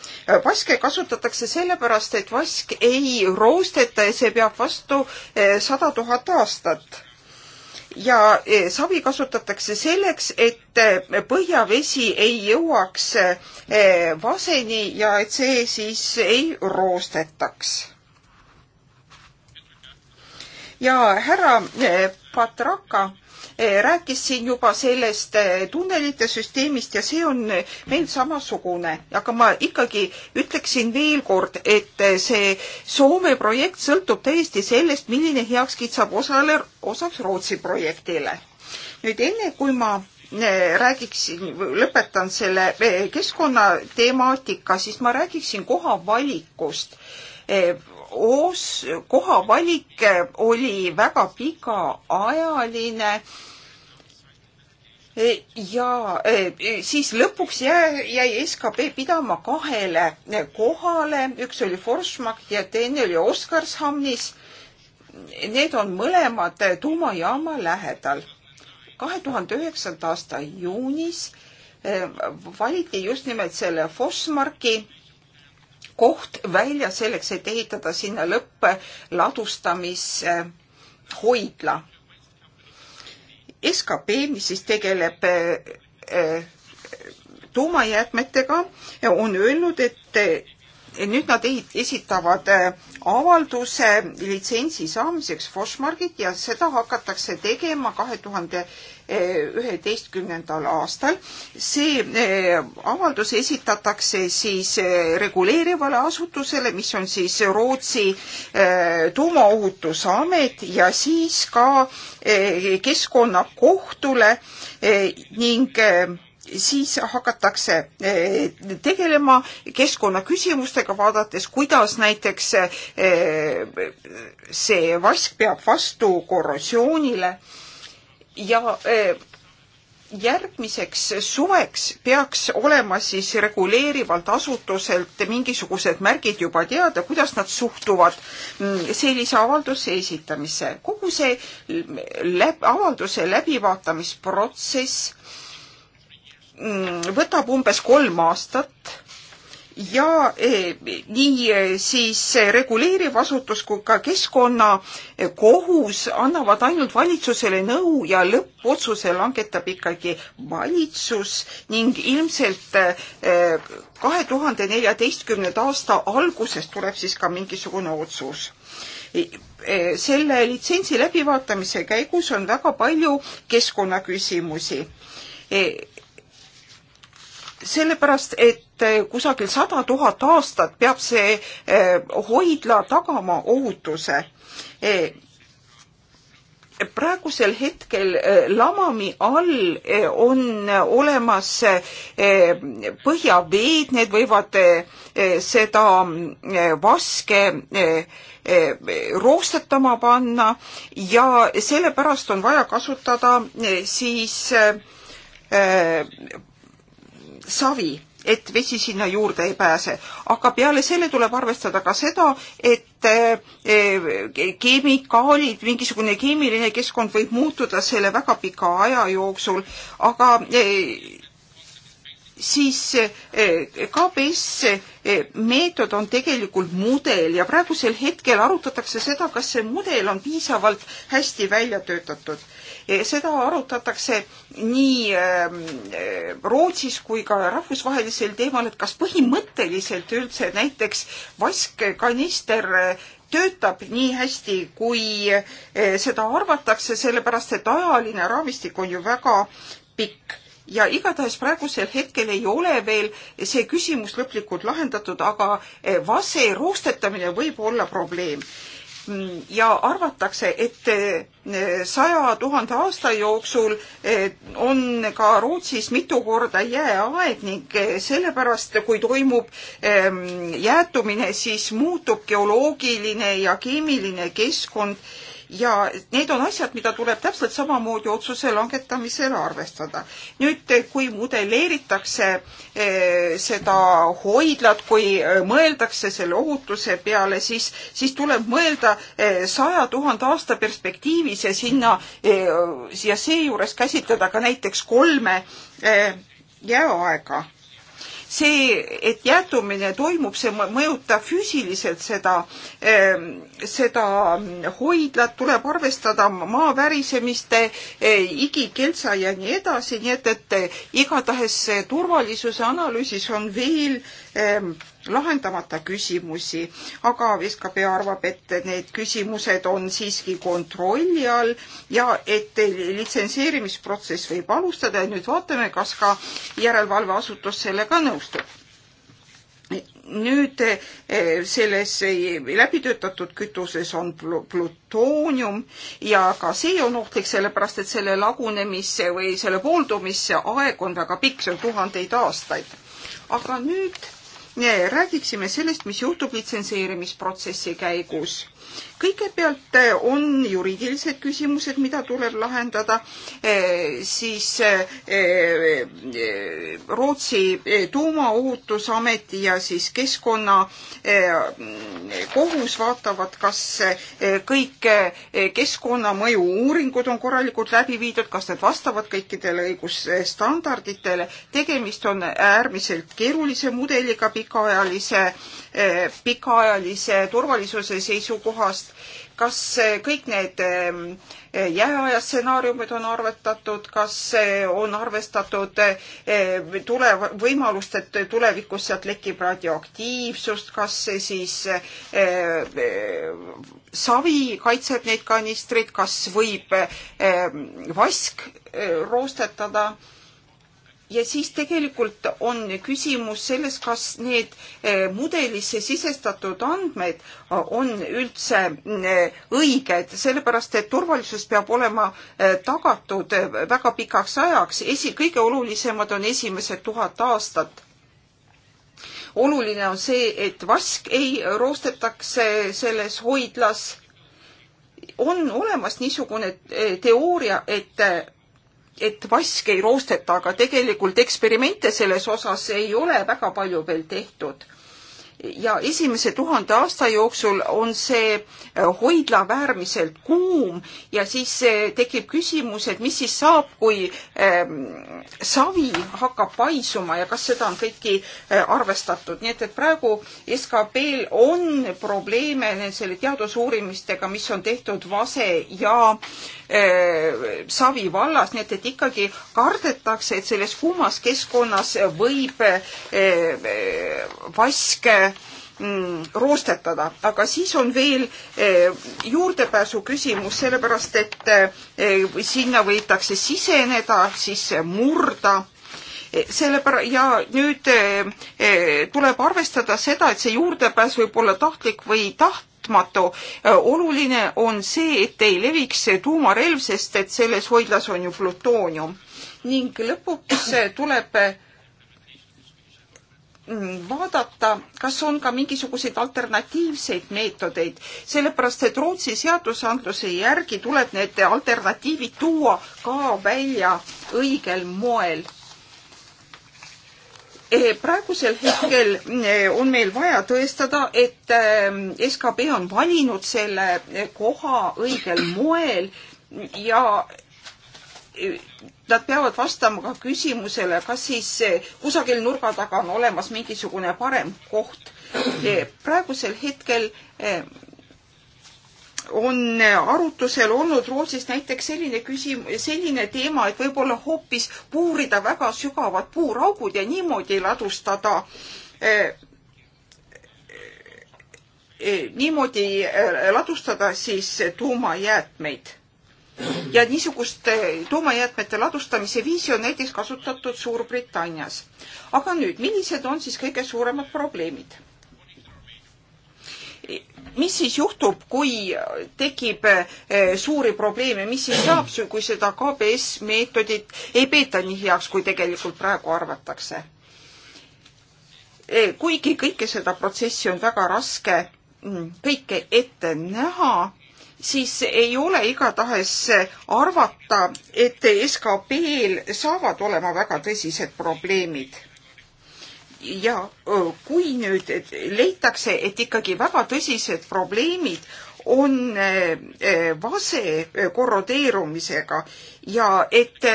vaske kasutatakse sellepärast, et vask ei roosteta ja see peab vastu sada äh, tuhat aastat. ja äh, savi kasutatakse selleks, et põhjavesi ei jõuaks vaseni ja et see siis ei roostetaks. ja härra Patraka Eh, rääkis siin juba sellest eh, tunnelite süsteemist ja see on eh, meil samasugune, aga ma ikkagi ütleksin veel kord, et see Soome projekt sõltub täiesti sellest, milline heakskiit saab osale, osaks Rootsi projektile. nüüd enne, kui ma räägiksin, lõpetan selle keskkonnatemaatika, siis ma räägiksin koha valikust os-, kohavalik oli väga pikaajaline ja e, siis lõpuks jäi, jäi skp pidama kahele kohale, üks oli Forsmark ja teine oli Oskarshamnis. Need on mõlemad tuumajaama lähedal. kahe tuhande üheksanda aasta juunis e, valiti just nimelt selle Forsmarki koht välja selleks, et ehitada sinna lõppe ladustamishoidla. skp, mis siis tegeleb eh, eh, tuumajäätmetega, on öelnud, et nüüd nad esitavad äh, avalduse litsentsi saamiseks Forsmargit ja seda hakatakse tegema kahe tuhande äh, üheteistkümnendal aastal. see äh, avaldus esitatakse siis reguleerivale asutusele, mis on siis Rootsi tuumaohutusamet ja siis ka keskkonnakohtule ning siis hakatakse eh, tegelema keskkonnaküsimustega, vaadates, kuidas näiteks eh, see vask peab vastu korrosioonile ja eh, järgmiseks suveks peaks olema siis reguleerivalt asutuselt mingisugused märgid juba teada, kuidas nad suhtuvad mm, sellise avalduse esitamisse. kogu see läb, avalduse läbivaatamisprotsess Mm, võtab umbes kolm aastat ja eh, nii eh, siis reguleeriv asutus kui ka keskkonnakohus annavad ainult valitsusele nõu ja lõppotsuse langetab ikkagi valitsus ning ilmselt eh, kahe tuhande neljateistkümnenda aasta alguses tuleb siis ka mingisugune otsus selle litsentsi läbivaatamise käigus on väga palju keskkonnaküsimusi sellepärast, et eh, kusagil sada tuhat aastat peab see eh, hoidla tagama ohutuse. Eh, praegusel hetkel lamami all on olemas põhjaveed, need võivad seda vaske roostetama panna ja sellepärast on vaja kasutada siis savi, et vesi sinna juurde ei pääse. aga peale selle tuleb arvestada ka seda, et eh, eh, keemikaalid, mingisugune keemiline keskkond võib muutuda selle väga pika aja jooksul, aga eh, siis KBS meetod on tegelikult mudel ja praegusel hetkel arutatakse seda, kas see mudel on piisavalt hästi välja töötatud. Eh, seda arutatakse nii ehm, eh, Rootsis kui ka rahvusvahelisel teemal, et kas põhimõtteliselt üldse näiteks vaskkanister eh, töötab nii hästi, kui seda arvatakse, sellepärast et ajaline raamistik on ju väga pikk ja igatahes praegusel hetkel ei ole veel see küsimus lõplikult lahendatud, aga vase roostetamine võib olla probleem ja arvatakse, et eh, saja tuhande aasta jooksul eh, on ka Rootsis mitu korda jääaeg ning eh, sellepärast, kui toimub ehm, jäätumine, siis muutub geoloogiline ja keemiline keskkond ja need on asjad, mida tuleb täpselt samamoodi otsuse langetamisel arvestada. nüüd, kui modelleeritakse eh, seda hoidlat, kui eh, mõeldakse selle ohutuse peale, siis, siis tuleb mõelda eh, saja tuhande aasta perspektiivis ja sinna ja seejuures käsitleda ka näiteks kolme jääaega see, et jäätumine toimub, see mõjutab füüsiliselt seda, ehm, seda hoidlat, tuleb arvestada maa värisemiste, eh, igikeltsa ja nii edasi, nii et, et eh, igatahes turvalisuse analüüsis on veel ehm, lahendamata küsimusi, aga SKP arvab, et need küsimused on siiski kontrolli all ja et litsenseerimisprotsess võib alustada ja nüüd vaatame, kas ka järelevalveasutus sellega nõustub nüüd eh, selles eh, läbitöötatud kütuses on plutoonium ja ka see on ohtlik, sellepärast et selle lagunemisse või selle pooldumise aeg on väga pikk, see on tuhandeid aastaid. aga nüüd räägiksime sellest, mis juhtub litsenseerimisprotsessi käigus kõigepealt eh, on juriidilised küsimused, mida tuleb lahendada, eh, siis eh, Rootsi tuumaohutusameti ja siis keskkonnakohus vaatavad, kas kõik keskkonnamõju uuringud on korralikult läbi viidud, kas need vastavad kõikidele õigusstandarditele. tegemist on äärmiselt keerulise mudeliga pikaajalise pikaajalise turvalisuse seisukohast kas eh, kõik need ehm, jääaja stsenaariumid on arvestatud, kas eh, on arvestatud eh, tule, võimalust, et tulevikus sealt lekib radioaktiivsust, kas see siis savi kaitseb neid kanistreid, kas võib vask roostetada ja siis tegelikult on küsimus selles, kas need eh, mudelisse sisestatud andmed eh, on üldse eh, õiged, sellepärast et turvalisus peab olema tagatud väga pikaks ajaks, esi, kõige olulisemad on esimesed tuhat aastat oluline on see, et vask ei roostetaks selles hoidlas. on olemas niisugune teooria, et et vaske ei roosteta, aga tegelikult eksperimente selles osas ei ole väga palju veel tehtud. ja esimese tuhande aasta jooksul on see äh, hoidla äärmiselt kuum ja siis äh, tekib küsimus, et mis siis saab, kui ähm, savi hakkab paisuma ja kas seda on kõiki äh, arvestatud, nii et, et praegu SKP-l on probleeme selle teadusuurimistega, mis on tehtud Vase ja äh, Äh, savi vallas, nii et, et ikkagi kardetakse, et selles kuumas keskkonnas võib äh, vaske mm, roostetada, aga siis on veel äh, juurdepääsu küsimus, sellepärast et sinna võidakse siseneda, siis murda sellepär- ja nüüd tuleb arvestada seda, et see juurdepääs võib olla tahtlik või taht-, muutmatu. Äh, oluline on see, et ei leviks tuumarelv, sest et selles hoidlas on ju plutoonium. ning lõpuks tuleb äh, mm, vaadata, kas on ka mingisuguseid alternatiivseid meetodeid, sellepärast et Rootsi seadusandluse järgi tuleb need alternatiivid tuua ka välja õigel moel Eh, praegusel hetkel eh, on meil vaja tõestada, et eh, skp on valinud selle koha õigel moel ja nad peavad vastama ka küsimusele, kas siis kusagil nurga taga on olemas mingisugune parem koht. praegusel hetkel on arutusel olnud Rootsis näiteks selline küsim-, selline teema, et võib-olla hoopis puurida väga sügavad puuraugud ja niimoodi ladustada eh, eh, niimoodi eh, ladustada siis tuumajäätmeid. ja niisugust eh, tuumajäätmete ladustamise viisi on näiteks kasutatud Suurbritannias. aga nüüd, millised on siis kõige suuremad probleemid? mis siis juhtub, kui tekib eh, suuri probleeme, mis siis saab, kui seda KBS meetodit ei peeta nii heaks, kui tegelikult praegu arvatakse? Eh, kuigi kõike seda protsessi on väga raske mm, kõike ette näha, siis ei ole igatahes arvata, et SKP-l saavad olema väga tõsised probleemid ja kui nüüd leitakse, et ikkagi väga tõsised probleemid on vase korrodeerumisega ja et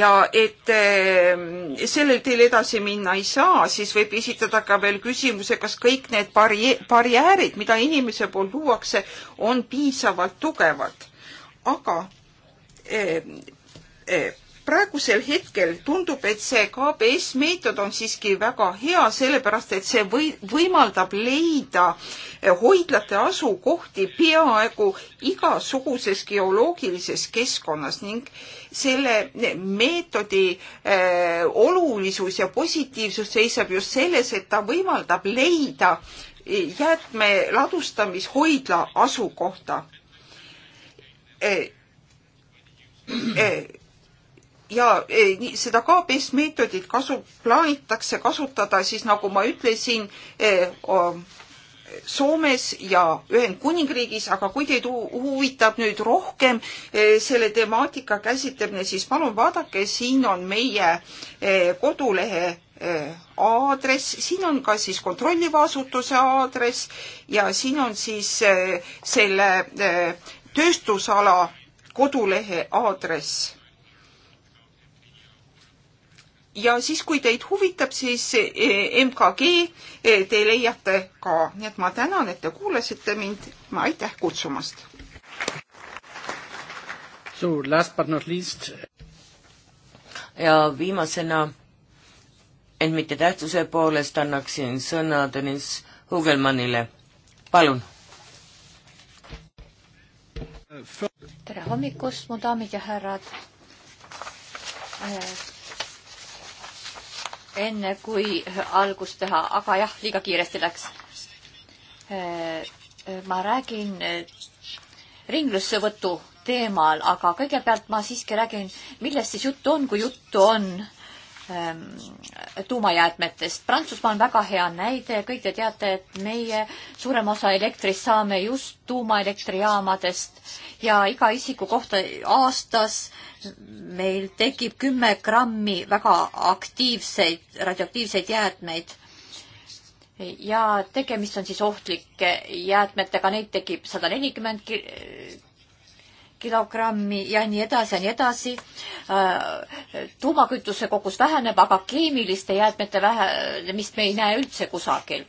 ja et sellel teel edasi minna ei saa, siis võib esitada ka veel küsimuse, kas kõik need barje-, barjäärid, mida inimese poolt luuakse, on piisavalt tugevad. aga eh, eh, praegusel hetkel tundub, et see KBS meetod on siiski väga hea, sellepärast et see või, võimaldab leida eh, hoidlate asukohti peaaegu igasuguses geoloogilises keskkonnas ning selle eh, meetodi äh, olulisus ja positiivsus seisab just selles, et ta võimaldab leida jäätme ladustamishoidla asukohta äh,. Äh, ja e, seda KBS meetodit kasu, plaanitakse kasutada siis nagu ma ütlesin, e, Soomes ja Ühendkuningriigis, aga kui teid huvitab nüüd rohkem e, selle temaatika käsitlemine, siis palun vaadake, siin on meie kodulehe aadress, siin on ka siis kontrolliva asutuse aadress ja siin on siis selle tööstusala kodulehe aadress ja siis, kui teid huvitab, siis e, MKG e, te leiate ka, nii et ma tänan, et te kuulasite mind, aitäh kutsumast. So last but not least. ja viimasena, ent mitte tähtsuse poolest, annaksin sõna Tõnis Hugelmannile, palun. tere hommikust, mu daamid ja härrad äh, enne kui algust teha, aga jah, liiga kiiresti läks. Äh, ma räägin äh, ringlussevõtu teemal, aga kõigepealt ma siiski räägin, millest siis juttu on, kui juttu on Ähm, tuumajäätmetest. Prantsusmaa on väga hea näide, kõik te teate, et meie suurem osa elektrist saame just tuumaelektrijaamadest ja iga isiku kohta aastas meil tekib kümme grammi väga aktiivseid radioaktiivseid jäätmeid. ja tegemist on siis ohtlike jäätmetega, neid tekib sada nelikümmend kilogrammi ja nii edasi ja nii edasi. Äh, tuumakütuse kogus väheneb, aga keemiliste jäätmete vähenemist me ei näe üldse kusagil.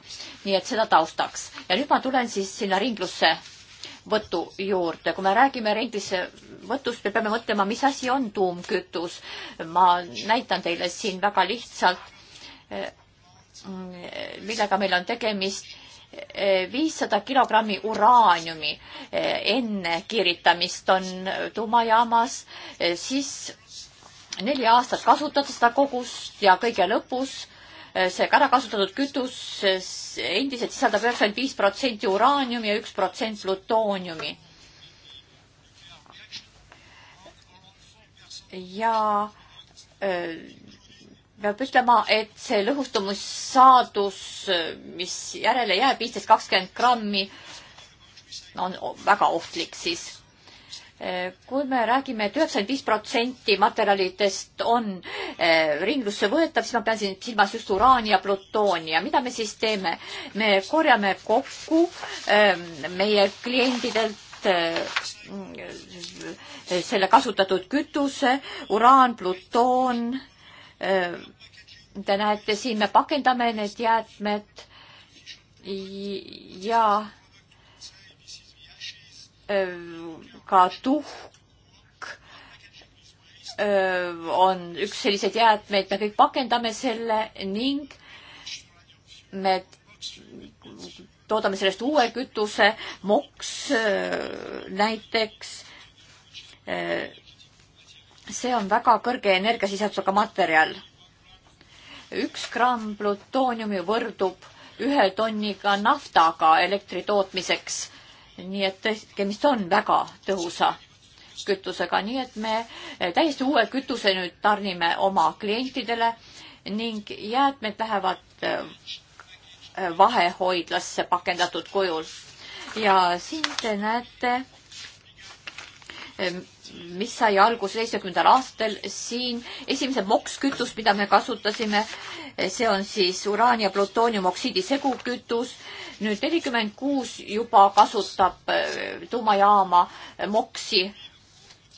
nii et seda taustaks. ja nüüd ma tulen siis sinna ringlusse võtu juurde. kui me räägime ringlusse võtust, me peame mõtlema, mis asi on tuumkütus. ma näitan teile siin väga lihtsalt, äh, millega meil on tegemist viissada kilogrammi uraaniumi eh, enne kiiritamist on tuumajaamas, eh, siis neli aastat kasutada seda kogust ja kõige lõpus eh, see ära kasutatud kütus endiselt sisaldab üheksakümmend viis protsenti uraaniumi ja üks protsent plutooniumi. ja öö, peab ütlema, et see lõhustumussaadus, mis järele jääb, viisteist, kakskümmend grammi, on väga ohtlik siis. kui me räägime et, et üheksakümmend viis protsenti materjalidest on eh, ringlusse võetav, siis ma pean siin silmas just uraani ja plutooni ja mida me siis teeme? me korjame kokku eh, meie kliendidelt eh, selle kasutatud kütuse, uraan, plutoon Äh, te näete siin, me pakendame need jäätmed ja äh, ka tuhk äh, on üks selliseid jäätmeid, me kõik pakendame selle ning me toodame sellest uue kütuse, moks näiteks see on väga kõrge energiasisaldusega materjal. üks gramm plutooniumi võrdub ühe tonniga naftaga elektri tootmiseks. nii et tegemist on väga tõhusa kütusega, nii et me täiesti uue kütuse nüüd tarnime oma klientidele ning jäätmed lähevad äh, vahehoidlasse pakendatud kujul. ja siin te näete ähm, mis sai alguse seitsmekümnendal aastal siin. esimese mokskütus, mida me kasutasime, see on siis uraani ja plutooniumoksiidi segukütus. nüüd nelikümmend kuus juba kasutab äh, tuumajaama moksi.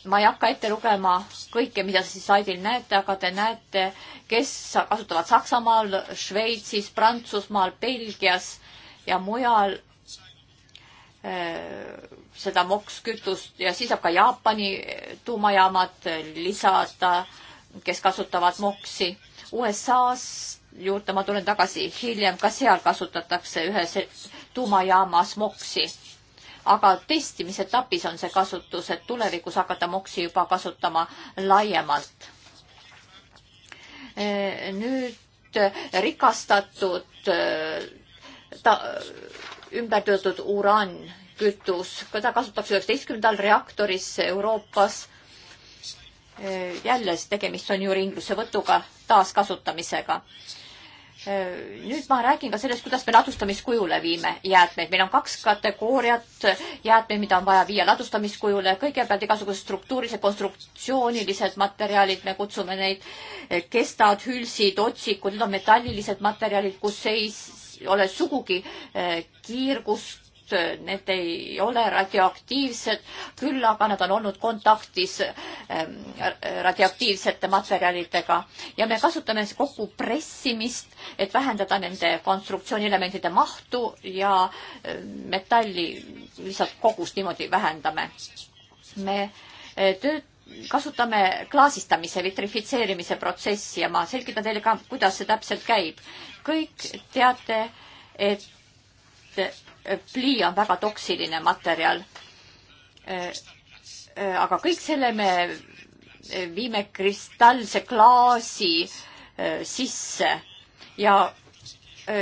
ma ei hakka ette lugema kõike, mida te siis slaidil näete, aga te näete, kes kasutavad Saksamaal, Šveitsis, Prantsusmaal, Belgias ja mujal äh, seda mokskütust ja siis saab ka Jaapani tuumajaamad lisada, kes kasutavad moksi. USA-s juurde ma tulen tagasi hiljem, ka seal kasutatakse ühes tuumajaamas moksi. aga testimise etapis on see kasutus, et tulevikus hakata moksi juba kasutama laiemalt. nüüd e, rikastatud e, ta, ümbertöötud uraan kütus, seda kasutatakse üheksateistkümnendal reaktoris Euroopas. jälle siis tegemist on ju ringlussevõtuga, taaskasutamisega. nüüd ma räägin ka sellest, kuidas me ladustamiskujule viime jäätmeid. meil on kaks kategooriat jäätmeid, mida on vaja viia ladustamiskujule. kõigepealt igasugused struktuurilised, konstruktsioonilised materjalid, me kutsume neid kestad, hülsid, otsikud, need on metallilised materjalid, kus ei ole sugugi eh, kiirgust Äh, need ei ole radioaktiivsed, küll aga nad on olnud kontaktis ähm, radioaktiivsete materjalidega ja me kasutame siis kokku pressimist, et vähendada nende konstruktsioonielementide mahtu ja äh, metalli lihtsalt kogust niimoodi vähendame. me äh, tööt-, kasutame klaasistamise, vitrifitseerimise protsessi ja ma selgitan teile ka, kuidas see täpselt käib. kõik teate, et plii on väga toksiline materjal. aga kõik selle me viime kristallse klaasi sisse ja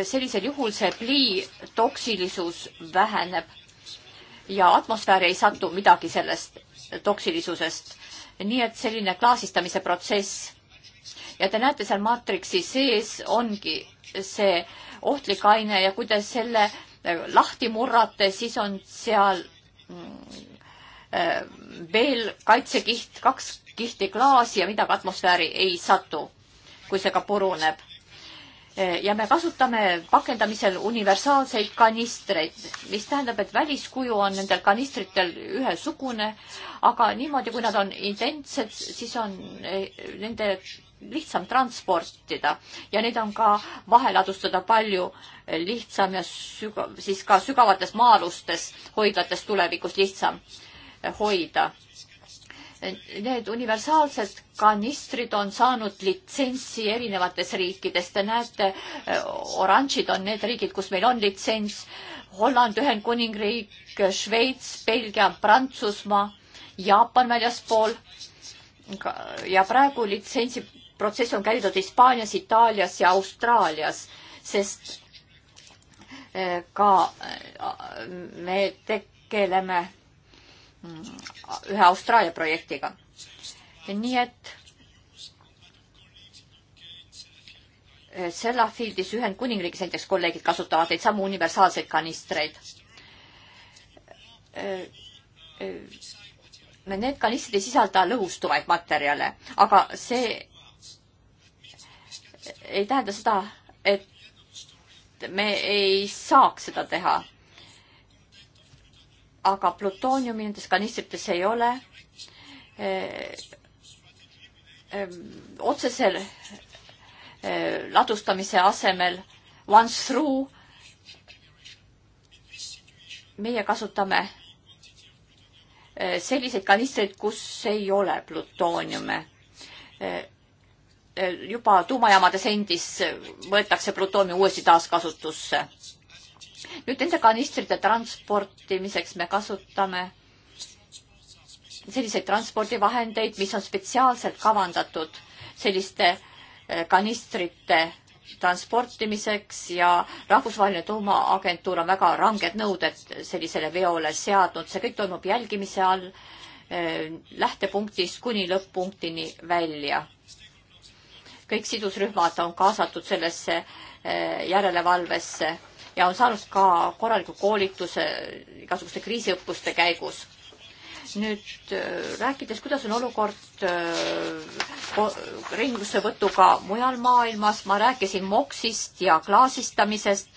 sellisel juhul see plii toksilisus väheneb ja atmosfääri ei satu midagi sellest toksilisusest. nii et selline klaasistamise protsess ja te näete seal maatriksi sees ongi see ohtlik aine ja kui te selle lahti murrate, siis on seal mm, veel kaitsekiht, kaks kihti klaasi ja midagi atmosfääri ei satu, kui see ka puruneb. ja me kasutame pakendamisel universaalseid kanistreid, mis tähendab, et väliskuju on nendel kanistritel ühesugune, aga niimoodi, kui nad on identsed, siis on eh, nende lihtsam transportida ja neid on ka vahel ladustada palju lihtsam ja süga, siis ka sügavates maa-alustes hoidlates tulevikus lihtsam hoida. Need universaalsed kanistrid on saanud litsentsi erinevates riikides. Te näete, oranžid on need riigid, kus meil on litsents. Holland, Ühendkuningriik, Šveits, Belgia, Prantsusmaa, Jaapan väljaspool ja praegu litsentsi protsess on käivitud Hispaanias, Itaalias ja Austraalias, sest eh, ka eh, me tegeleme mm, ühe Austraalia projektiga. nii et eh, Sellafieldis Ühendkuningriigis näiteks kolleegid kasutavad neid samu universaalseid kanistreid. Need kanistrid ei sisalda lõhustuvaid materjale, aga see ei tähenda seda, et me ei saaks seda teha. aga plutooniumi nendes kanistrites ei ole eh, ehm, otsesel eh, ladustamise asemel once through meie kasutame eh, selliseid kanistreid, kus ei ole plutooniume juba tuumajaamades endis võetakse plutoomi uuesti taaskasutusse. nüüd nende kanistrite transportimiseks me kasutame selliseid transpordivahendeid, mis on spetsiaalselt kavandatud selliste eh, kanistrite transportimiseks ja Rahvusvaheline Tuumaagentuur on väga ranged nõuded sellisele veole seadnud, see kõik toimub jälgimise all eh, lähtepunktist kuni lõpp-punktini välja kõik sidusrühmad on kaasatud sellesse eh, järelevalvesse ja on saanud ka korraliku koolituse igasuguste kriisiõppuste käigus. nüüd eh, rääkides, kuidas on olukord eh, ringlussevõtuga mujal maailmas, ma rääkisin moksist ja klaasistamisest,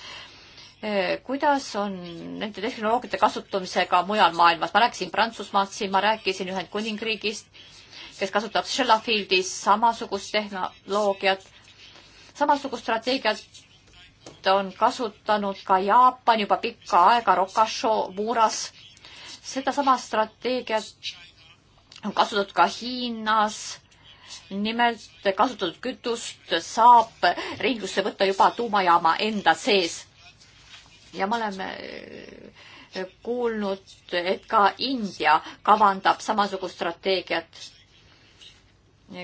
kuidas on nende tehnoloogiate kasutamisega mujal maailmas, ma rääkisin Prantsusmaalt siin, ma rääkisin Ühendkuningriigist kes kasutab Shellafieldis samasugust tehnoloogiat. samasugust strateegiat on kasutanud ka Jaapan juba pikka aega Rokasho muuras. sedasama strateegiat on kasutatud ka Hiinas. nimelt kasutatud kütust saab ringlusse võtta juba tuumajaama enda sees. ja me oleme eh, kuulnud, et ka India kavandab samasugust strateegiat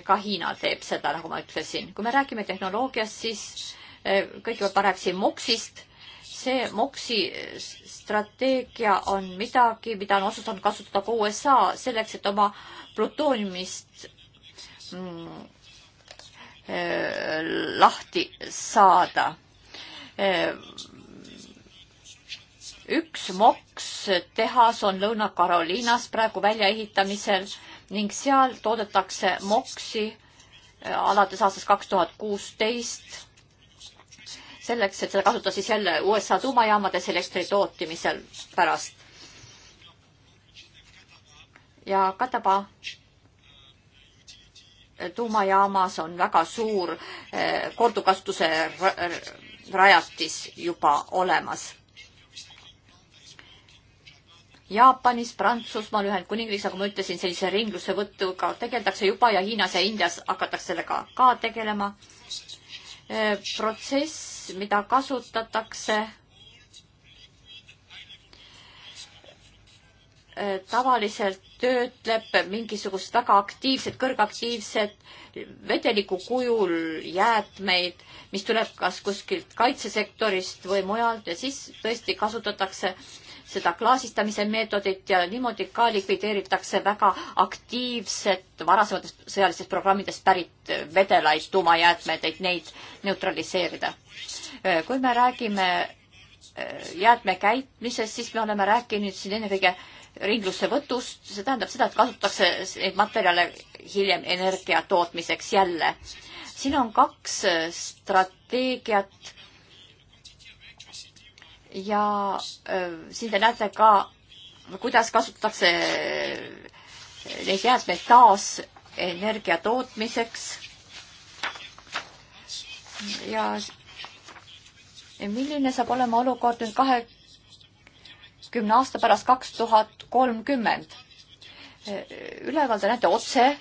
ka Hiina teeb seda, nagu ma ütlesin. kui me räägime tehnoloogiast, siis eh, kõigepealt ma rääkisin MOX-ist. see MOX-i strateegia on midagi, mida on otsustanud kasutada ka USA selleks, et oma plutooniumist mm, eh, lahti saada. Eh, üks MOX tehas on Lõuna-Carolinas praegu väljaehitamisel ning seal toodetakse moksi äh, alates aastast kaks tuhat kuusteist selleks, et seda kasutada siis jälle USA tuumajaamades elektri tootmisel pärast. ja Kataba äh, tuumajaamas on väga suur äh, korduvkasutuse rajatis juba olemas Jaapanis, Prantsusmaal, Ühendkuningriigis, nagu ma ütlesin, sellise ringlussevõtuga tegeldakse juba ja Hiinas ja Indias hakatakse sellega ka tegelema. Äh, protsess, mida kasutatakse äh, tavaliselt töötleb mingisugust väga aktiivset, kõrgaktiivset vedeliku kujul jäätmeid, mis tuleb kas kuskilt kaitsesektorist või mujalt ja siis tõesti kasutatakse äh, seda klaasistamise meetodit ja niimoodi ka likvideeritakse väga aktiivset varasematest sõjalistest programmidest pärit vedelaid tuumajäätmed, et neid neutraliseerida. kui me räägime äh, jäätmekäitmisest, siis me oleme rääkinud siin ennekõike ringlussevõtust, see tähendab seda, et kasutatakse neid materjale hiljem energia tootmiseks jälle. siin on kaks äh, strateegiat ja siin te näete ka, kuidas kasutatakse neid jäätmeid taas energia tootmiseks. ja milline saab olema olukord nüüd kahekümne aasta pärast, kaks tuhat kolmkümmend? üleval te näete otse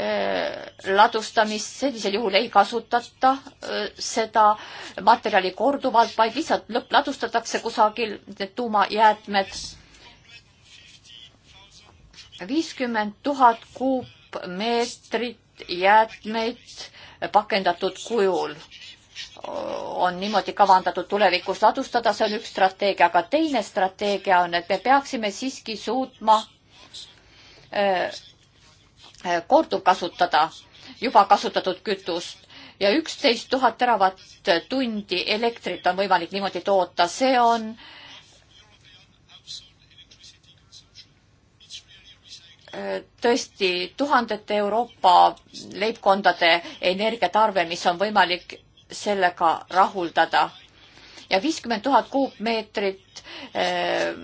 Äh, ladustamist, sellisel juhul ei kasutata äh, seda materjali korduvalt, vaid lihtsalt lõppladustatakse kusagil need tuumajäätmed. viiskümmend tuhat kuupmeetrit jäätmeid pakendatud kujul on niimoodi kavandatud tulevikus ladustada, see on üks strateegia, aga teine strateegia on, et me peaksime siiski suutma öö, äh, Äh, korduvkasutada juba kasutatud kütust ja üksteist tuhat teravat tundi elektrit on võimalik niimoodi toota, see on äh, tõesti tuhandete Euroopa leibkondade energiatarve, mis on võimalik sellega rahuldada ja viiskümmend tuhat kuupmeetrit ehm,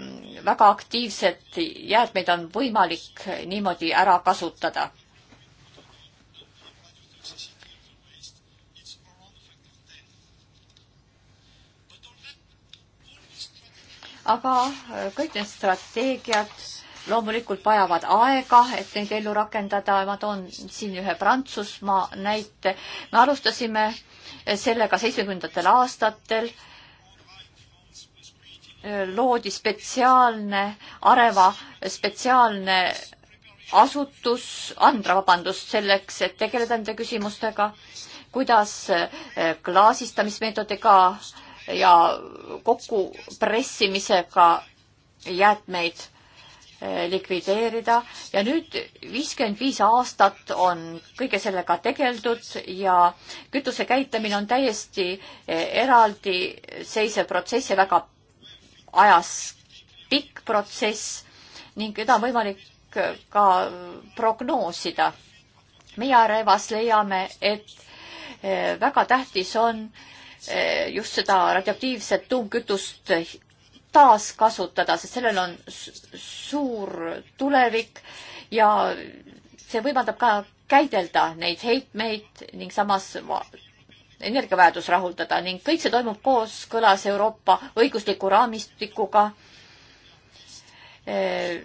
väga aktiivset jäätmeid on võimalik niimoodi ära kasutada. aga eh, kõik need strateegiad loomulikult vajavad aega, et neid ellu rakendada. ma toon siin ühe Prantsusmaa näite. me alustasime sellega seitsmekümnendatel aastatel loodi spetsiaalne, Areva spetsiaalne asutus, Andra, vabandust, selleks, et tegeleda nende küsimustega, kuidas eh, klaasistamismeetodiga ja kokkupressimisega jäätmeid eh, likvideerida ja nüüd viiskümmend viis aastat on kõige sellega tegeldud ja kütuse käitlemine on täiesti eh, eraldiseisev protsess ja väga ajas pikk protsess ning seda on võimalik ka prognoosida. meie Revas leiame, et eh, väga tähtis on eh, just seda radioaktiivset tuumkütust taaskasutada, sest sellel on suur tulevik ja see võimaldab ka käidelda neid heitmeid ning samas energiavajadus rahuldada ning kõik see toimub kooskõlas Euroopa õigusliku raamistikuga eh,.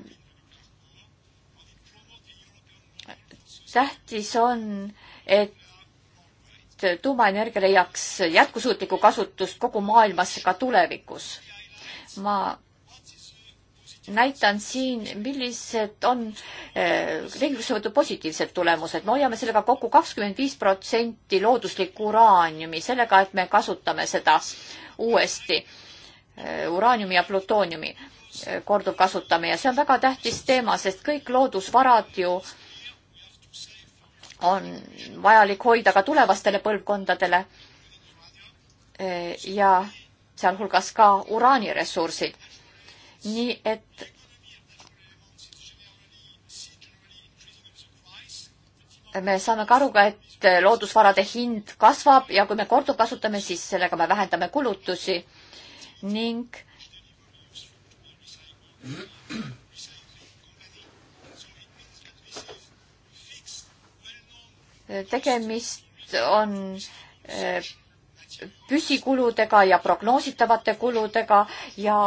tähtis on, et tuumaenergia leiaks jätkusuutlikku kasutust kogu maailmas ka tulevikus. ma näitan siin, millised on ringlussevõtu eh, positiivsed tulemused. me hoiame sellega kokku kakskümmend viis protsenti looduslikku uraaniumi, sellega, et me kasutame seda uuesti, eh, uraaniumi ja plutooniumi eh, korduvkasutame ja see on väga tähtis teema, sest kõik loodusvarad ju on vajalik hoida ka tulevastele põlvkondadele ja sealhulgas ka uraaniresursid nii et me saame ka aru ka, et loodusvarade hind kasvab ja kui me korduvkasutame, siis sellega me vähendame kulutusi ning tegemist on eh, püsikuludega ja prognoositavate kuludega ja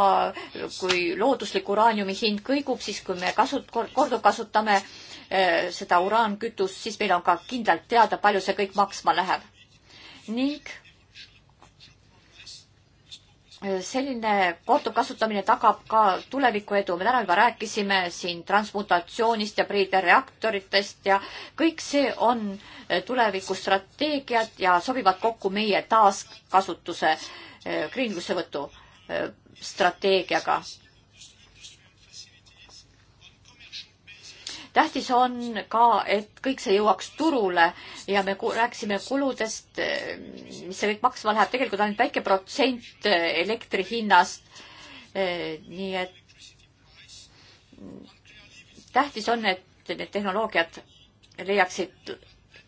kui looduslik uraaniumi hind kõigub, siis kui me kasut-, korduvkasutame eh, seda uraankütust, siis meil on ka kindlalt teada, palju see kõik maksma läheb. ning selline korduvkasutamine tagab ka tuleviku edu. me täna juba rääkisime siin transmutatsioonist ja preedereaktoritest ja kõik see on eh, tulevikustrateegiad ja sobivad kokku meie taaskasutuse kringlussevõtu eh, eh, strateegiaga tähtis on ka, et kõik see jõuaks turule ja me rääkisime kuludest, mis see kõik maksma läheb, tegelikult ainult väike protsent elektri hinnast. nii et tähtis on, et need tehnoloogiad leiaksid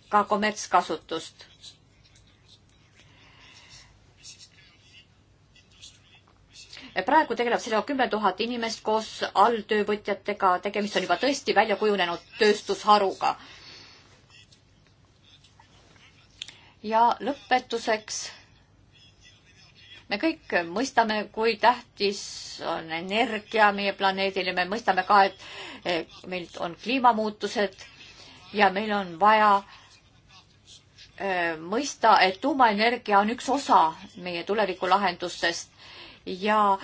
ka kommertskasutust Eh, praegu tegeleb sellega kümme tuhat inimest koos alltöövõtjatega, tegemist on juba tõesti välja kujunenud tööstusharuga. ja lõpetuseks. me kõik mõistame, kui tähtis on energia meie planeedile, me mõistame ka, et eh, meil on kliimamuutused ja meil on vaja eh, mõista, et tuumaenergia on üks osa meie tulevikulahendustest ja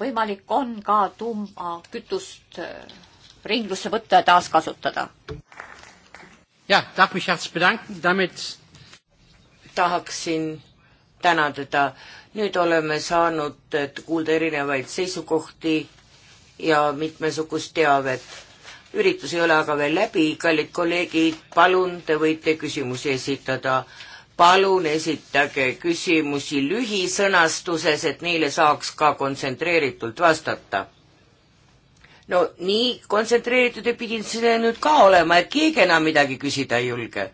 võimalik on ka tuumakütust äh, ringlusse võtta ja taaskasutada. jah, tahaksin tänada ta. nüüd oleme saanud kuulda erinevaid seisukohti ja mitmesugust teavet. üritus ei ole aga veel läbi, kallid kolleegid, palun, te võite küsimusi esitada palun esitage küsimusi lühisõnastuses, et neile saaks ka kontsentreeritult vastata. no nii kontsentreeritud ei pidanud see nüüd ka olema, et keegi enam midagi küsida ei julge.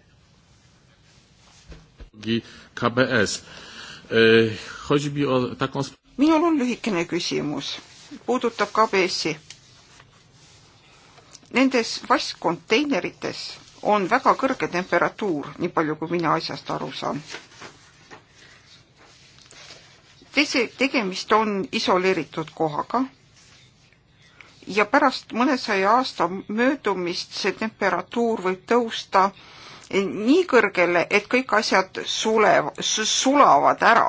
KBS eh,. minul on lühikene küsimus, puudutab KBS-i. Nendes vastkonteinerites on väga kõrge temperatuur, nii palju kui mina asjast aru saan. Tese-, tegemist on isoleeritud kohaga ja pärast mõnesaja aasta möödumist see temperatuur võib tõusta nii kõrgele, et kõik asjad sulev, sulavad ära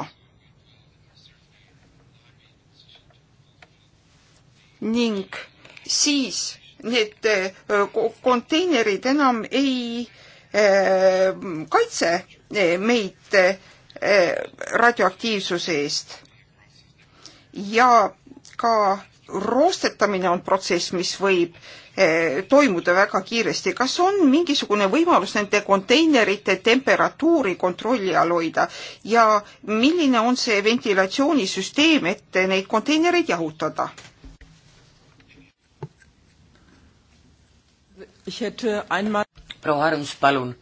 ning siis need eh, konteinerid enam ei eh, kaitse eh, meid radioaktiivsuse eest. ja ka roostetamine on protsess, mis võib toimuda väga kiiresti. kas on mingisugune võimalus nende konteinerite temperatuuri kontrolli all hoida ja milline on see ventilatsioonisüsteem, et neid konteinereid jahutada? proua Arms, palun.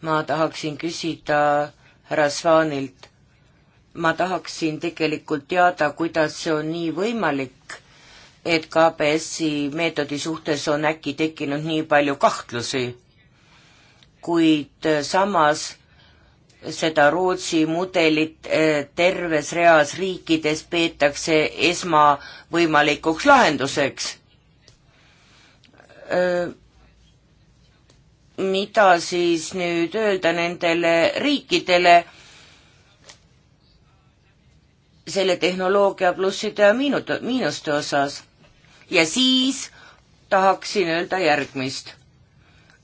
ma tahaksin küsida härra Svaanilt, ma tahaksin tegelikult teada, kuidas see on nii võimalik, et KBS-i meetodi suhtes on äkki tekkinud nii palju kahtlusi, kuid samas seda Rootsi mudelit eh, terves reas riikides peetakse esmavõimalikuks lahenduseks mida siis nüüd öelda nendele riikidele selle tehnoloogia plusside ja miinut-, miinuste osas. ja siis tahaksin öelda järgmist.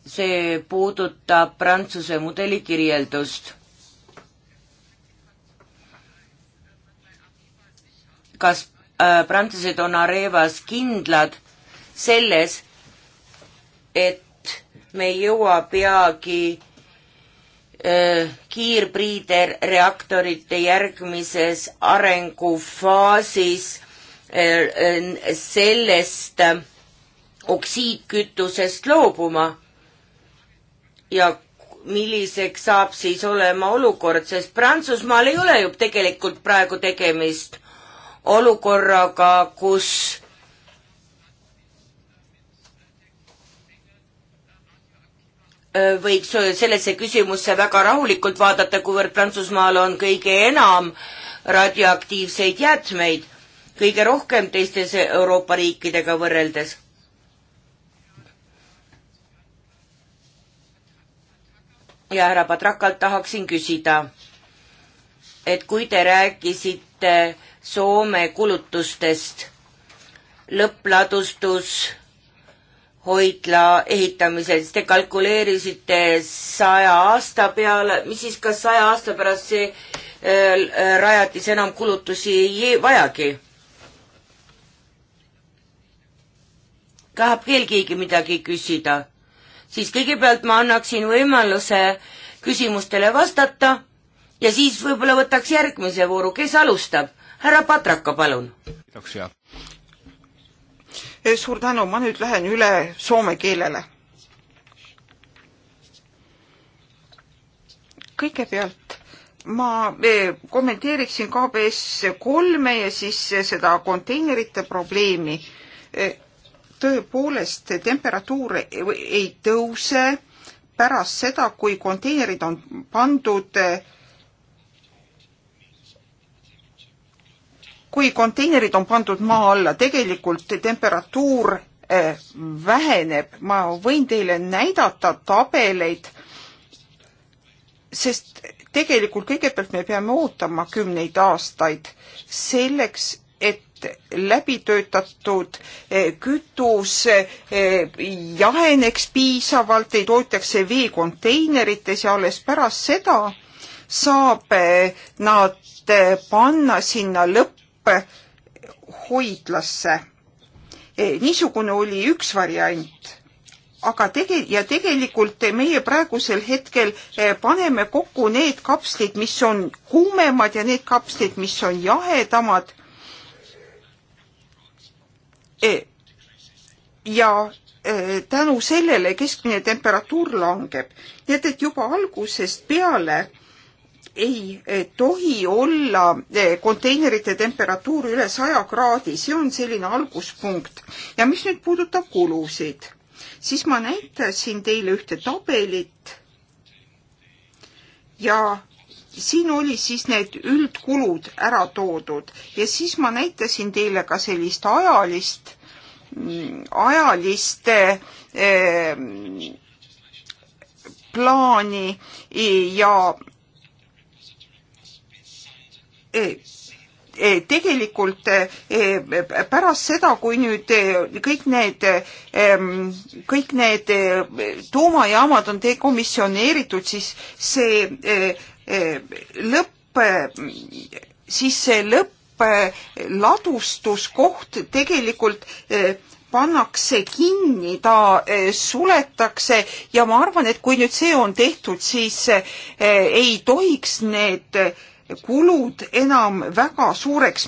see puudutab Prantsuse mudeli kirjeldust. kas äh, prantslased on Arevas kindlad selles, et me ei jõua peagi äh, kiirpriider reaktorite järgmises arengufaasis äh, äh, sellest oksiidkütusest loobuma ja milliseks saab siis olema olukord, sest Prantsusmaal ei ole ju tegelikult praegu tegemist olukorraga, kus võiks sellesse küsimusse väga rahulikult vaadata, kuivõrd Prantsusmaal on kõige enam radioaktiivseid jäätmeid, kõige rohkem teistes Euroopa riikidega võrreldes. ja härra Padrakalt tahaksin küsida, et kui te rääkisite Soome kulutustest, lõppladustus hoidla ehitamisel, siis te kalkuleerisite saja aasta peale, mis siis, kas saja aasta pärast see äh, rajatis enam kulutusi ei vajagi? tahab veel keegi midagi küsida? siis kõigepealt ma annaksin võimaluse küsimustele vastata ja siis võib-olla võtaks järgmise vooru, kes alustab? härra Patraka, palun. kiitoksia Eh, suur tänu, ma nüüd lähen üle soome keelele. kõigepealt ma eh, kommenteeriksin KBS kolme ja siis seda konteinerite probleemi. Eh, tõepoolest, temperatuur ei tõuse pärast seda, kui konteinerid on pandud kui konteinerid on pandud maa alla, tegelikult temperatuur eh, väheneb, ma võin teile näidata tabeleid, sest tegelikult kõigepealt me peame ootama kümneid aastaid selleks, et läbitöötatud eh, kütus eh, jaheneks piisavalt, ei toodetakse veekonteinerites ja alles pärast seda saab nad panna sinna lõppu hoidlasse. E, niisugune oli üks variant aga tege- ja tegelikult meie praegusel hetkel e, paneme kokku need kapslid, mis on kuumemad ja need kapslid, mis on jahedamad. E, ja tänu sellele keskmine temperatuur langeb, nii et, et juba algusest peale ei eh, tohi olla eh, konteinerite temperatuur üle saja kraadi, see on selline alguspunkt. ja mis nüüd puudutab kulusid, siis ma näitasin teile ühte tabelit ja siin oli siis need üldkulud ära toodud ja siis ma näitasin teile ka sellist ajalist, mm, ajalist eh, plaani ja tegelikult pärast seda, kui nüüd kõik need, kõik need tuumajaamad on dekomisjoneeritud, siis see lõpp, siis see lõppladustuskoht tegelikult pannakse kinni, ta suletakse ja ma arvan, et kui nüüd see on tehtud, siis ei tohiks need kulud enam väga suureks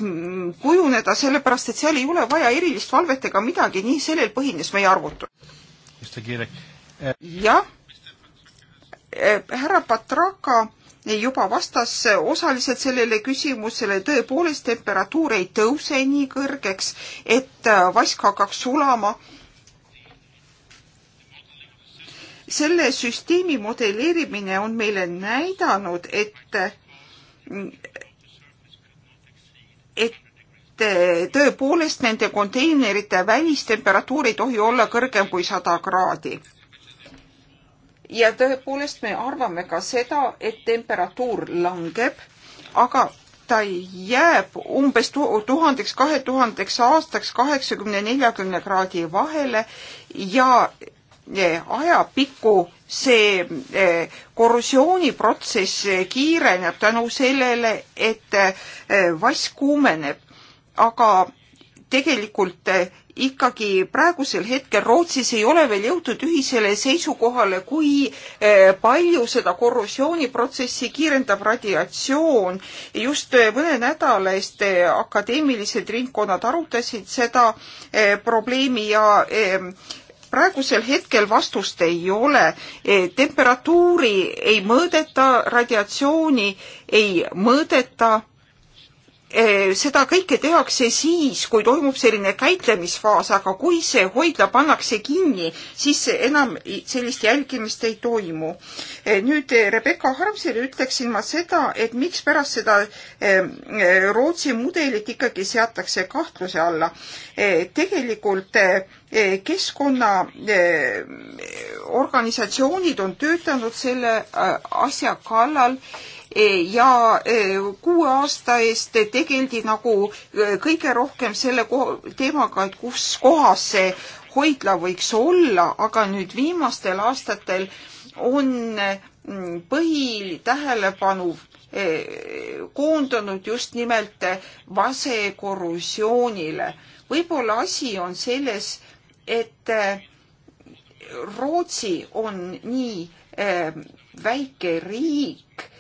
kujuneda, sellepärast et seal ei ole vaja erilist valvet ega midagi, nii sellel põhines meie arvutus. Eh, jah, eh, härra Patraka juba vastas osaliselt sellele küsimusele, tõepoolest temperatuur ei tõuse nii kõrgeks, et eh, vask hakkaks sulama selle süsteemi modelleerimine on meile näidanud, et et eh, tõepoolest nende konteinerite välistemperatuur ei tohi olla kõrgem kui sada kraadi. ja tõepoolest me arvame ka seda, et temperatuur langeb, aga ta jääb umbes tuhandeks, kahe tuhandeks aastaks kaheksakümne, neljakümne kraadi vahele ja eh, ajapikku see eh, korrosiooniprotsess kiireneb tänu sellele, et eh, vass kuumeneb, aga tegelikult eh, ikkagi praegusel hetkel Rootsis ei ole veel jõutud ühisele seisukohale, kui palju seda korrosiooniprotsessi kiirendab radiatsioon. just mõne nädala eest akadeemilised ringkonnad arutasid seda probleemi ja praegusel hetkel vastust ei ole. E, temperatuuri ei mõõdeta, radiatsiooni ei mõõdeta Eh, seda kõike tehakse siis, kui toimub selline käitlemisfaas, aga kui see hoidla pannakse kinni, siis enam sellist jälgimist ei toimu. Eh, nüüd eh, Rebecca Harmsile ütleksin ma seda, et mikspärast seda Rootsi mudelit ikkagi seatakse kahtluse alla. tegelikult keskkonnaorganisatsioonid on töötanud selle asja kallal ka ja e, kuue aasta eest tegeldi nagu e, kõige rohkem selle teemaga, et kus kohas see hoidla võiks olla, aga nüüd viimastel aastatel on mm, põhitähelepanu e, koondunud just nimelt vasekorrosioonile. võib-olla asi on selles, et Rootsi on nii väike riik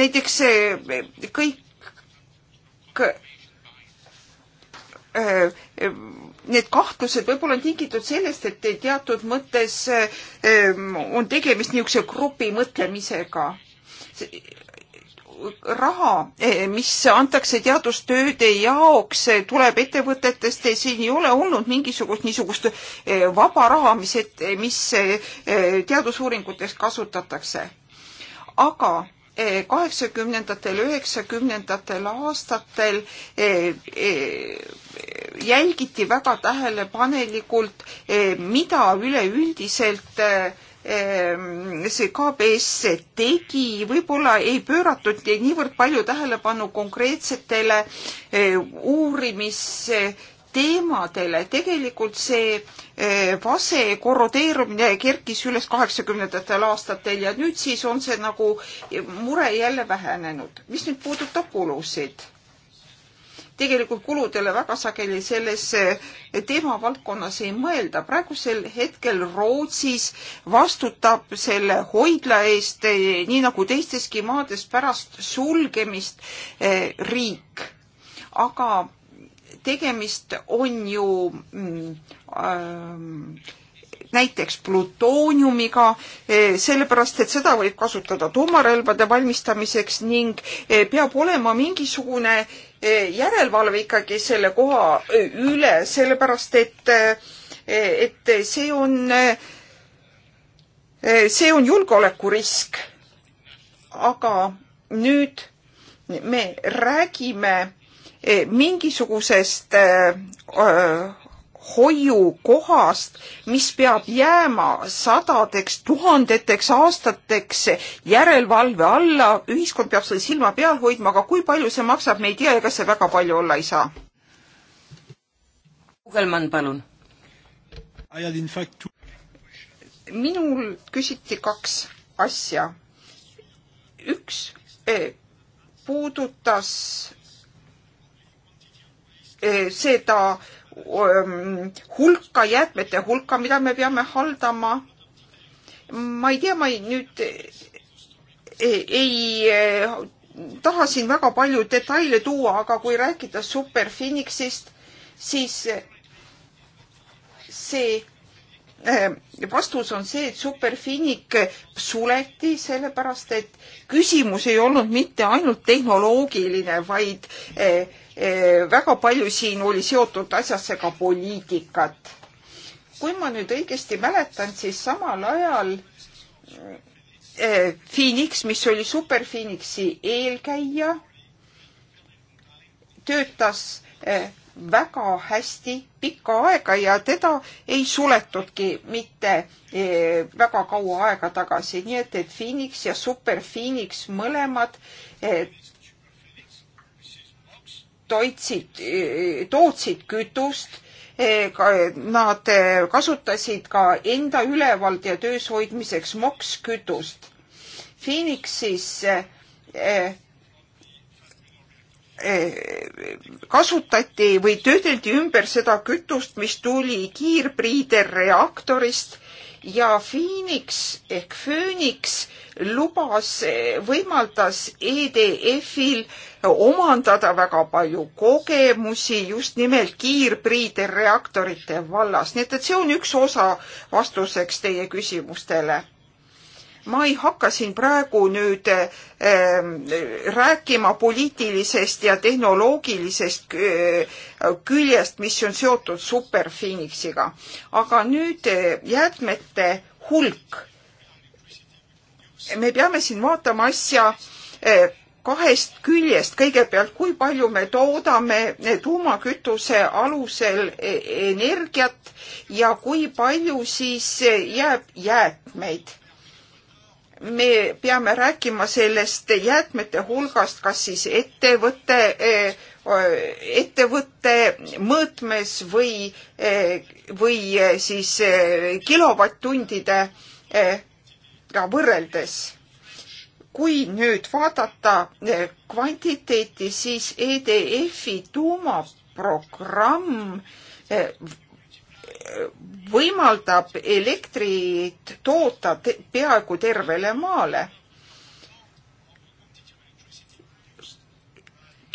näiteks eh, kõik eh, need kahtlused võib-olla on tingitud sellest, et teatud mõttes eh, on tegemist niisuguse grupi mõtlemisega. raha, mis antakse teadustööde jaoks, tuleb ettevõtetest, siin ei ole olnud mingisugust niisugust vaba raha, mis, mis teadusuuringutes kasutatakse aga eh, kaheksakümnendatel, üheksakümnendatel aastatel eh, eh, jälgiti väga tähelepanelikult, mida üleüldiselt see KBS tegi, võib-olla ei pööratud niivõrd palju tähelepanu konkreetsetele uurimis- teemadele. tegelikult see eh, vase korrodeerumine kerkis üles kaheksakümnendatel aastatel ja nüüd siis on see nagu eh, mure jälle vähenenud. mis nüüd puudutab kulusid? tegelikult kuludele väga sageli selles eh, teemavaldkonnas ei mõelda. praegusel hetkel Rootsis vastutab selle hoidla eest, nii nagu teisteski maades pärast sulgemist, riik. aga tegemist on ju ähm, näiteks plutooniumiga, eh, sellepärast et seda võib kasutada tuumarelvade valmistamiseks ning eh, peab olema mingisugune eh, järelevalve ikkagi selle koha üle, sellepärast et, et see on, see on julgeolekurisk. aga nüüd me räägime Eh, mingisugusest eh, eh, hoiukohast, mis peab jääma sadadeks, tuhandeteks aastateks järelevalve alla, ühiskond peab selle silma peal hoidma, aga kui palju see maksab, me ei tea, ega see väga palju olla ei saa. Kugelmann, palun. minul küsiti kaks asja. üks eh, puudutas seda hulka, jäätmete hulka, mida me peame haldama. ma ei tea, ma ei, nüüd e, ei e, taha siin väga palju detaile tuua, aga kui rääkida Super Phoenixist, siis see e, vastus on see, et Superfinic suleti sellepärast, et küsimus ei olnud mitte ainult tehnoloogiline, vaid Eh, väga palju siin oli seotud asjasse ka poliitikat. kui ma nüüd õigesti mäletan, siis samal ajal eh, Phoenix, mis oli Super Phoenixi eelkäija, töötas eh, väga hästi pikka aega ja teda ei suletudki mitte väga kaua aega tagasi, nii et, et Phoenix ja Super Phoenix mõlemad toitsid, tootsid kütust, eh, nad eh, kasutasid ka enda ülevalt ja töös hoidmiseks mokskütust. Phoenixis eh, kasutati või töödeldi ümber seda kütust, mis tuli kiirpriiderreaktorist ja Phoenix ehk Phoenix lubas, võimaldas EDF-il omandada väga palju kogemusi just nimelt kiirpriiderreaktorite vallas, nii et, et see on üks osa vastuseks teie küsimustele ma ei hakka siin praegu nüüd äh, rääkima poliitilisest ja tehnoloogilisest äh, küljest, mis on seotud superfiniksiga, aga nüüd äh, jäätmete hulk. me peame siin vaatama asja äh, kahest küljest, kõigepealt kui palju me toodame tuumakütuse alusel e, energiat ja kui palju siis äh, jääb jäätmeid me peame rääkima sellest jäätmete hulgast, kas siis ettevõtte, eh, ettevõtte mõõtmes või, eh, või eh, siis kilovatt-tundidega võrreldes. kui nüüd vaadata kvantiteeti, siis EDF-i tuumaprogramm võimaldab elektrit toota te peaaegu tervele maale.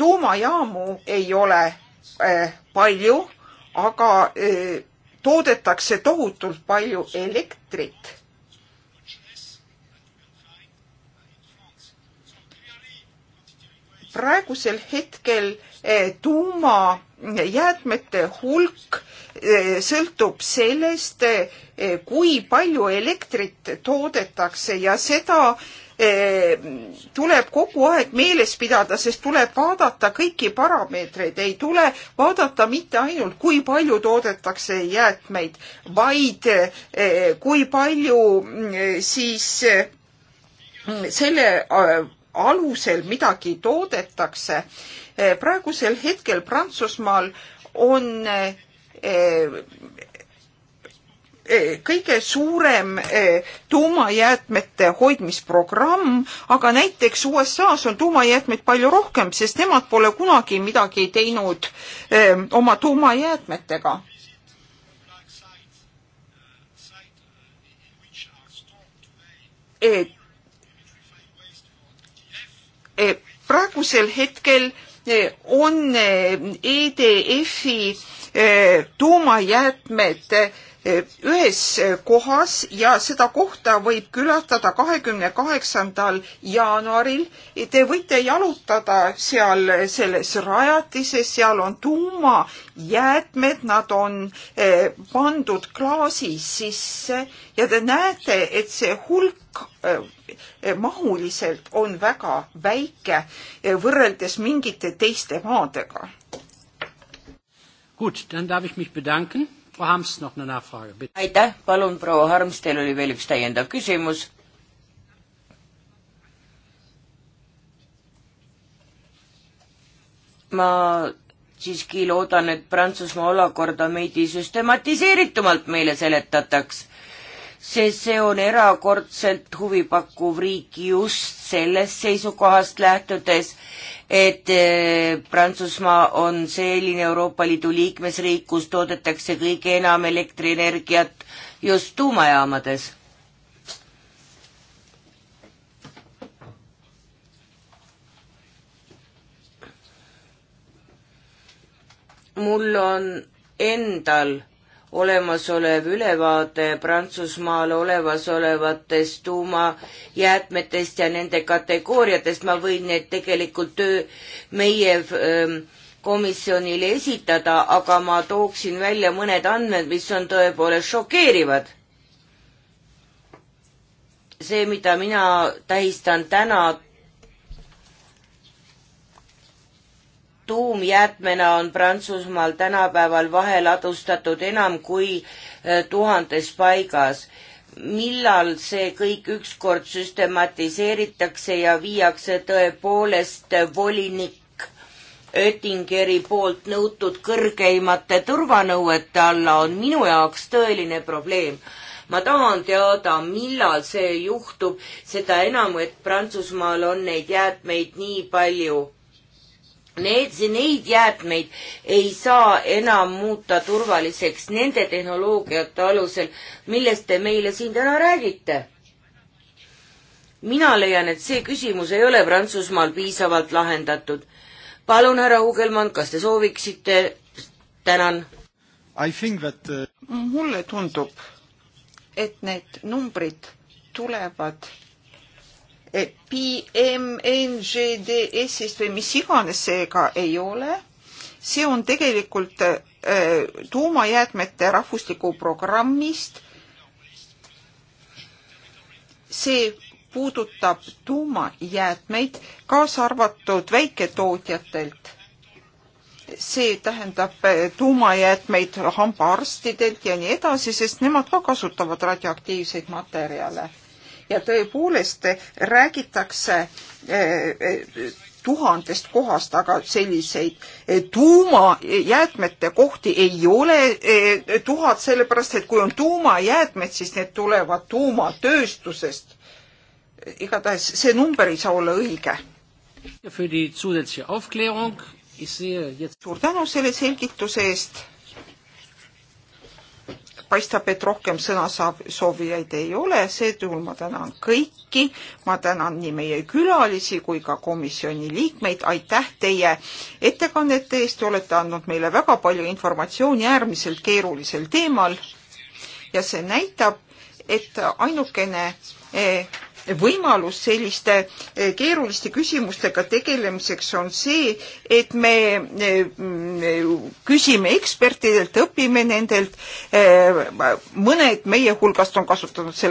tuumajaamu ei ole äh, palju, aga äh, toodetakse tohutult palju elektrit. praegusel hetkel äh, Eh, tuumajäätmete hulk eh, sõltub sellest, eh, kui palju elektrit toodetakse ja seda tuleb kogu aeg meeles pidada, sest tuleb vaadata kõiki parameetreid, ei tule vaadata mitte ainult, kui palju toodetakse jäätmeid, vaid kui palju mm, siis selle alusel midagi toodetakse. Eh, praegusel hetkel Prantsusmaal on eh, eh, kõige suurem tuumajäätmete hoidmisprogramm, aga näiteks USA-s on tuumajäätmeid palju rohkem, sest nemad pole kunagi midagi teinud oma tuumajäätmetega. et Eh, praegusel hetkel eh, on EDF-i eh, e tuumajäätmed ühes kohas ja seda kohta võib külastada kahekümne kaheksandal jaanuaril. Te võite jalutada seal selles rajatises, seal on tuumajäätmed, nad on pandud klaasi sisse ja te näete, et see hulk mahuliselt on väga väike võrreldes mingite teiste maadega. Gut, dann darf ich mich bedanken. Frau Harms, noch eine Nachfrage, bitte. aitäh, palun, proua Harms, teil oli veel üks täiendav küsimus. ma siiski loodan, et Prantsusmaa olukorda veidi süstematiseeritumalt meile seletaks sest see on erakordselt huvipakkuv riik just sellest seisukohast lähtudes, et eh, Prantsusmaa on selline Euroopa Liidu liikmesriik, kus toodetakse kõige enam elektrienergiat just tuumajaamades. mul on endal olemasolev ülevaade Prantsusmaal olemasolevatest tuumajäätmetest ja nende kategooriatest, ma võin need tegelikult töö meie ähm, komisjonile esitada, aga ma tooksin välja mõned andmed, mis on tõepoolest šokeerivad. see, mida mina tähistan täna tuumjäätmena on Prantsusmaal tänapäeval vaheladustatud enam kui eh, tuhandes paigas. millal see kõik ükskord süstematiseeritakse ja viiakse tõepoolest volinik Oettingeri poolt nõutud kõrgeimate turvanõuete alla, on minu jaoks tõeline probleem ma tahan teada, millal see juhtub, seda enam, et Prantsusmaal on neid jäätmeid nii palju. Need, neid jäätmeid ei saa enam muuta turvaliseks nende tehnoloogiate alusel, millest te meile siin täna räägite. mina leian, et see küsimus ei ole Prantsusmaal piisavalt lahendatud. palun, härra Ugelmann, kas te sooviksite? tänan. That... Uh, mulle tundub, et need numbrid tulevad PMNGDS-ist või mis iganes seega ei ole. see on tegelikult äh, tuumajäätmete rahvusliku programmist. see puudutab tuumajäätmeid, kaasa arvatud väiketootjatelt. see tähendab äh, tuumajäätmeid hambaarstidelt ja nii edasi, sest nemad ka kasutavad radioaktiivseid materjale ja tõepoolest räägitakse eh, eh, tuhandest kohast, aga selliseid eh, tuumajäätmete kohti ei ole tuhat, sellepärast et kui on tuumajäätmed, siis need tulevad tuumatööstusest. igatahes see number ei saa olla õige. suur tänu selle selgituse eest paistab, et rohkem sõna saab, soovijaid ei ole, seetõttu ma tänan kõiki, ma tänan nii meie külalisi kui ka komisjoni liikmeid, aitäh teie ettekannete eest, te olete andnud meile väga palju informatsiooni äärmiselt keerulisel teemal ja see näitab, et ainukene eh, võimalus selliste eh, keeruliste küsimustega tegelemiseks on see, et me eh, mm, eh, küsime ekspertidelt, õpime nendelt, mõned meie hulgast on kasutanud selle